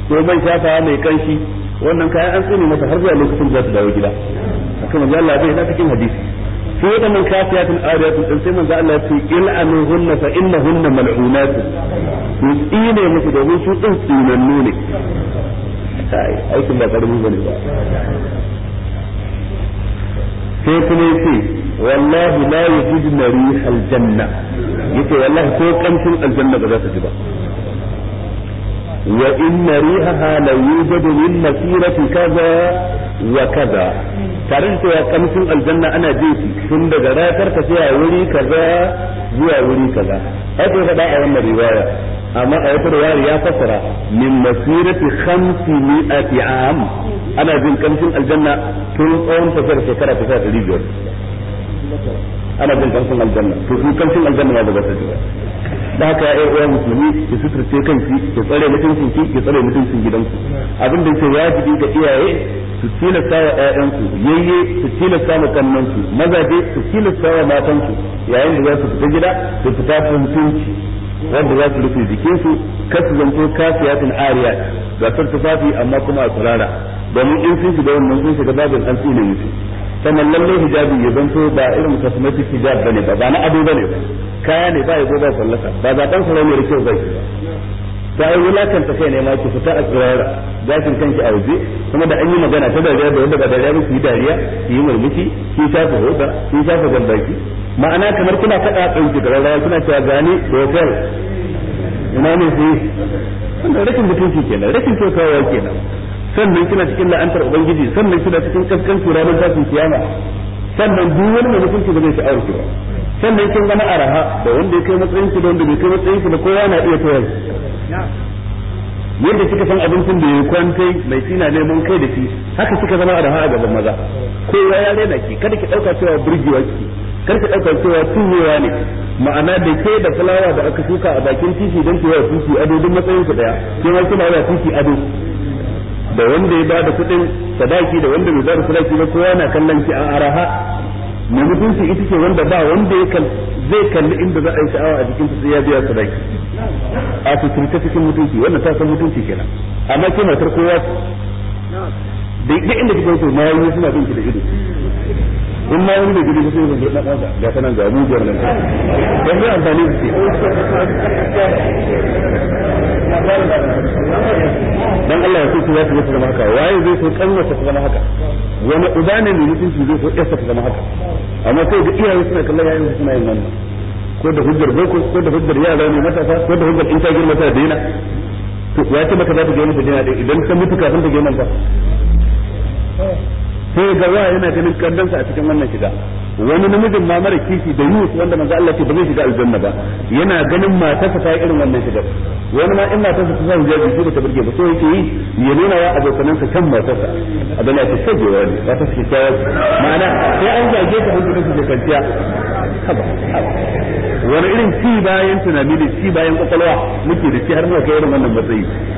ko mai shafawa mai kanshi wannan kayan an tsine masa har zuwa lokacin za su dawo gida akan manzo Allah bai da cikin hadisi sai wadannan kasiyatun ariyatun din sai manzo Allah ya ce il hunna fa innahunna mal'unat ku tsine musu da su din tsinannu ne aikin ba ba ne ba sai kuma yace wallahi la yajidu aljanna janna yace wallahi ko kancin aljanna ba za ta ji ba wa inna rihaha la yujadu min masirati kaza wa kaza tare da cewa kamshin aljanna ana jin shi tun daga ratar ka zuwa wuri kaza zuwa wuri kaza haka ya faɗa a wannan riwaya amma a wata riwaya ya fassara min masirati 500 am ana jin kamshin aljanna tun tsawon tafiyar shekara ta 500 ana jin kamshin aljanna to su kamshin aljanna ba za su ji da haka ya uwa musulmi ki suturce kanki ki tsare mutuncin ki ki tsare mutuncin gidanku abin da yake wajibi ga iyaye su tilasta wa ƴaƴansu yayye su tilasta wa kannansu mazaje su tilasta wa matansu yayin da za su fita gida su fita mutunci wanda za su rufe jikin su su zanto kasiyatin ariya ga tufafi amma kuma a tsirara domin in sun shiga wannan sun shiga babin an tsine musu sannan lallai hijabi ya zanto ba irin cosmetic hijab bane ba ba na ado bane ba kaya ne ba ya zo ba fallasa ba zaben sarau ne kyau zai ba da ai wulakanta kai ne ma ki fita a tsirara gashin kanki a waje kuma da an yi magana ta dariya da wanda ba dariya ba yi dariya ki yi murmushi ki shafa hoda ki shafa gambaki ma'ana kamar kuna kada ɗauki da rawa kuna cewa gani da hotel ina ne sai wannan rashin mutunci kenan rashin kyautawa kenan sannan kina cikin la'antar ubangiji sannan kina cikin kaskanci ranar tashin kiyama sannan duk wani mai mutunci da zai sha'awar ki ba sannan kin zama araha da wanda ya kai matsayin ki da wanda bai kai matsayin ki da kowa na iya tayar yadda kika san abincin da ya kwantai mai sina neman kai da shi haka kika zama arha a gaban maza kowa ya rena ki kada ki dauka cewa burgewa ki kada ki dauka cewa tunyewa ne ma'ana da ke da fulawa da aka shuka a bakin titi don ki yawa titi ado duk matsayin ku daya ke ma kina yawa titi ado da wanda ya ba da kuɗin sadaki da wanda bai da sadaki ba kowa na kallon ki a araha mai mutunci ita ce wanda ba wanda ya zai kalli inda za a yi sha'awa a jikin sai ya biya sadaki a fitirce cikin mutunci wannan ta san mutunci kenan amma ke matar kowa da duk inda kike so yi suna na ki da ido in ma yi da gidi ba sai zai dan wasa ga sanan ga mu nan ta zai amfani da ke. dan Allah ya kuce ya su zama haka waye zai so kanwarsa su zama haka wani uba ne mai mutunci zai so yarsa su zama haka amma sai da iyaye suna kallon yayin suna yin wannan ko da hujjar boko ko da hujjar yara ne matasa ko da hujjar in ta girma ta daina to ya ce maka za ta girma ta daina idan ta mutu kafin ta girma ta sai ga yana ganin kandansa a cikin wannan shiga wani namijin ma mara kishi da yus wanda manzo Allah ce ba zai shiga aljanna ba yana ganin matarsa ta irin wannan shiga wani ma in matarsa ta san jaji shi ta burge ba so yake yi ya nuna wa abokanansa kan matarsa abin da ta sage wa ba ta shi ma'ana sai an zage ta hukuncin da kanciya wani irin ci bayan tunani da ci bayan kwakwalwa muke da shi har muka kai irin wannan matsayi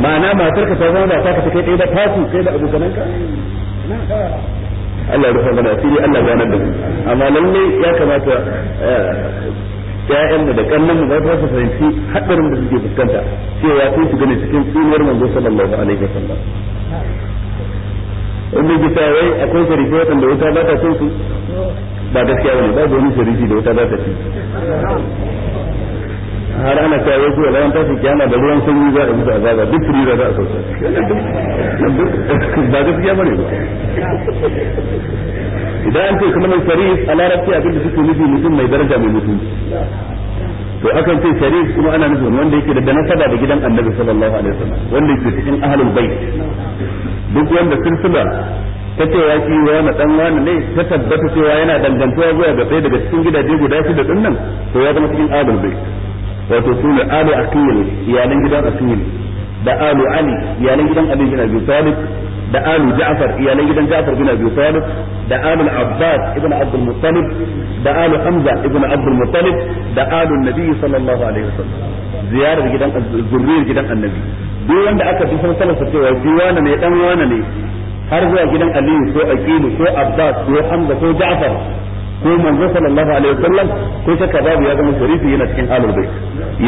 ma'ana matar ka ta zama ba ta ka kai ɗaya da fasu kai da ka Allah ya mana asiri Allah ya da mu amma lalle ya kamata eh, ƴaƴan da kallon mu ba su fahimci haɗarin da suke fuskanta cewa sun su gane cikin tsiniyar manzo sallallahu alaihi wasallam in bai bisa wai akwai sharifi waɗanda wuta ba ta son su ba gaskiya bane ba wani sharifi da wuta ba ta ci har ana ta yake wala an tashi kiyama da ruwan sanyi za a a azaba duk firi za a sauka ba gaskiya bane ba idan an ce kuma mai sharif a larabci abin da suke nufi mutum mai daraja mai mutum to akan ce sharif kuma ana nufin wanda yake da nasaba da gidan annabi sallallahu alaihi wasallam wanda yake cikin ahlul bait duk wanda silsila ta ki wa wani dan wani ne ta tabbata cewa yana dangantuwa zuwa ga sai daga cikin gidaje guda shida din nan to ya zama cikin ahlul bait wato su ne alu aqil iyalan gidan aqil da alu ali iyalan gidan ali bin abi talib da alu ja'far iyalan gidan ja'far bin abi talib da alu abbas ibn abdul muttalib da alu hamza ibn abdul muttalib da alu nabi sallallahu alaihi wasallam ziyarar gidan zurriyar gidan annabi duk wanda aka bi san sanar cewa diwana ne dan wana ne har zuwa gidan aliyu ko aqilu ko abbas ko hamza ko ja'far ko manzo sallallahu alaihi wasallam ko saka babu ya zama sharifi yana cikin alul bai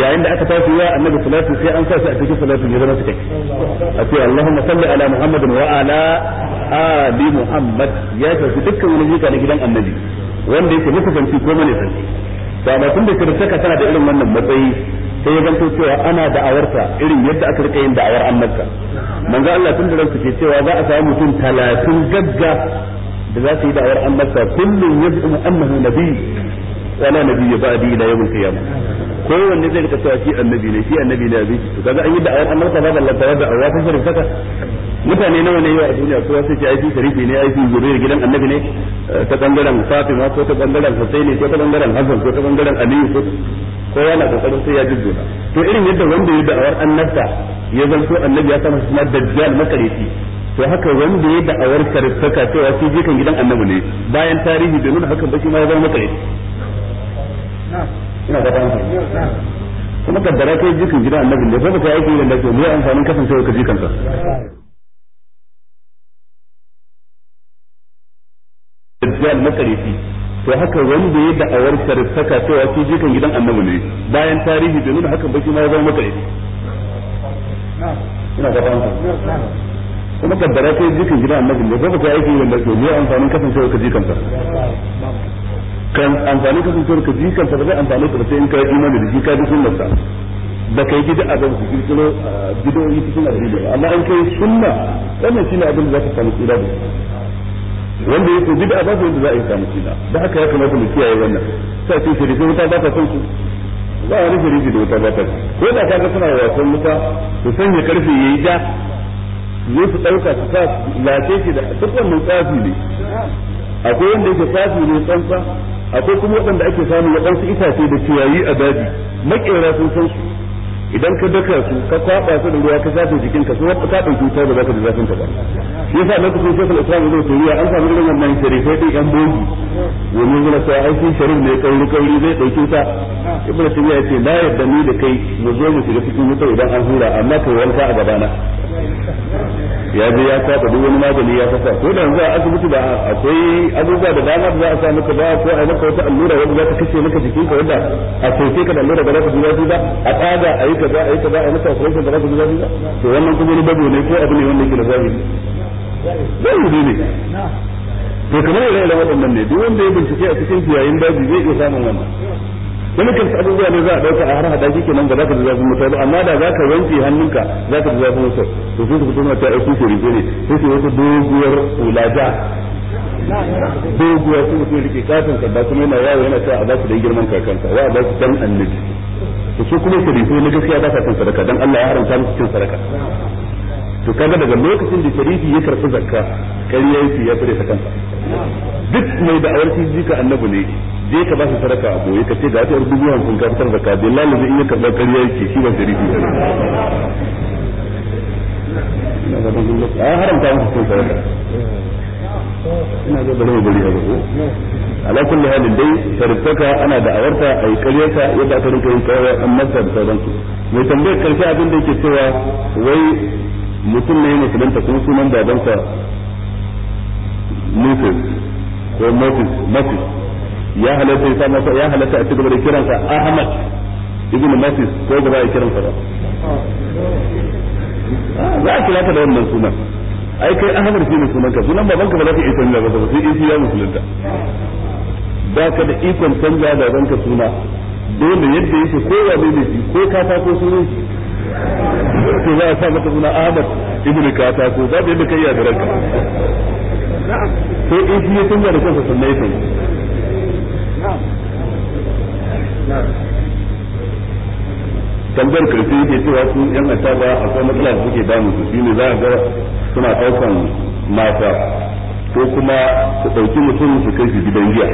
yayin da aka tafi wa annabi salatu sai an sa shi a cikin salatu ya zama cikin a ce allahumma salli ala muhammadin wa ala ali muhammad ya tafi dukkan wani jika na gidan annabi wanda yake mukusanci ko mane sanci to amma tun da shirka tana da irin wannan matsayi sai ya zanto cewa ana da'awarta irin yadda aka rika yin da'awar annabta manzo Allah tun da ransa ke cewa za a samu mutum talatin gagga da za su yi da'awar annabta kullum yaz'umu annahu nabi wala nabiyya ba'di ila yawm al-qiyamah kowanne zai rika cewa shi annabi ne shi annabi ne abin to kaga an yi da'awar annabta ba ballanta ba da'awa ta sharif saka mutane nawa ne yau a duniya kowa sai ce ai shi sharifi ne ai shi zuriyar gidan annabi ne eh, ta bangaren Fatima ko ta bangaren Husaini ko ta bangaren Hassan ko ta bangaren Aliyu ko kowa na kokarin sai ya jujjuna to irin yadda wanda ya da'awar annabta ya zanto annabi ya samu suna dajjal makareci to haka wanda ya da'awar karfaka cewa shi jikan gidan annabi ne bayan tarihi da nuna hakan ba shi ma ya zama makare ina ga fahimta kuma kaddara kai jikan gidan annabi ne ba ka aiki da ke mu amfanin kasancewa ka jikan sa dajjal makarifi to haka wanda ya da'awar karfaka cewa shi jikan gidan annabi ne bayan tarihi da nuna hakan ba shi ma ya zama makare ina ga fahimta kuma kaddara kai jikin gidan annabi ne ko ta aiki wanda ke ne amfanin kasancewar ka jikan sa kan amfanin kasancewar ka jikan sa ba zai amfani ka sai in ka imani da shi ka ji sunnar sa da kai gida a ban su kirkiro bidoyi cikin addini amma an kai sunna wannan shi shine abin da za ka samu tsira da wanda yake a ba wanda za a yi samu tsira da haka ya kamata mu kiyaye wannan sa ce shi shirye wuta ba ta son su ba a rufe rufe da wuta ba ta ko da ga suna wasan wuta su sanya karfe ya yi ja ne su ɗauka su sa lafiya shi da duk wannan tsafi ne akwai wanda yake tsafi ne tsantsa akwai kuma waɗanda ake samu waɗansu itace da ciyayi a daji makera sun san su idan ka daka su ka kwaba su da ruwa ka shafe jikin ka su wata ka dauki wuta ba za ka zafin ta ba shi yasa lokacin shekul islam zai tauriya an samu irin wannan sharifai din yan bogi wani zura sai ai shi sharif ne kauri kauri zai dauki wuta ibnu tabiya yace na yarda ni da kai mu zo mu shiga cikin wuta idan an hura amma kai wanka a gabana ya je ya kwaba duk wani magani ya fasa ko da yanzu a asibiti da akwai abubuwa da dama da za a sa maka ba ko a maka wata allura wanda za ta kashe maka jikin ka wanda a sauke ka da allura ba za ka ji zafi ba a tsaga a yi ka za a yi ka za a yi maka ka da za ka ji zafi ba to wannan kuma wani babu ne ko abu ne wanda yake da zahiri zahiri ne to kamar yana da waɗannan ne duk wanda ya bincike a cikin kiyayin daji zai iya samun wannan wani kan abubuwa ne za a dauka a har hada shi kenan ga zaka da zafin mutuwa amma da zaka wanke hannunka zaka da zafin mutuwa to sai ku tuna ta aiki kuke rike ne sai su wata doguwar ulaja doguwa su mutum rike katon ba kuma yana yawo yana cewa a ba su dan girman kakansa wa a ba su dan annabi to su kuma su rike na gaskiya ba sa cin sadaka dan Allah ya haramta musu cin sadaka to kaga daga lokacin da sharifi ya karfi zakka ƙarya yake ya fure ta kansa duk mai da awarci jika annabi ne je ka ba su sadaka a boye ka ce ga ta dubu hamsin ka fitar zakka billahi zai iya karɓar ƙarya yake shi ba sharifi ne haramta musu cin ina ga bari bari a gaba ala kulli halin dai sarfaka ana da awarta ai karyata yadda aka rinka yin kawai an masa da sauransu mai tambayar karshe abin da yake cewa wai mutum ne musulunta kuma sunan babansa nufin ko Moses Moses ya halatta ya masa ya halatta a cikin da kiransa Ahmad ibn Moses ko ba za a kiransa ba ah, za a kira ka da wannan sunan ai kai Ahmad ne sunan ka sunan babanka ba za ka isa ne ba sai isi ya musulunta ba ka da ikon canza babanka suna dole yadda yake kowa ne da shi ko ka ta ko sunan shi ko za a sa maka suna Ahmad ibn Kata Katako babu yadda kai ya da ranka sai in ya canza da kansa sannan ya canza tambayar karfi yake cewa su yan ta ba a akwai matsala da suke damu su shine za a ga suna ɗaukan mata ko kuma su ɗauki mutum su kai su gidan giya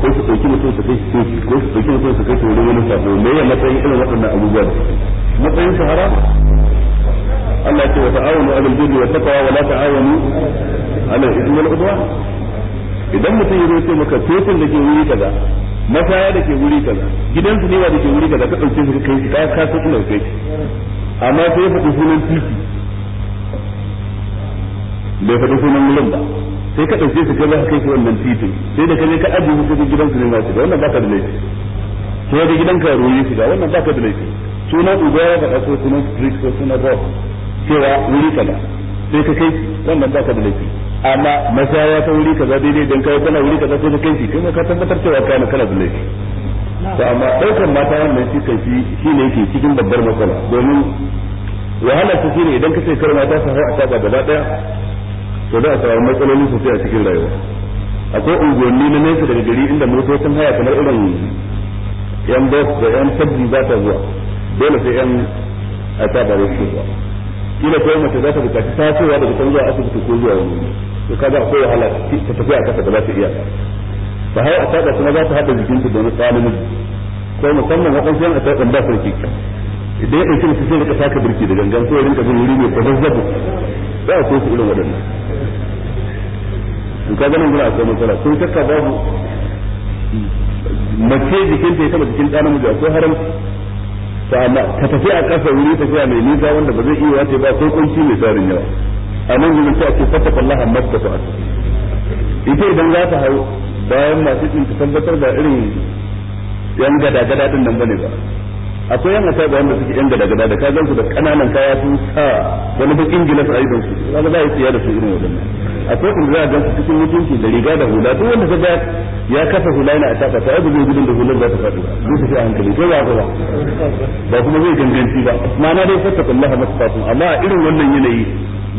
ko su ɗauki mutum su kai shi ko su ɗauki mutum su kai shi wurin wani sabo me ya matsayin irin waɗannan abubuwa matsayin su haram Allah ya ce wa ta'awunu alal birri wa taqwa wa la ta'awunu alal ithmi wal udwan idan mutum ya zo ce maka fetin da ke wuri kaza masaya da ke wuri kaza gidan su ne da ke wuri kaza ka ɗauke shi ka kai shi ka ka san ina kai amma sai ya faɗi sunan titi bai faɗi sunan wurin ba sai ka ɗauke su kai kai su wannan titin sai da kai ka ajiye su gidan su ne ma shiga wannan baka da laifi sai da gidanka ruwa shiga wannan baka da laifi suna uba ya faɗa ko suna street ko suna boss cewa wuri kaza sai ka kai wannan baka da laifi amma masaya ta wuri kaza daidai don kai kana wuri kaza sai ka kai shi kai ka tabbatar cewa kana kana da laifi to amma ɗaukar mata wannan shi kai shi ne yake cikin babbar matsala domin wahala ta ne idan ka ce kar mata su hau a saba gaba daya to za a samu matsaloli sosai a cikin rayuwa akwai unguwanni na nesa daga gari inda motocin haya kamar irin yan bus da yan sabbi ba ta zuwa dole sai yan a ta ba wasu zuwa kila ko mace za ta bukaci tasowa daga can zuwa asibiti ko zuwa wani to kaga akwai wahala ta tafi a kasa da za ta iya ta hau a taɗa kuma za ta haɗa jikinta domin tsanin ko musamman waɗansu yan a taɗa ba su rikikin idan ya ɗauki mace sai rika saka birki da gangan ko rinka jin wuri mai kwazazzabu ba a so su irin waɗannan in ka ganin gura akwai matsala sun shakka babu mace ta ya taba jikin ɗan namiji akwai haramci sa'ala ka tafi a ƙasa wuri tafiya mai nisa wanda ba zai iya wace ba ko kunci mai tsarin yawa a nan gudun sai a ce fata fallaha masu ta ita idan za ta hau bayan masu ɗin ta tabbatar da irin yan gada-gada ɗin nan ne ba akwai yan asaba wanda suke yan gada gada da ka gansu da kananan kaya sun sa wani bakin gilas a idon su za a yi siya da su irin wadannan akwai kun za a gansu cikin mutunci da riga da hula duk wanda kaga ya kafa hula yana a ataka ta abu zai gudun da hular za ta faɗi ba zai tafi a hankali ko ba ba ba kuma zai ganganci ba ma'ana dai fattakullaha masfatun amma a irin wannan yanayi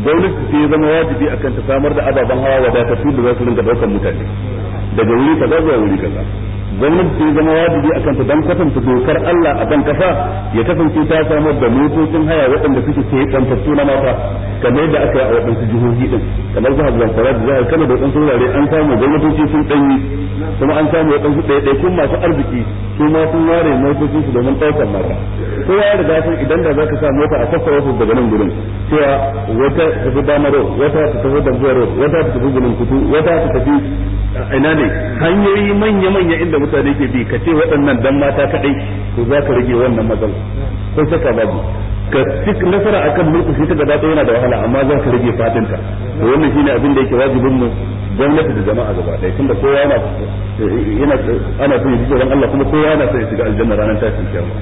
gwamnati sai zama wajibi akan ta samar da ababen hawa wadatattu da za su ringa daukar mutane daga wuri kaza zuwa wuri kaza gwamnati ta zama wajibi akan ta dan kwatanta dokar Allah a kan kasa ya kasance ta samar da motocin haya waɗanda suke sai tsantattu na mata kamar yadda aka yi a waɗansu jihohi din kamar jihar Zamfara da jihar Kano da waɗansu wurare an samu gwamnatoci sun ɗanyi kuma an samu waɗansu ɗaiɗaikun masu arziki su ma sun ware motocin su domin ɗaukar mata kowa ya riga sun idan da ka sa mota a sassa wasu daga nan gurin cewa wata ta tafi damaro wata ta tafi dambuwar wata ta tafi gurin kutu wata ta tafi ina ne hanyoyi manya-manya inda mutane ke bi ka ce waɗannan dan mata kaɗai to za ka rage wannan matsala ko saka babu ka cik nasara akan mulki shi ta gaba ta yana da wahala amma za ka rage fatinta to wannan shine abin da yake wajibin mu gwamnati da jama'a gaba ɗaya tunda kowa yana yana ana son ya ji tsoron Allah kuma kowa yana son ya shiga aljanna ranar tashin kiyama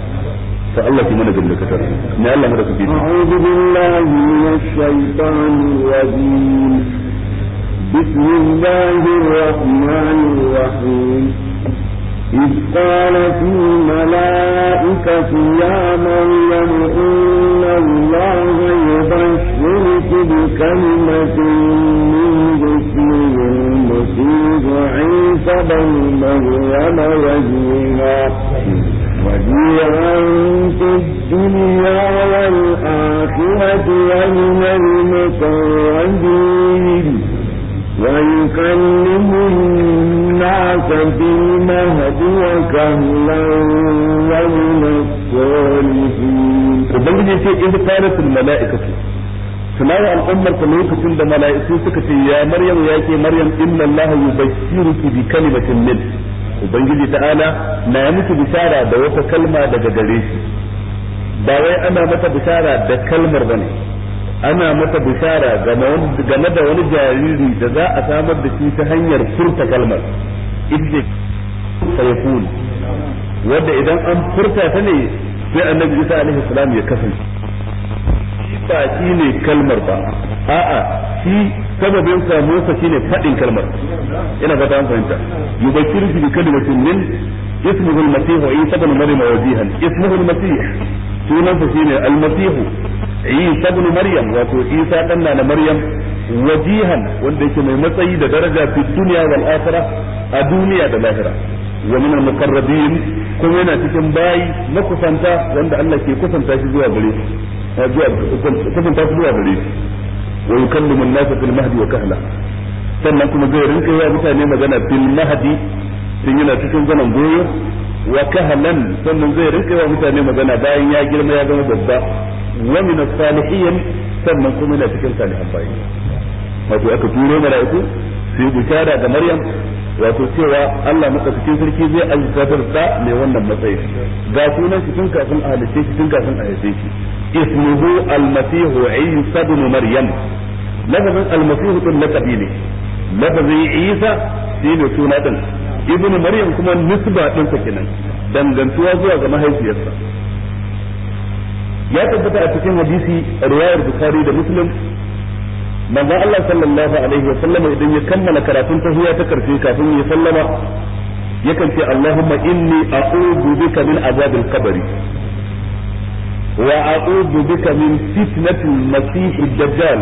to Allah ki mana gumda katar ne Allah mada kuɗi a'udhu billahi minash shaitanir rajim الله الرحمن الرحيم إذ قال في الملائكة يا مريم إن الله يبشرك بكلمة من اسمه المسيح عيسى بن مريم وجيها وجيها في الدنيا والآخرة ومن المقربين ويكلم الناس في المهد وكهلا ومن الصالحين وبنجي يقول إذ قالت الملائكة tunawa al'ummar ta lokacin da mala'iku suka ce ya maryam ya ke maryam inna allaha yubashshiruki bi kalimatin min ubangiji ta'ala na ya miki bishara da wata kalma daga gare shi ba wai ana mata bishara da kalmar bane ana mata bishara game da wani jariri da za a samar da shi ta hanyar furta kalmar idda sayfun wanda idan an furta ta ne sai annabi Isa alaihi salam ya kasance ba shi ne kalmar ba a'a shi sababin samuwarsa shine faɗin kalmar ina ga an fahimta yubashiru bi kalimatin min ismuhul masih wa isa ibn maryam wajihan ismuhu masih sunansa shine almasihu isa ibn maryam wato isa dan na maryam wajihan wanda yake mai matsayi da daraja fi dunya wal akhirah a duniya da lahira wa min al-muqarrabin kuma yana cikin bayi makusanta wanda Allah ke kusanta shi zuwa gare shi eh, kusanta shi zuwa gare shi wa yukallimu an-nasa fil mahdi wa kahla sannan kuma zai rinka yi mutane magana fil mahdi tun yana cikin zanen goyo wa kahalan sannan zai rinka yawa mutane magana bayan ya girma ya zama babba wa min salihin sannan kuma yana cikin salihan bayi wato aka turo mala'iku su yi bishara ga Maryam wato cewa Allah maka madaukakin sarki zai azzatar da mai wannan matsayi ga sunan shi tun kafin a halice shi tun kafin a haife shi ismuhu al-masih isa ibn maryam lafazin al-masih din lakabi ne lafazin isa shine suna ɗin ibnu maryam kuma nisba ɗinsa kenan dangantuwa zuwa ga mahaifiyarsa ya tabbata a cikin hadisi riwayar bukhari da muslim manzo Allah sallallahu alaihi wasallam idan ya kammala karatun tahiyya ta karfe kafin ya sallama yakan ce Allahumma inni a'udhu bika min azabil qabri wa a'udhu bika min fitnatil masiih dajjal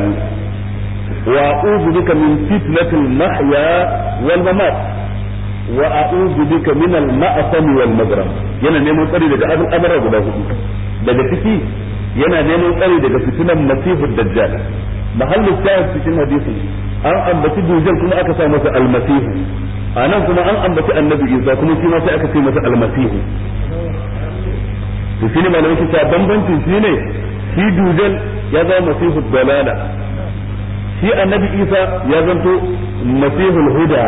وأعوذ بك من فتنة المحيا والممات وأعوذ بك من المأثم والمجرم yana neman tsari daga al'amura guda hudu daga ciki yana neman tsari daga fitinan masihu dajjal mahallin shahid cikin hadisi an ambaci dujal kuma aka sa masa almasihu anan kuma an ambaci annabi isa kuma shi sai aka ce masa almasihu to shine malamin ta bambancin shine shi dujal ya zama masihu dalala shi annabi isa ya zanto masihul huda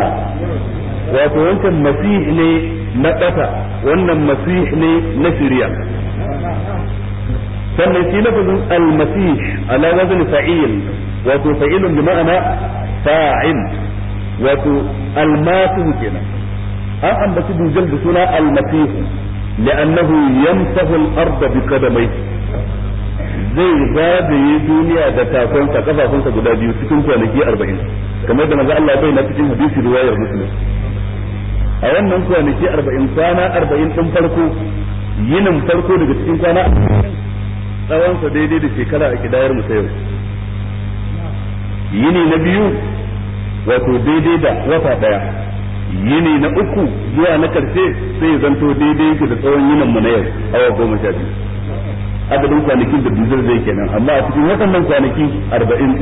wato wancan masih ne na ƙasa wannan masih ne na shirya sannan shi na lafazin almasih ala wazn fa'il wato fa'ilun bi ma'ana fa'il wato almasih kenan an ambaci dujal da suna almasih لأنه يمسح الأرض بقدميه zai zagaye duniya da takonsa kafafunsa guda biyu cikin kwanaki arba'in kamar da maza Allah bai na cikin hadisi riwayar muslim a wannan kwanaki arba'in kwana arba'in ɗin farko yinin farko daga cikin kwana tsawonsa daidai da shekara a kidayar mu ta yau yini na biyu wato daidai da wata daya yini na uku zuwa na karshe sai zanto daidai da tsawon yinin mu na yau awa goma sha biyu adadin kwanakin da dizar zai kenan amma a cikin waɗannan kwanaki arba'in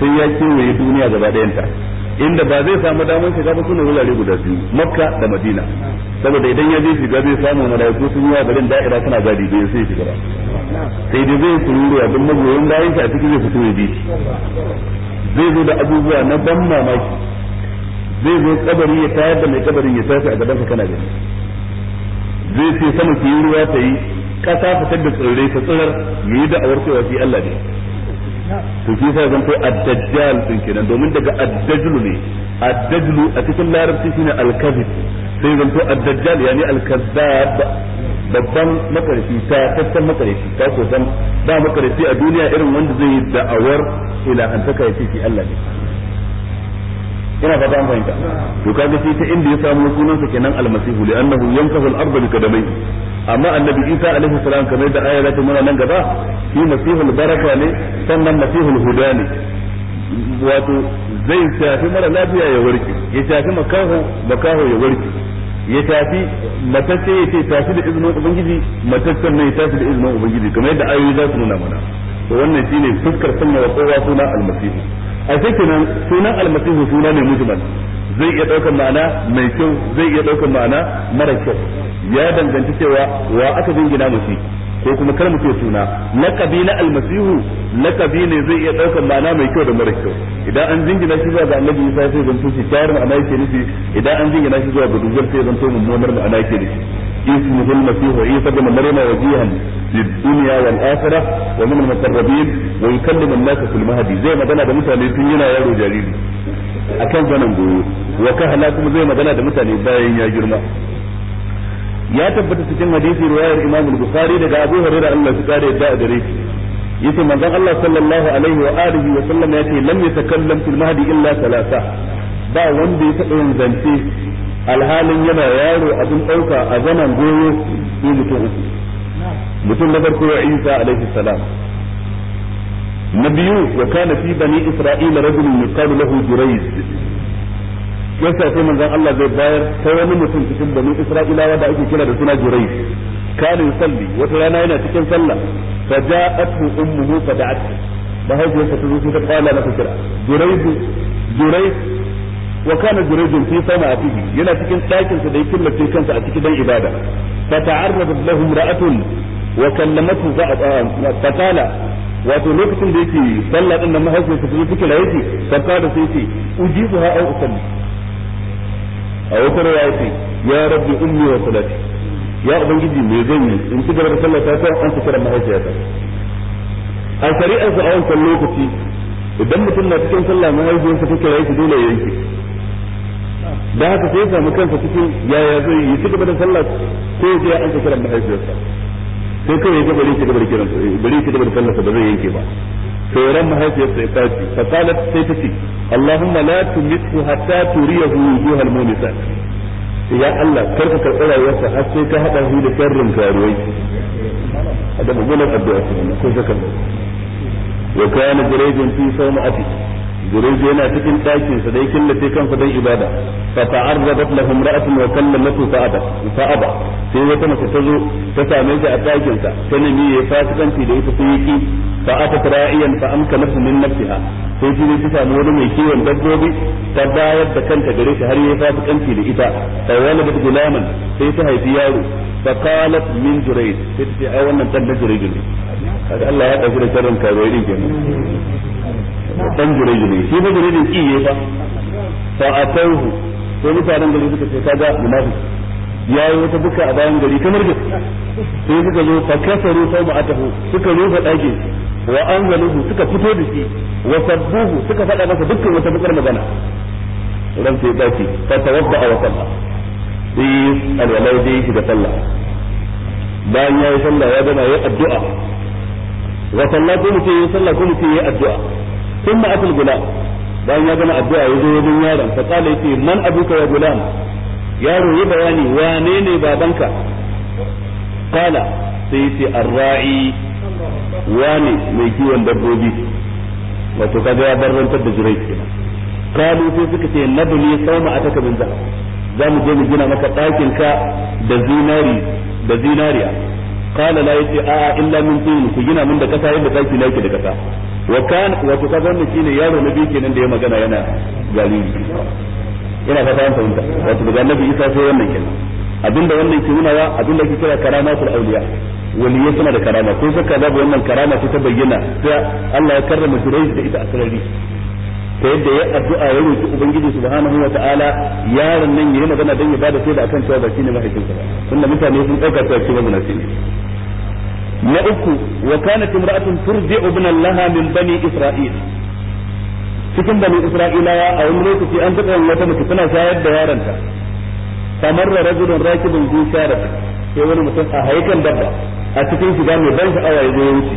sai ya kewaye duniya gaba ɗayanta inda ba zai samu damar shiga ba suna wurare guda biyu makka da madina saboda idan ya je shiga zai samu malaiku sun yi wa garin da'ira suna gadi bai sai shiga ba sai dai zai kururuwa don magoyin bayan shi a cikin zai fito ya bi zai zo da abubuwa na ban mamaki zai zo kabari ya tayar da mai kabarin ya tafi a gaban sa kana gani zai ce sama ki yi ruwa ta yi kasa fitar da tsirrai ta tsirar mu yi da'awar cewa shi Allah ne to shi yasa zan kai ad-dajjal din kenan domin daga addajlu ne addajlu a cikin larabci shine al-kadhib sai zan kai ad-dajjal yani al-kadhab babban makarfi ta tattan makarfi ta ko san ba makarfi a duniya irin wanda zai yi da'awar ila ilahantaka ya ce shi Allah ne ina fata an fahimta to kaga sai ta inda ya samu sunansa kenan almasihu li annahu yankahu al bi amma annabi Isa alaihi salam kamar da ta muna nan gaba shi baraka ne sannan masihul huda ne wato zai shafi mara lafiya ya warke ya shafi ya warke ya tafi matacce ya ce tafi da izinin ubangiji ne ya tafi da izinin ubangiji kamar yadda ayoyi za su nuna mana to wannan shine fuskar sunna wa kowa suna almasihu a kenan sunan almasihu suna ne mujmal zai iya daukar ma'ana mai kyau zai iya daukar ma'ana mara kyau ya danganci cewa wa aka jingina mushi ko kuma kar mu ce suna laqabi na almasihu laqabi ne zai iya daukar ma'ana mai kyau da mara kyau idan an jingina shi zuwa ga annabi Isa sai zanto shi kyawar ma'ana yake nufi idan an jingina shi zuwa ga dukkan sai zanto mummunar ma'ana yake nufi اسمه المسيح عيسى بن مريم وجيها في الدنيا والآخرة ومن المقربين ويكلم الناس في المهدي زي ما بنا بمتى لتنينا يا رجالين akan zanen goyo wa kahala kuma zai magana da mutane bayan ya girma ya tabbata cikin hadisi riwayar Imam al-Bukhari daga Abu Hurairah Allah ya kare da gare shi yace manzon Allah sallallahu alaihi wa alihi wa sallam yace lam yatakallam fil mahdi illa thalatha ba wanda ya taɓa yin zance alhalin yana yaro abin ɗauka a zaman goyo sai mutum uku mutum na farko ya Isa alaihi salam na biyu wa kana fi bani isra'ila rajulun yuqalu lahu jurayz yasa sai manzon Allah zai bayar sai wani mutum cikin bani Isra'ilawa da ake kira da suna Jurai kana salli. wata rana yana cikin sallah fa ja'athu ummuhu fa da'at da haihuwarsa ta zo ta kwana masa kira Jurai Jurai wa kana jurejin fi sama a fihi yana cikin ɗakin sa da ya killace kansa a cikin dan ibada fa ta'arradat lahum ra'atun wa kallamatu ah, fa qala wato lokacin da yake sallah din nan mahaifiyarsa ta yi kira yake fa qala sai ce ujibuha aw usalli a wata rawa ya ce ya rabbi inni wa salati ya ubangiji me zan yi in ci gaba da sallah ta ko an tsara mahaifiyata a shari'ar sa a wancan lokaci idan mutum na cikin sallah mahaifiyarsa ta kira shi dole ya yanke da haka sai ya samu kansa cikin yaya zai yi ci gaba da sallah ko ya an tsara mahaifiyarsa sai kawai ya ga bari ci gaba da kiransa bari ci gaba da sallah ba zai yanke ba sai mahaifiyarsa ya fashi fa qalat sai ta ce Allahumma la tumithu hatta turiyahu wujuhal mu'minat ya Allah karka karɓi rayuwarsa har sai ka haɗa shi da sharrin da addu'a ko zakar wa kana fi جريج هنا تكن تاكين سدي كل تكن سدي عبادة فتعرضت له امرأة وكلمته فأبى فأبى في وتم تتزو ta أتاكين سا تنمي فاسقا في ليس فيكي فأتت راعيا فأمكنته من نفسها sai shi ne ta samu wani mai kiwon dabbobi ta bayar da kanta gare shi har ya fasu kanci da ita fa wala bad gulaman sai ta haifi yaro fa qalat min sai ta wannan dan da jurayd Allah ya dauki da sharrin karoyi dan jureji ne shi ba jirejin iye ba fa a tauhu sai mutanen gari suka ce kaga munafiki ya yi wata buka a bayan gari kamar da sai suka zo fa kasaru sau ma'atahu suka rufe ɗakin wa an zaluhu suka fito da shi wa sabbuhu suka faɗa masa dukkan wata bukar magana ran sai ɗaki fa tawabba a wasan ba sai alwalai dai shi da sallah bayan ya yi sallah ya gana ya addu'a wa sallah ko mutum ya yi sallah ko mutum ya yi addu'a ثم أتى الغلام bayan ya zama addu'a ya zo wajen yaron fa kala yace man abuka ya gulam yaro yi bayani wane ne babanka kala sai yace arra'i wane mai kiwon dabbobi wato kaga ya barrantar da jirai kenan kalu sai suka ce nabni sauma ataka min zahab za mu je mu gina maka ɗakin ka da zinari da zinariya kala la yace a illa min tin ku gina mun da kasa yadda ɗaki laki da kasa wa kan wato kaga wannan shine yaro nabi kenan da ya magana yana galibi ina fata an fahimta wato daga annabi Isa sai wannan kenan abinda wannan ke nuna wa abinda ke kira karamatul wani ya suna da karama ko saka babu wannan karama ce ta bayyana ta Allah ya karrama Jurayj da ita asrari ta yadda ya addu'a ya roki ubangiji subhanahu wa ta'ala yaron nan yayi magana dan ya bada sai da akan cewa ba shine mahaifinsa ba tunda mutane sun dauka cewa shi mazinaci ne na uku wa kanat imra'atun turji'u ibn laha min bani isra'il cikin bani isra'ilawa a wani lokaci an taɓa wata mace tana shayar da yaronta kamar da rajulun rakibin zuciya da sai wani mutum a haikan dabba a cikin shiga mai ban sha'awa ya zo ya wuce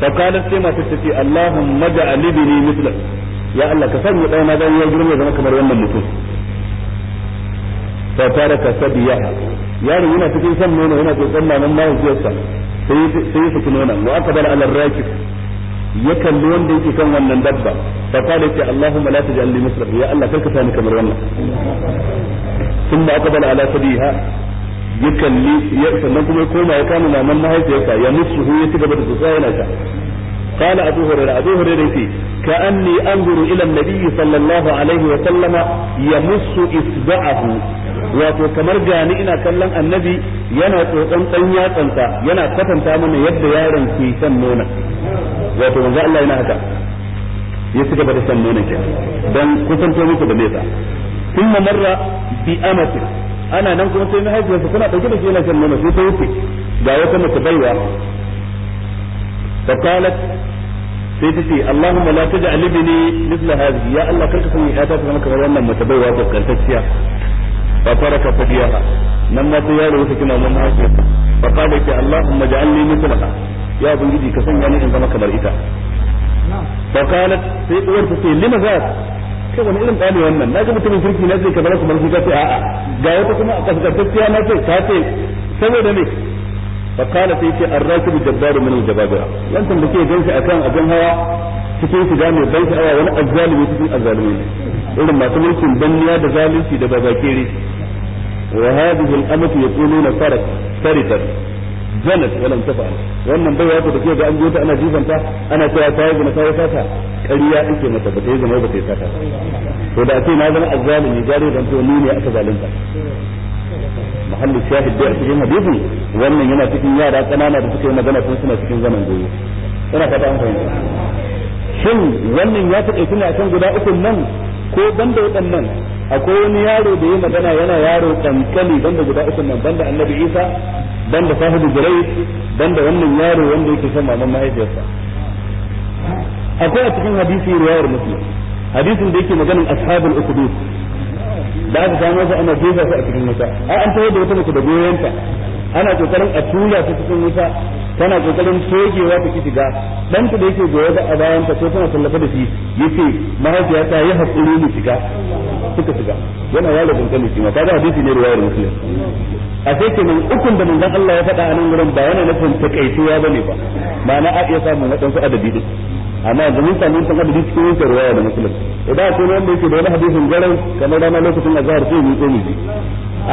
fakalar sai matar ta ce allahumma mislan ya allah ka sanya ɗaya na zan ya girma zama kamar wannan mutum fa taraka sabiyaha yaro yana cikin san nono yana san tsotson maman sa sai sai su kunona wa aqbala ala rakib ya kalli wanda yake kan wannan dabba fa kala ce allahumma la taj'al li misra ya allah karka sani kamar wannan thumma aqbala ala sabiha ya kalli sannan kuma ya koma ya kama maman mahaifiyarsa ya musu ya ci gaba da tsotsa yana ta قال أبو هريرة أبو هريرة كأني أنظر إلى النبي صلى الله عليه وسلم يمس إصبعه wato kamar gani ina kallon annabi yana tsotson dan yatsansa yana kwatanta mana yadda yaron ke shan nuna. wato manzo Allah yana haka ya ci gaba da nuna nonon ke dan kusanto muku da nesa ثم مر بأمة ana nan kuma sai mahaifiyarsa tana dauke da shi yana shan nono sai ta wuce ga wata mace baiwa فقالت sai ta ce Allahumma la taj'al ibni mithla hadhihi ya Allah karka sanya ƴata ta zama kamar wannan mace baiwa kokartacciya fa faraka fadiyaha nan ma ta yaro yake kina mun haƙo fa qala ki Allahumma ja'alni mithlaha ya ubangiji ka sanya ni in zama kamar ita fa qalat sai uwar ta ce lima za kai wani irin ɗani wannan na ga mutumin kirki na ce kamar su marfi ka ce a'a ga wata kuma a kasantacciya na ce ta ce saboda me fa kana sai ce arrakib jabbaru min al-jababira wannan da ke ganshi akan abin hawa cikin shiga mai ban sha'awa wani azzalimi cikin azzalimi irin masu mulkin danniya da zalunci da babakere wa hadhihi al-amatu yaquluna farat faridat janat wa lam tafa'al wannan bai wato da ke ga an je ta ana jifanta ana cewa ta yi gina ta yi sata ƙarya ake mata ba ta yi zama ba ta yi sata to da ce na zama azzalimi gare zan to ni ne aka zalunta mahallin shahid da cikin hadisin wannan yana cikin yara kanana da suka yi magana tun suna cikin zaman goyo ina fata an fahimta shin wannan ya taɓa a kan guda uku nan ko banda waɗannan akwai wani yaro da ya magana yana yaro kankani banda guda uku nan banda annabi isa banda sahibu jirai banda wannan yaro wanda yake son maman mahaifiyarsa akwai a cikin hadisi riwayar muslim hadisin da yake maganin ashabul ukhdud da aka samu su ana jefa su a cikin wuta ai an tayar da wata mace da goyonta ana kokarin a tura ta cikin wuta tana kokarin togewa ta ki shiga dan ta da yake goye da bayan ta ko tana tallafa da shi yace mahaifiya ta yi hakuri ne shiga suka shiga yana yaro dangane shi ma kaga hadisi ne wayar muslim a sai nan ukun da manzon Allah ya faɗa a nan gurin ba yana nufin takaituwa bane ba ma'ana a iya samun wadansu adabi din amma da mun samu san hadisi cikin wata riwaya da muslim idan akwai wanda yake da wani hadisin garau kamar rana lokacin azhar sai mu tsoni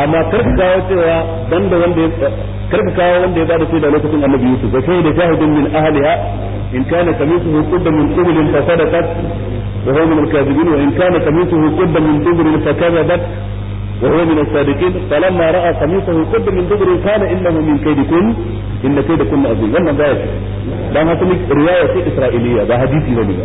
amma karka kawo cewa dan da wanda ya karka kawo wanda ya bada shaida lokacin annabi Yusuf da sai da shahidin min ahliha in kana kamisuhu qudda min qabl fa sadaqat wa huwa min al-kadhibin wa in kana kamisuhu qudda min qabl fa kadhabat وهو من الصادقين فلما رأى قميصه قد من دبر كان إنه من كيدكن إن كيدكن عظيم wannan baya ce dan haka ne riwaya ce isra'iliya ba hadisi bane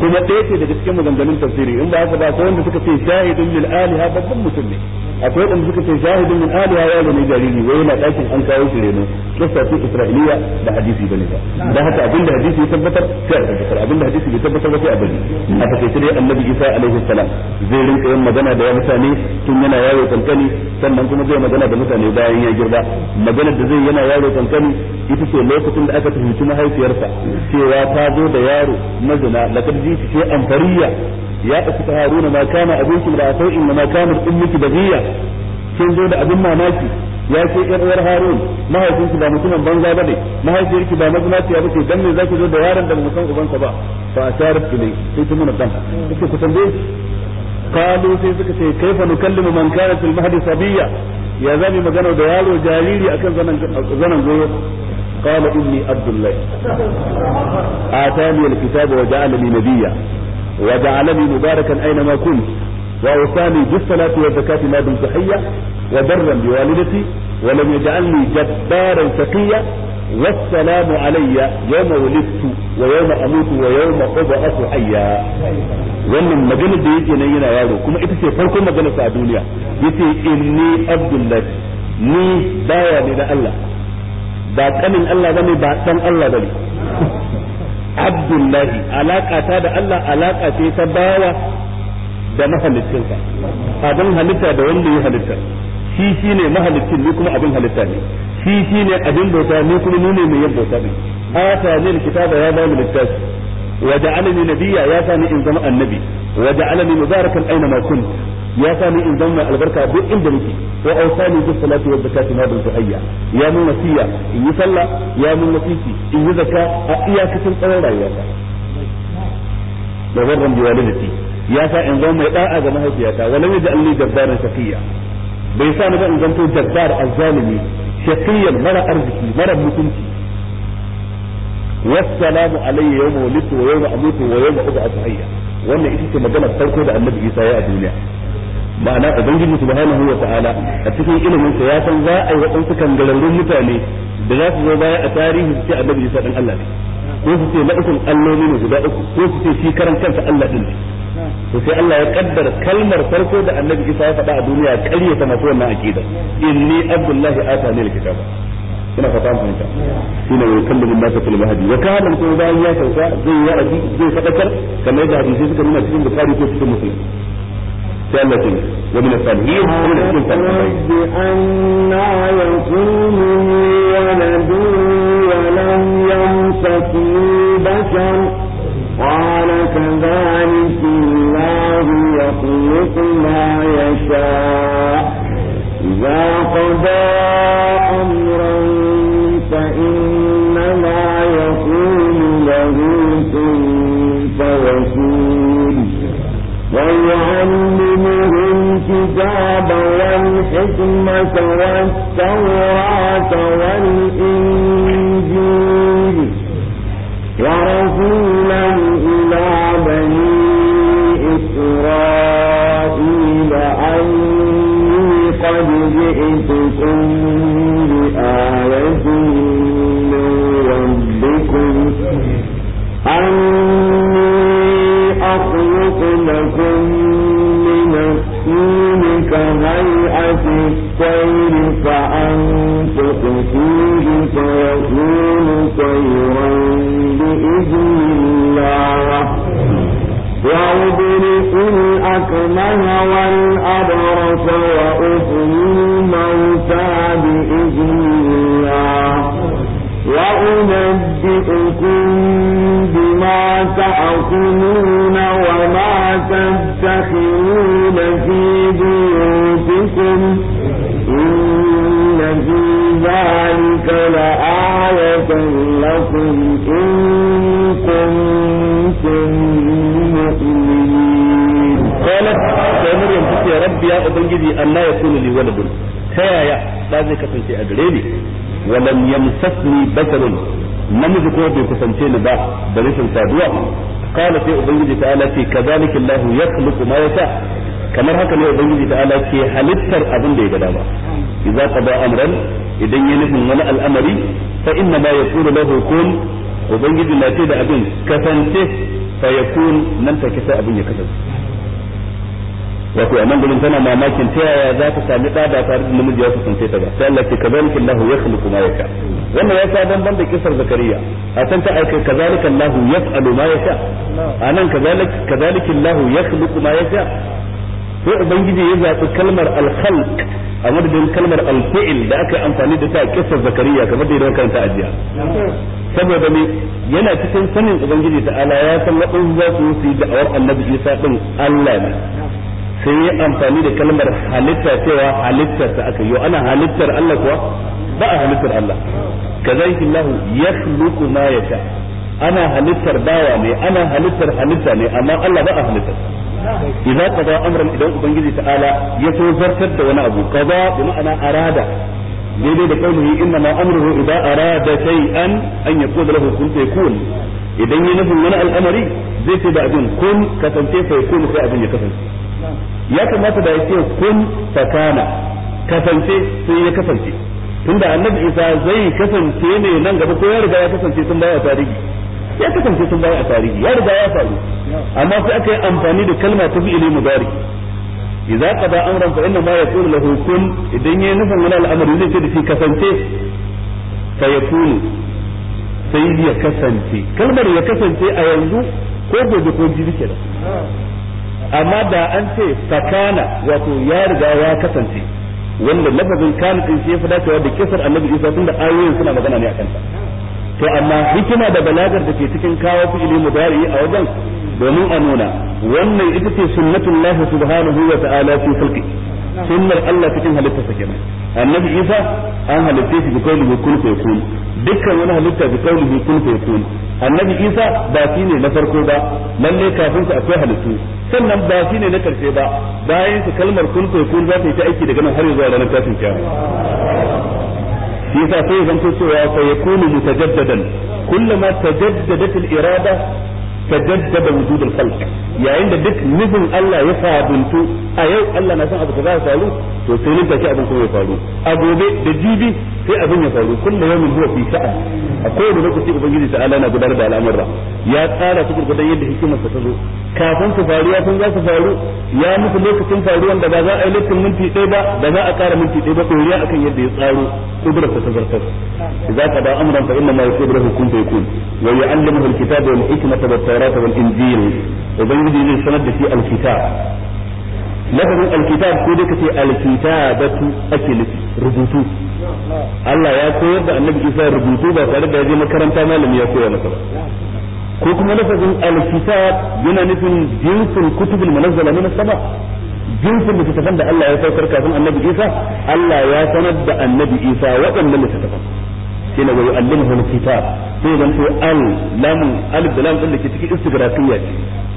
kuma ɗaya ce daga cikin maganganun tafsiri in ba haka ba ko wanda suka ce shahidun lil aliha babban mutum ne akwai wanda suka ce shahidin min aliya ya ne jariri wai yana dakin an kawo shi reno kissa ce isra'iliya da hadisi bane ba Da haka abinda hadisi ya tabbatar sai a tabbatar abinda hadisi bai tabbatar ba sai a bari a take sai annabi Isa alaihi salam zai rinka yin magana da mutane tun yana yaro kankani sannan kuma zai magana da mutane bayan ya girba maganar da zai yana yaro kankani ita ce lokacin da aka tuhunci mahaifiyarsa cewa ta zo da yaro mazina lakar ji'ti ce fariya ya ɗauki haruna ma kana abinki da asau inna ma kana ummuki baghiya sun zo da abin mamaki ya ce 'yar uwar harun mahaifinki ba mutumin banza bane mahaifiyarki ba ya bace dan me zaki zo da yaron da ba san ubansa ba fa asharat ilai sai ta nuna dan take ku tambaye قالوا sai suka ce kaifa nukallimu man kana fil mahdi sabiyya ya zami magana da yaro jariri akan zanan zanan goyo قال إني عبد الله آتاني الكتاب وجعلني نبيا وجعلني مباركا أينما كنت وأوصاني بالصلاة والزكاة ما دمت حيا وبرا بوالدتي ولم يجعلني جبارا شقيا والسلام علي يوم ولدت ويوم اموت ويوم ابعث حيا wannan maganar da yake nan yana yaro kuma ita ce farkon maganar sa a duniya yace inni abdullahi ni bawa ne da Allah ba kanin Allah bane ba dan Allah bane abdullahi alaƙa ta da Allah alaƙa ce ta bawa da mahalicinsa abin halitta da wanda ya halitta shi shi shine mahalicin ni kuma abin halitta ne shi shi ne abin bauta ni kuma ni ne mai yin bauta ne ata ne kitaba ya ba mu littafi wa ja'alani nabiyya ya sani in zama annabi wa ja'alani mubarakan aina ma kunt ya sa ni in zama mai albarka duk inda nake wa ausani bis salati wa zakati ma bil hayya ya mun wasiya in yi sallah ya mun wasiki in yi zakka a iyakacin tsawon rayuwata da warran bi walidati ya sa in zama mai da'a ga mahaifiyata wa lam yaj'al li jabbaran shaqiya bai sa ni ba in zanto jabbar azzalimi shaqiyan mara arziki mara mutunci والسلام علي يوم ولدت ويوم اموت ويوم ابعث حيا wannan ita ce magana farko da annabi isa ya a duniya ma'ana ubangiji subhanahu wa ta'ala a cikin ilimin sa ya san za a yi waɗansu kangalarrun mutane da za su zo baya a tarihi su ce annabi Isa dan Allah ne ko su ce la'ikun alloli ne guda uku ko su ce shi karan kansa Allah din ne to sai Allah ya kaddar kalmar farko da annabi Isa ya faɗa a duniya ƙarya ta masu wannan aqida inni abdullahi atani alkitaba ina fata mun fahimta shine ya kallamin nasa fil mahdi wa kana ko bayan ya kauta zai yi wa'azi zai fadakar kamar da hadisi suka nuna cikin bukhari ko cikin muslim دالة ومن الصالحين ومن الصالحين ولد ولم يمسسني بشر قال كذلك الله يخلق ما يشاء إذا قضى ثم سوى والتوراة والإنجيل ورسولا إلى بني إسرائيل أني قد جئت الطير فأنفق فيه فيكون طيرا بإذن الله وأبرئ الأكمه والأبرص وأحيي الموتى بإذن الله وأنبئكم بما تأكلون وما تدخرون لآية لكم إن كنتم مؤمنين قالت سامريا تسي ربي يا أبنجدي أن لا يكون لي ولد تايا لازم أدريني ولم يمسسني بشر namiji kuma bai kusance ni ba da rashin saduwa qala sai ubangiji ta'ala ce kadhalika kamar haka ne ubangiji ta'ala ke halittar abin ya idan ya nufin wani al'amari fa inna ma yaqulu lahu kun ubangiji na ce da abin kasance fa yakun nan take sai abin ya kasance wato a nan gurin tana mamakin ta yaya za ta sami ɗa ba tare da namiji ya kusance ta ba sai Allah ke kazalika Allahu yakhluqu ma yasha wannan ya sa banban da kisar zakariya a san ta aika kazalika ya yaf'alu ma nan anan Lahu ya Allahu yakhluqu ya yasha sai ubangiji ya zaɓi kalmar alkhalq a madadin kalmar alfi'il da aka yi amfani da ta kisa zakariya kamar da idan karanta ajiya saboda me yana cikin sanin ubangiji ta'ala ya san waɗansu za su yi da'awar annabi isa din allah ne sai ya amfani da kalmar halitta cewa halittar ta aka yi ana halittar allah kuwa ba a halittar allah kazalika allah yakhluqu ma yasha ana halittar bawa ne ana halittar halitta ne amma allah ba a halittar idza qada amran idan ubangiji ta'ala ya so zartar da wani abu qada bi ma'ana arada daidai da kaulihi inna ma amruhu idza arada shay'an an yaqula lahu kun yakun idan ya nufin wani al'amari zai ce da abin kun kasance yakun sai abin ya kasance ya kamata da yake kun fakana kasance sai ya kasance tunda annabi isa zai kasance ne nan gaba ko ya riga ya kasance tun baya tarihi aka kasance sun bayan a tarihi ya riga ya faru amma sai aka yi amfani da kalma ta fi'ili mudari idza qada amran fa inna ma yaqulu lahu kun idan yayi nufin wani al'amari zai ce da shi kasance fa yakunu sai ya kasance kalmar ya kasance a yanzu ko gobe ko jibi kenan amma da an ce fakana wato ya riga ya kasance wanda lafazin kan din shi ya fi dacewa da kisar annabi isa tunda ayoyin suna magana ne a ta to amma hikima da balagar da ke cikin kawo fi'ili mudari a wajen domin a nuna wannan ita ce sunnatullah subhanahu wa ta'ala fi khalqi sunnar Allah cikin halitta sa kenan annabi Isa an halitta shi bi kauli kun fa yakun dukkan wani halitta bi kauli kun fa yakun annabi Isa ba shi ne na farko ba lalle kafin sa akwai halittu sannan ba shi ne na karshe ba bayan su kalmar kun fa yakun za ta yi aiki daga nan har zuwa ranar tashin kiyama shi yasa sai zan cewa fa yakunu mutajaddadan kullama tajaddadat al-irada tajaddada wujudul khalq yayin da duk nufin Allah ya sabuntu a yau Allah na san abu kaza ya faru to sai nan take abin kuma ya faru a gobe da jibi sai abin ya faru kullu yawmin huwa fi sha'an a kowane lokaci ubangiji ta Allah na gudanar da al'amura ya tsara su gurgudan yadda hikimarsa ta zo kafin su faru ya san za su faru ya musu lokacin faruwan wanda ba za a yi lokacin minti ɗaya ba da za a ƙara minti ɗaya ba ɗoriya akan yadda ya tsaro kudurarsa ta zartar idza ma yaqdiru kun fa yakun wa ya'lamu al da wal التوراة والإنجيل وبين ذي سنة في الكتاب لكن الكتاب كودك في الكتابة أكلت ربوتو الله يقول يبدأ أن نبي إسرائيل ربوتو بأسألة هذه مكرمتا ما لم يقول نفسه كوكما نفسه الكتاب بنا نفذ جنس الكتب المنزلة من السماء جنس المتتفن ده الله يسوكر كافن النبي إيسا الله يسند النبي إيسا وقم من المتتفن shi ne wayo allimhu alkitab sai zan to al lam al bilam din da ke cikin istigrafiyya ce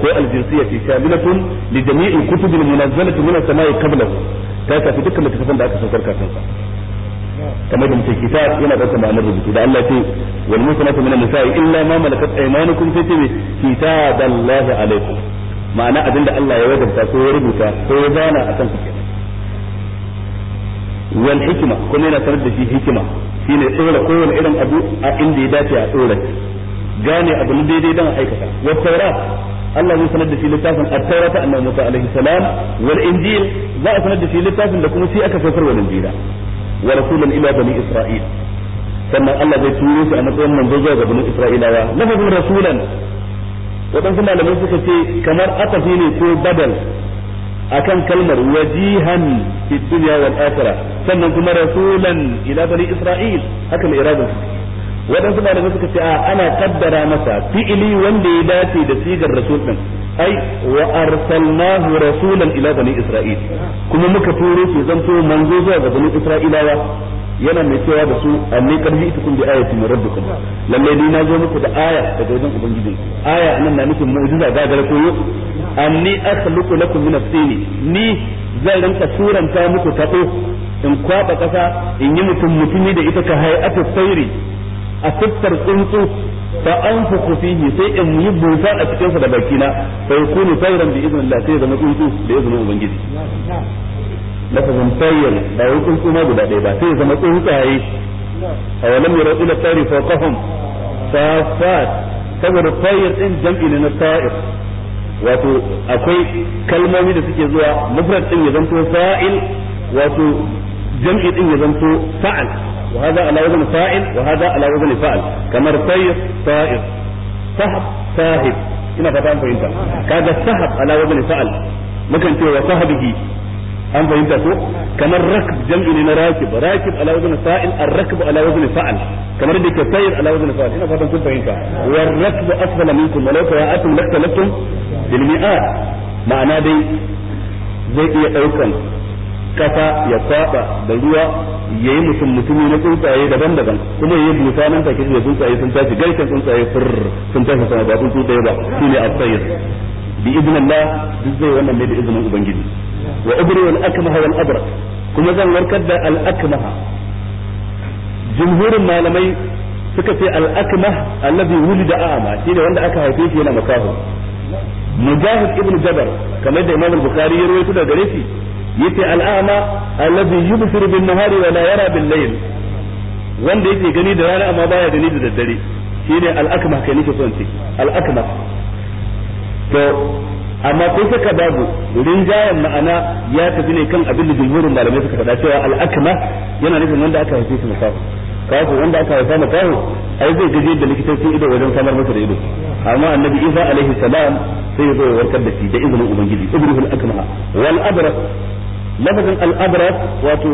ko aljinsiyya ce shamilatun li jami'in kutubil munazzalati min as-sama'i qablahu ta tafi dukkan littattafan da aka saukar kafin sa kamar da mutum kitab yana ɗaukar ma'anar rubutu da Allah ce wal musanatu min an-nisa'i illa ma malakat aymanukum sai ce kitaballahi alaikum ma'ana abinda Allah ya wajabta ko ya rubuta ko ya zana akan ku wal hikma kuma yana sanar da shi hikima shine tsora kowane irin abu a inda ya dace a tsora gane abu na daidai dan aikata wa Allah zai sanar da shi littafin at-tawrat ta annabi Musa alaihi salam wal injil za a sanar da shi littafin da kuma shi aka wa injila wa rasulan ila bani isra'il sannan Allah zai turo shi a matsayin manzo zuwa ga bani isra'ilawa lafazin rasulan wadansu malamai suka ce kamar aka ne ko badal akan kalmar wajihan fi dunya wal akhirah sannan kuma rasulan ila bani isra'il haka ne iradun waɗansu da suka ce a ana kaddara masa fi'ili wanda ya dace da sigar rasul din ai wa arsalnahu rasulan ila bani isra'il kuma muka turo shi zanto manzo zuwa ga bani isra'ilawa yana mai cewa da su annai karbi ita kun bi ayatin min rabbikum lalle dai na zo muku da aya daga wajen ubangiji aya nan na nufin mu'jiza ga gare koyo anni akhluqu lakum min as-sini ni zai rinka suranta muku tabo in kwaba kasa in yi mutum mutumi da ita ka hay'atu sayri a sittar tsuntsu fa anfuqu fihi sai in yi busa a cikin sa da bakina fa yakunu sayran bi Allah sai zama tsuntsu da izinin ubangiji lafazin sayyar ba wai tsuntsu ma guda ɗaya ba sai zama tsuntsaye awalam yara ila sayri fawqahum safat saboda sayyar din jam'i ne na sa'ir wato akwai kalmomi da suke zuwa mufrad din ya zanto fa'il wato jam'i din ya zanto fa'al wa hada ala wazn fa'il wa hada ala wazn fa'al kamar sayyid sa'id sahab sahib ina fata an fahimta kaga sahab ala wazn fa'al mukan ce wa sahabihi an fahimta ko kamar rakb jam'i ne na rakib rakib ala wazn fa'il ar-rakb ala wazn fa'al kamar da ke sayar ala wazn fa'al ina fatan kun fahimta war rakb asfala minkum walau ta'atum laktalaftum bil mi'at ma'ana dai zai iya daukan kasa ya kwaba da ruwa yayi mutum mutumi na tsuntsaye daban-daban kuma yayi busa nan take da tsuntsaye sun tashi garkan tsuntsaye fur sun tashi sama ba tsuntsaye ba shine as-sayr bi idnillah duk zai wannan ne da izinin ubangiji wa ubri wal akmaha wal abrak kuma zan warkar da al jumhurin malamai suka ce al akmah alladhi wulida a'ma shine wanda aka haife shi yana makaho mujahid ibn jabar kamar da imam al-bukhari ya rawaito daga gare shi yace al'ama a'ma alladhi yubsiru bin nahari wa la yara bil layl wanda yake gani da rana amma baya gani da daddare shine al kai nake son ce al to amma ko saka babu rinjayen ma'ana ya tafi ne kan abin da jumhurin malamai suka faɗa cewa al'akma yana nufin wanda aka haife shi musafa ko wanda aka haifa makaho ai zai gaje da likitocin ido wajen samar masa da ido amma annabi isa alaihi salam sai ya zo ya warkar da shi da izinin ubangiji ibrahul akma wal abras lafazin al'abras wato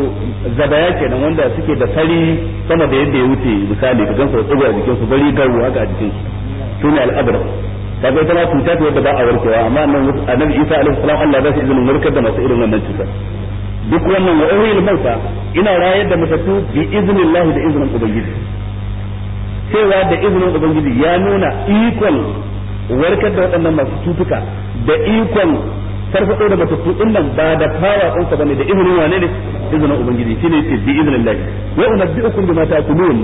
zabaya kenan wanda suke da fari sama da yadda ya wuce misali ka gansu da tsibirar jikinsu bari garu haka a jikinsu su ne al'abras kaga ita ma cuta ce wadda ba a warkewa amma nan annabi Isa alaihi salam Allah zai izinin warkar da masu irin wannan cutar duk wannan wa uhyil mauta ina rayar da matattu bi iznillah da iznin ubangiji cewa da iznin ubangiji ya nuna ikon warkar da waɗannan masu cutuka da ikon farfado da matattu din nan ba da fawa ɗinsa bane da izinin wane ne izinin ubangiji shine yace bi izinin iznillah wa unabbiukum bima ta'kulun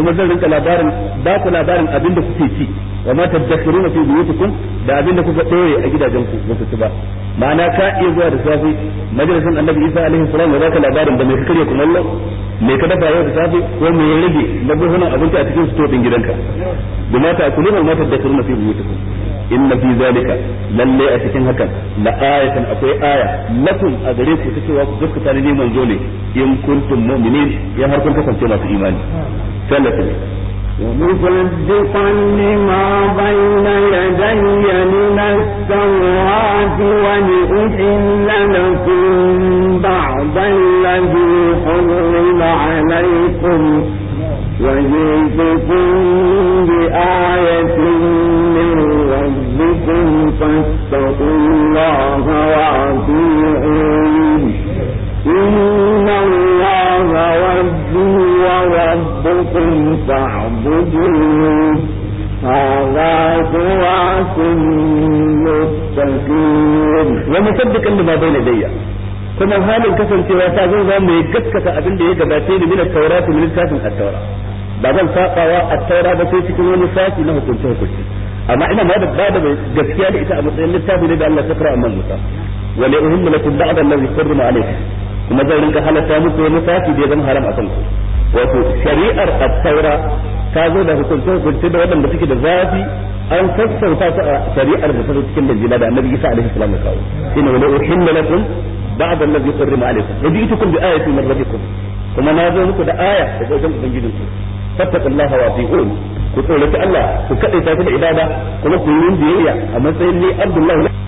kuma zan rinka labarin ba ku labarin abin da kuke ci wa ma tadakhiruna fi buyutikum da abinda kuka ɗore a gidajenku ba ku ci ba ma'ana ka iya zuwa da safi majalisin annabi isa alaihi salam da zaka labarin da mai ka karya kumallo mai ka dafa yau da safi ko mai ya rage na buhunan abinci a cikin sitofin gidanka bi ma ta'kuluna wa ma tadakhiruna fi buyutikum inna fi zalika lalle a cikin hakan la ayatan akwai aya lakum a gare ku ta cewa ku gaskata ne manzo ne in kuntum mu'minin ya har kun kasance masu imani sallallahu ومصدقا لما بين يدي من التوراة ولأحل لكم بعض الذي حرم عليكم وجئتكم بآية من ربكم فاتقوا الله وأطيعون إن الله ربي وربكم فاعبدوه فاسجدوا هذا صراط مستقيم ومصدقا لما بين يدي kuma halin kasancewa ta zan zama mai gaskata abin da ya gabace ni min taurati min littafin at-taura ba zan sabawa at-taura ba sai cikin wani sashi na hukunce hukunci amma ina ma da ba da gaskiya da ita a matsayin littafi ne da Allah ya fara amma Musa wa kuma zai rinka halatta muku wani sashi da ya zama haram a kan su wato shari'ar at-taura ta zo da hukunce hukunce da waɗanda suke da zafi an sassauta ta shari'ar da ta zo cikin da da annabi Isa alaihi salam ya kawo shine wala uhinna lakum ba'd allazi qurrima alaykum wa bi'tukum bi ayati min rabbikum kuma na zo muku da aya da zai daga wajen ku fattaqullaha wa fi'un ku tsorata Allah ku kadaita da ibada kuma ku yi biyayya a matsayin ni Abdullahi